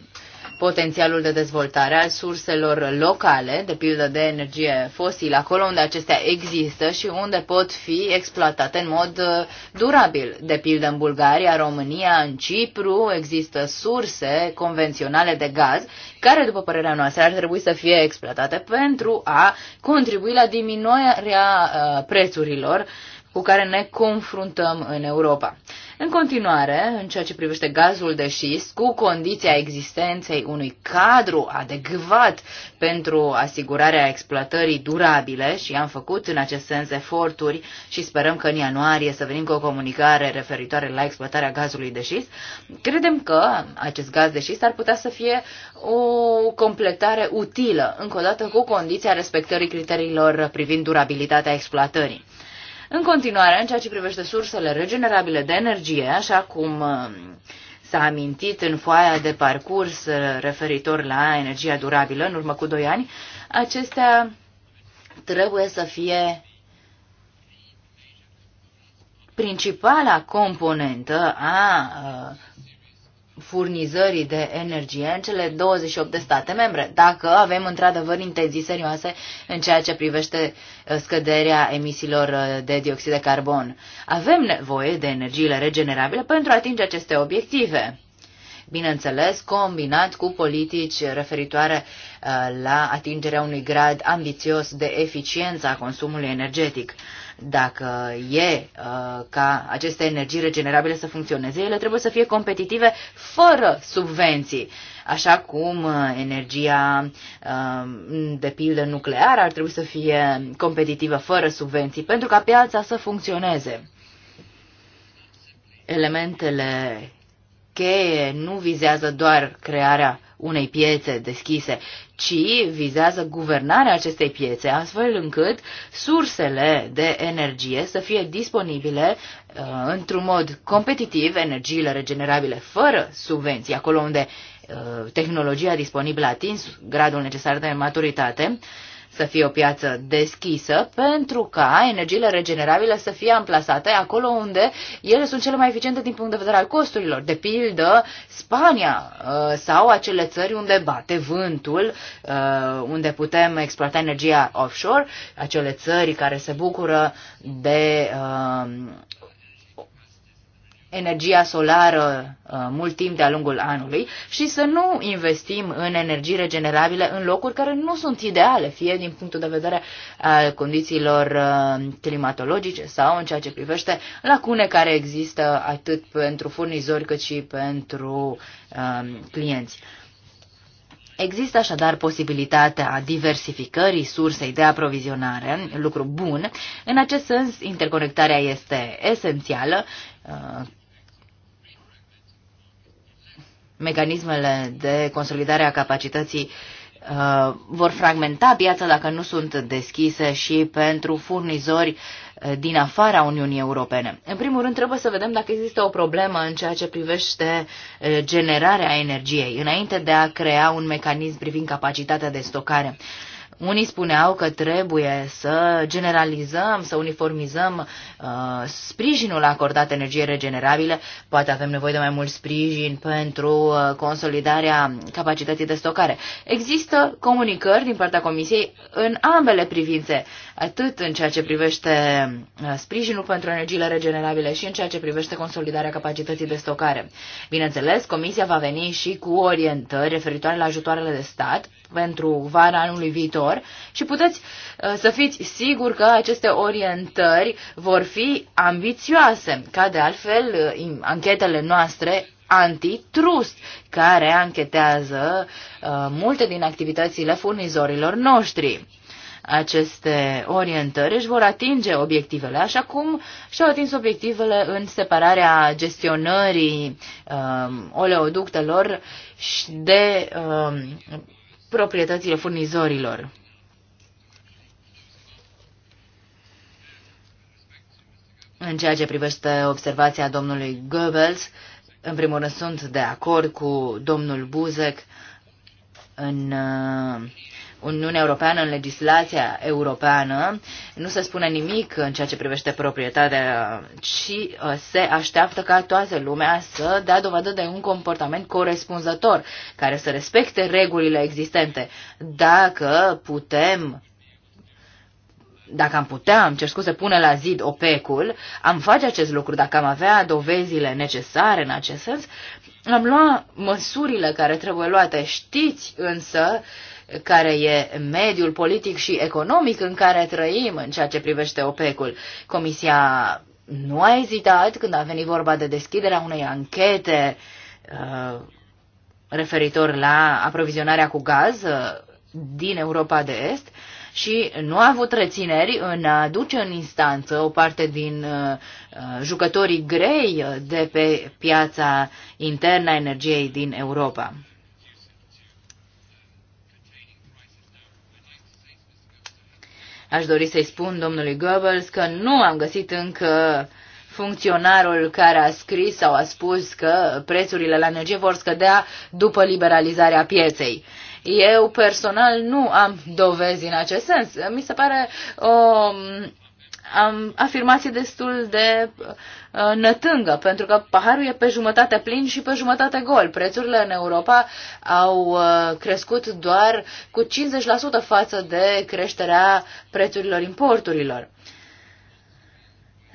potențialul de dezvoltare al surselor locale, de pildă de energie fosilă, acolo unde acestea există și unde pot fi exploatate în mod uh, durabil. De pildă în Bulgaria, România, în Cipru există surse convenționale de gaz care, după părerea noastră, ar trebui să fie exploatate pentru a contribui la diminuarea uh, prețurilor cu care ne confruntăm în Europa. În continuare, în ceea ce privește gazul de șist, cu condiția existenței unui cadru adecvat pentru asigurarea exploatării durabile și am făcut în acest sens eforturi și sperăm că în ianuarie să venim cu o comunicare referitoare la exploatarea gazului de șist, credem că acest gaz de șist ar putea să fie o completare utilă, încă o dată cu condiția respectării criteriilor privind durabilitatea exploatării. În continuare, în ceea ce privește sursele regenerabile de energie, așa cum uh, s-a amintit în foaia de parcurs uh, referitor la energia durabilă în urmă cu doi ani, acestea trebuie să fie principala componentă a uh, furnizării de energie în cele 28 de state membre, dacă avem într-adevăr intenții serioase în ceea ce privește uh, scăderea emisiilor uh, de dioxid de carbon. Avem nevoie de energiile regenerabile pentru a atinge aceste obiective. Bineînțeles, combinat cu politici referitoare uh, la atingerea unui grad ambițios de eficiență a consumului energetic. Dacă e uh, ca aceste energii regenerabile să funcționeze, ele trebuie să fie competitive fără subvenții. Așa cum uh, energia uh, de pildă nucleară ar trebui să fie competitivă fără subvenții pentru ca piața să funcționeze. Elementele cheie nu vizează doar crearea unei piețe deschise, ci vizează guvernarea acestei piețe, astfel încât sursele de energie să fie disponibile uh, într-un mod competitiv, energiile regenerabile fără subvenții, acolo unde uh, tehnologia disponibilă a atins gradul necesar de maturitate, uh, să fie o piață deschisă pentru ca energiile regenerabile să fie amplasate acolo unde ele sunt cele mai eficiente din punct de vedere al costurilor. De pildă, Spania uh, sau acele țări unde bate vântul, uh, unde putem exploata energia offshore, acele țări care se bucură de uh, energia solară uh, mult timp de-a lungul anului și să nu investim în energii regenerabile în locuri care nu sunt ideale, fie din punctul de vedere al condițiilor uh, climatologice sau în ceea ce privește lacune care există atât pentru furnizori cât și pentru uh, clienți. Există așadar posibilitatea diversificării sursei de aprovizionare, lucru bun. În acest sens, interconectarea este esențială uh, mecanismele de consolidare a capacității uh, vor fragmenta piața dacă nu sunt deschise și pentru furnizori uh, din afara Uniunii Europene. În primul rând, trebuie să vedem dacă există o problemă în ceea ce privește uh, generarea energiei, înainte de a crea un mecanism privind capacitatea de stocare. Unii spuneau că trebuie să generalizăm, să uniformizăm uh, sprijinul acordat energiei regenerabile. Poate avem nevoie de mai mult sprijin pentru uh, consolidarea capacității de stocare. Există comunicări din partea Comisiei în ambele privințe, atât în ceea ce privește uh, sprijinul pentru energiile regenerabile și în ceea ce privește consolidarea capacității de stocare. Bineînțeles, Comisia va veni și cu orientări referitoare la ajutoarele de stat pentru vara anului viitor și puteți uh, să fiți siguri că aceste orientări vor fi ambițioase, ca de altfel uh, anchetele noastre antitrust, care anchetează uh, multe din activitățile furnizorilor noștri. Aceste orientări își vor atinge obiectivele, așa cum și-au atins obiectivele în separarea gestionării um, oleoductelor și de um, proprietățile furnizorilor. În ceea ce privește observația domnului Goebbels, în primul rând sunt de acord cu domnul Buzek în uh, Uniunea Europeană, în legislația europeană, nu se spune nimic în ceea ce privește proprietatea, ci uh, se așteaptă ca toată lumea să dea dovadă de un comportament corespunzător, care să respecte regulile existente. Dacă putem dacă am putea, îmi cer scuze, pune la zid OPEC-ul, am face acest lucru, dacă am avea dovezile necesare în acest sens, am luat măsurile care trebuie luate. Știți însă care e mediul politic și economic în care trăim în ceea ce privește OPEC-ul. Comisia nu a ezitat când a venit vorba de deschiderea unei anchete uh, referitor la aprovizionarea cu gaz uh, din Europa de Est și nu a avut rețineri în a duce în instanță o parte din uh, jucătorii grei de pe piața internă a energiei din Europa. Aș dori să-i spun domnului Goebbels că nu am găsit încă funcționarul care a scris sau a spus că prețurile la energie vor scădea după liberalizarea pieței. Eu personal nu am dovezi în acest sens. Mi se pare o am afirmație destul de uh, nătângă, pentru că paharul e pe jumătate plin și pe jumătate gol. Prețurile în Europa au uh, crescut doar cu 50% față de creșterea prețurilor importurilor.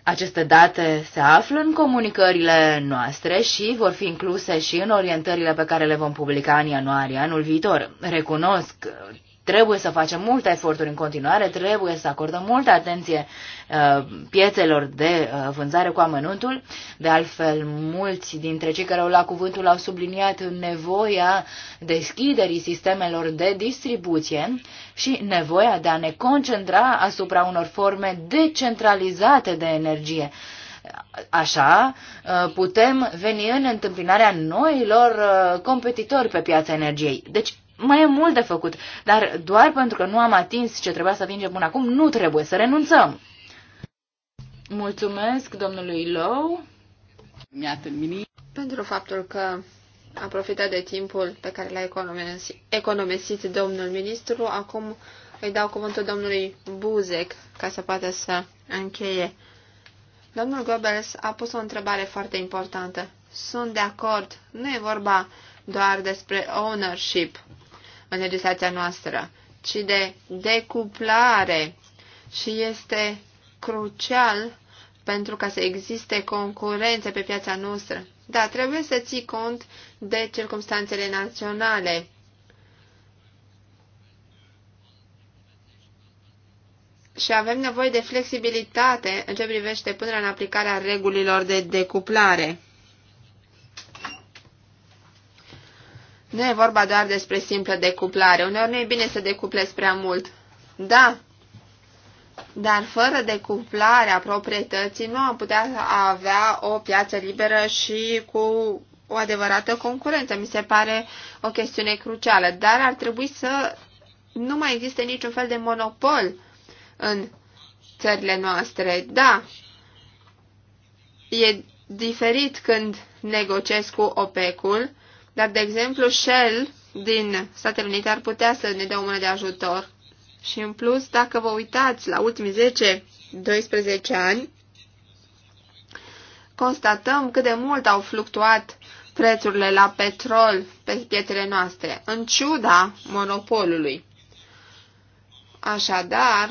Aceste date se află în comunicările noastre și vor fi incluse și în orientările pe care le vom publica în ianuarie anul viitor. Recunosc Trebuie să facem multe eforturi în continuare, trebuie să acordăm multă atenție uh, piețelor de uh, vânzare cu amănuntul. De altfel, mulți dintre cei care au luat cuvântul au subliniat nevoia deschiderii sistemelor de distribuție și nevoia de a ne concentra asupra unor forme decentralizate de energie. Așa uh, putem veni în întâmpinarea noilor uh, competitori pe piața energiei. Deci mai e mult de făcut, dar doar pentru că nu am atins ce trebuia să atingem până acum, nu trebuie să renunțăm. Mulțumesc domnului Mi-ați Low pentru faptul că a profitat de timpul pe care l-a economisit, economisit domnul ministru. Acum îi dau cuvântul domnului Buzek ca să poată să încheie. Domnul Goebbels a pus o întrebare foarte importantă. Sunt de acord, nu e vorba doar despre ownership în legislația noastră, ci de decuplare și este crucial pentru ca să existe concurență pe piața noastră. Da, trebuie să ții cont de circumstanțele naționale. Și avem nevoie de flexibilitate în ce privește punerea în aplicare a regulilor de decuplare. Nu e vorba doar despre simplă decuplare. Uneori nu e bine să decuplezi prea mult. Da, dar fără decuplarea proprietății nu am putea avea o piață liberă și cu o adevărată concurență. Mi se pare o chestiune crucială. Dar ar trebui să nu mai existe niciun fel de monopol în țările noastre. Da, e diferit când negociez cu OPEC-ul, dar, de exemplu, Shell din Statele Unite ar putea să ne dea o mână de ajutor. Și în plus, dacă vă uitați la ultimii 10-12 ani, constatăm cât de mult au fluctuat prețurile la petrol pe pietrele noastre, în ciuda monopolului. Așadar,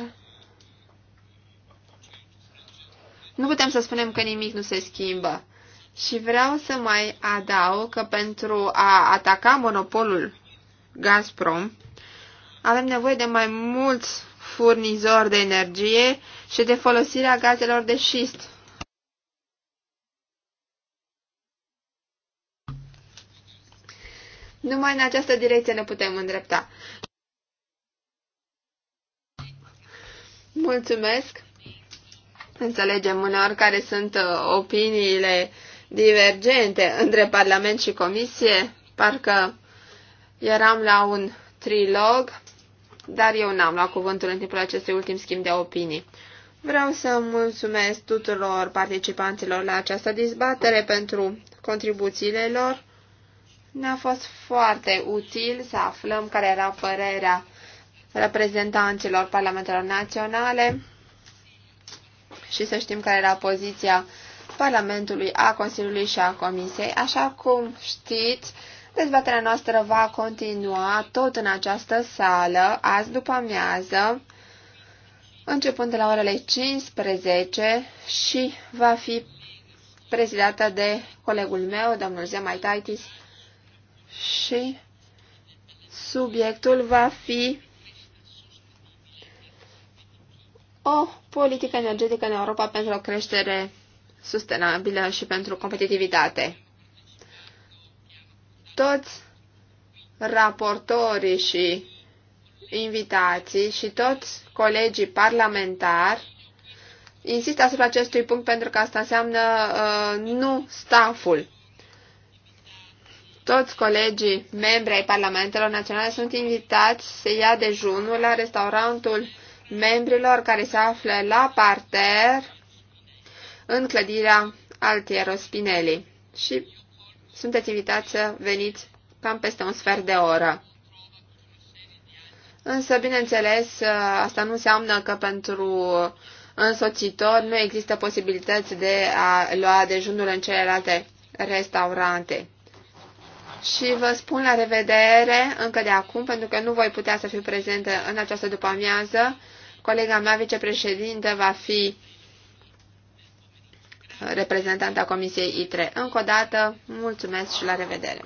nu putem să spunem că nimic nu se schimbă. Și vreau să mai adaug că pentru a ataca monopolul Gazprom avem nevoie de mai mulți furnizori de energie și de folosirea gazelor de șist. Numai în această direcție ne putem îndrepta. Mulțumesc! Înțelegem uneori care sunt uh, opiniile divergente între Parlament și Comisie, parcă eram la un trilog, dar eu n-am luat cuvântul în timpul acestui ultim schimb de opinii. Vreau să mulțumesc tuturor participanților la această dezbatere pentru contribuțiile lor. Ne-a fost foarte util să aflăm care era părerea reprezentanților parlamentelor naționale și să știm care era poziția Parlamentului, a Consiliului și a Comisiei. Așa cum știți, dezbaterea noastră va continua tot în această sală, azi după amiază, începând de la orele 15 și va fi prezidată de colegul meu, domnul Zemaitaitis, și subiectul va fi o politică energetică în Europa pentru o creștere sustenabilă și pentru competitivitate. Toți raportorii și invitații și toți colegii parlamentari insistă asupra acestui punct pentru că asta înseamnă uh, nu staful. Toți colegii membri ai Parlamentelor Naționale sunt invitați să ia dejunul la restaurantul membrilor care se află la parter în clădirea Altiero Spinelli și sunteți invitați să veniți cam peste un sfert de oră. Însă, bineînțeles, asta nu înseamnă că pentru însoțitor nu există posibilități de a lua dejunul în celelalte restaurante. Și vă spun la revedere încă de acum, pentru că nu voi putea să fiu prezentă în această după-amiază. Colega mea vicepreședintă va fi reprezentanta Comisiei ITRE. Încă o dată, mulțumesc și la revedere!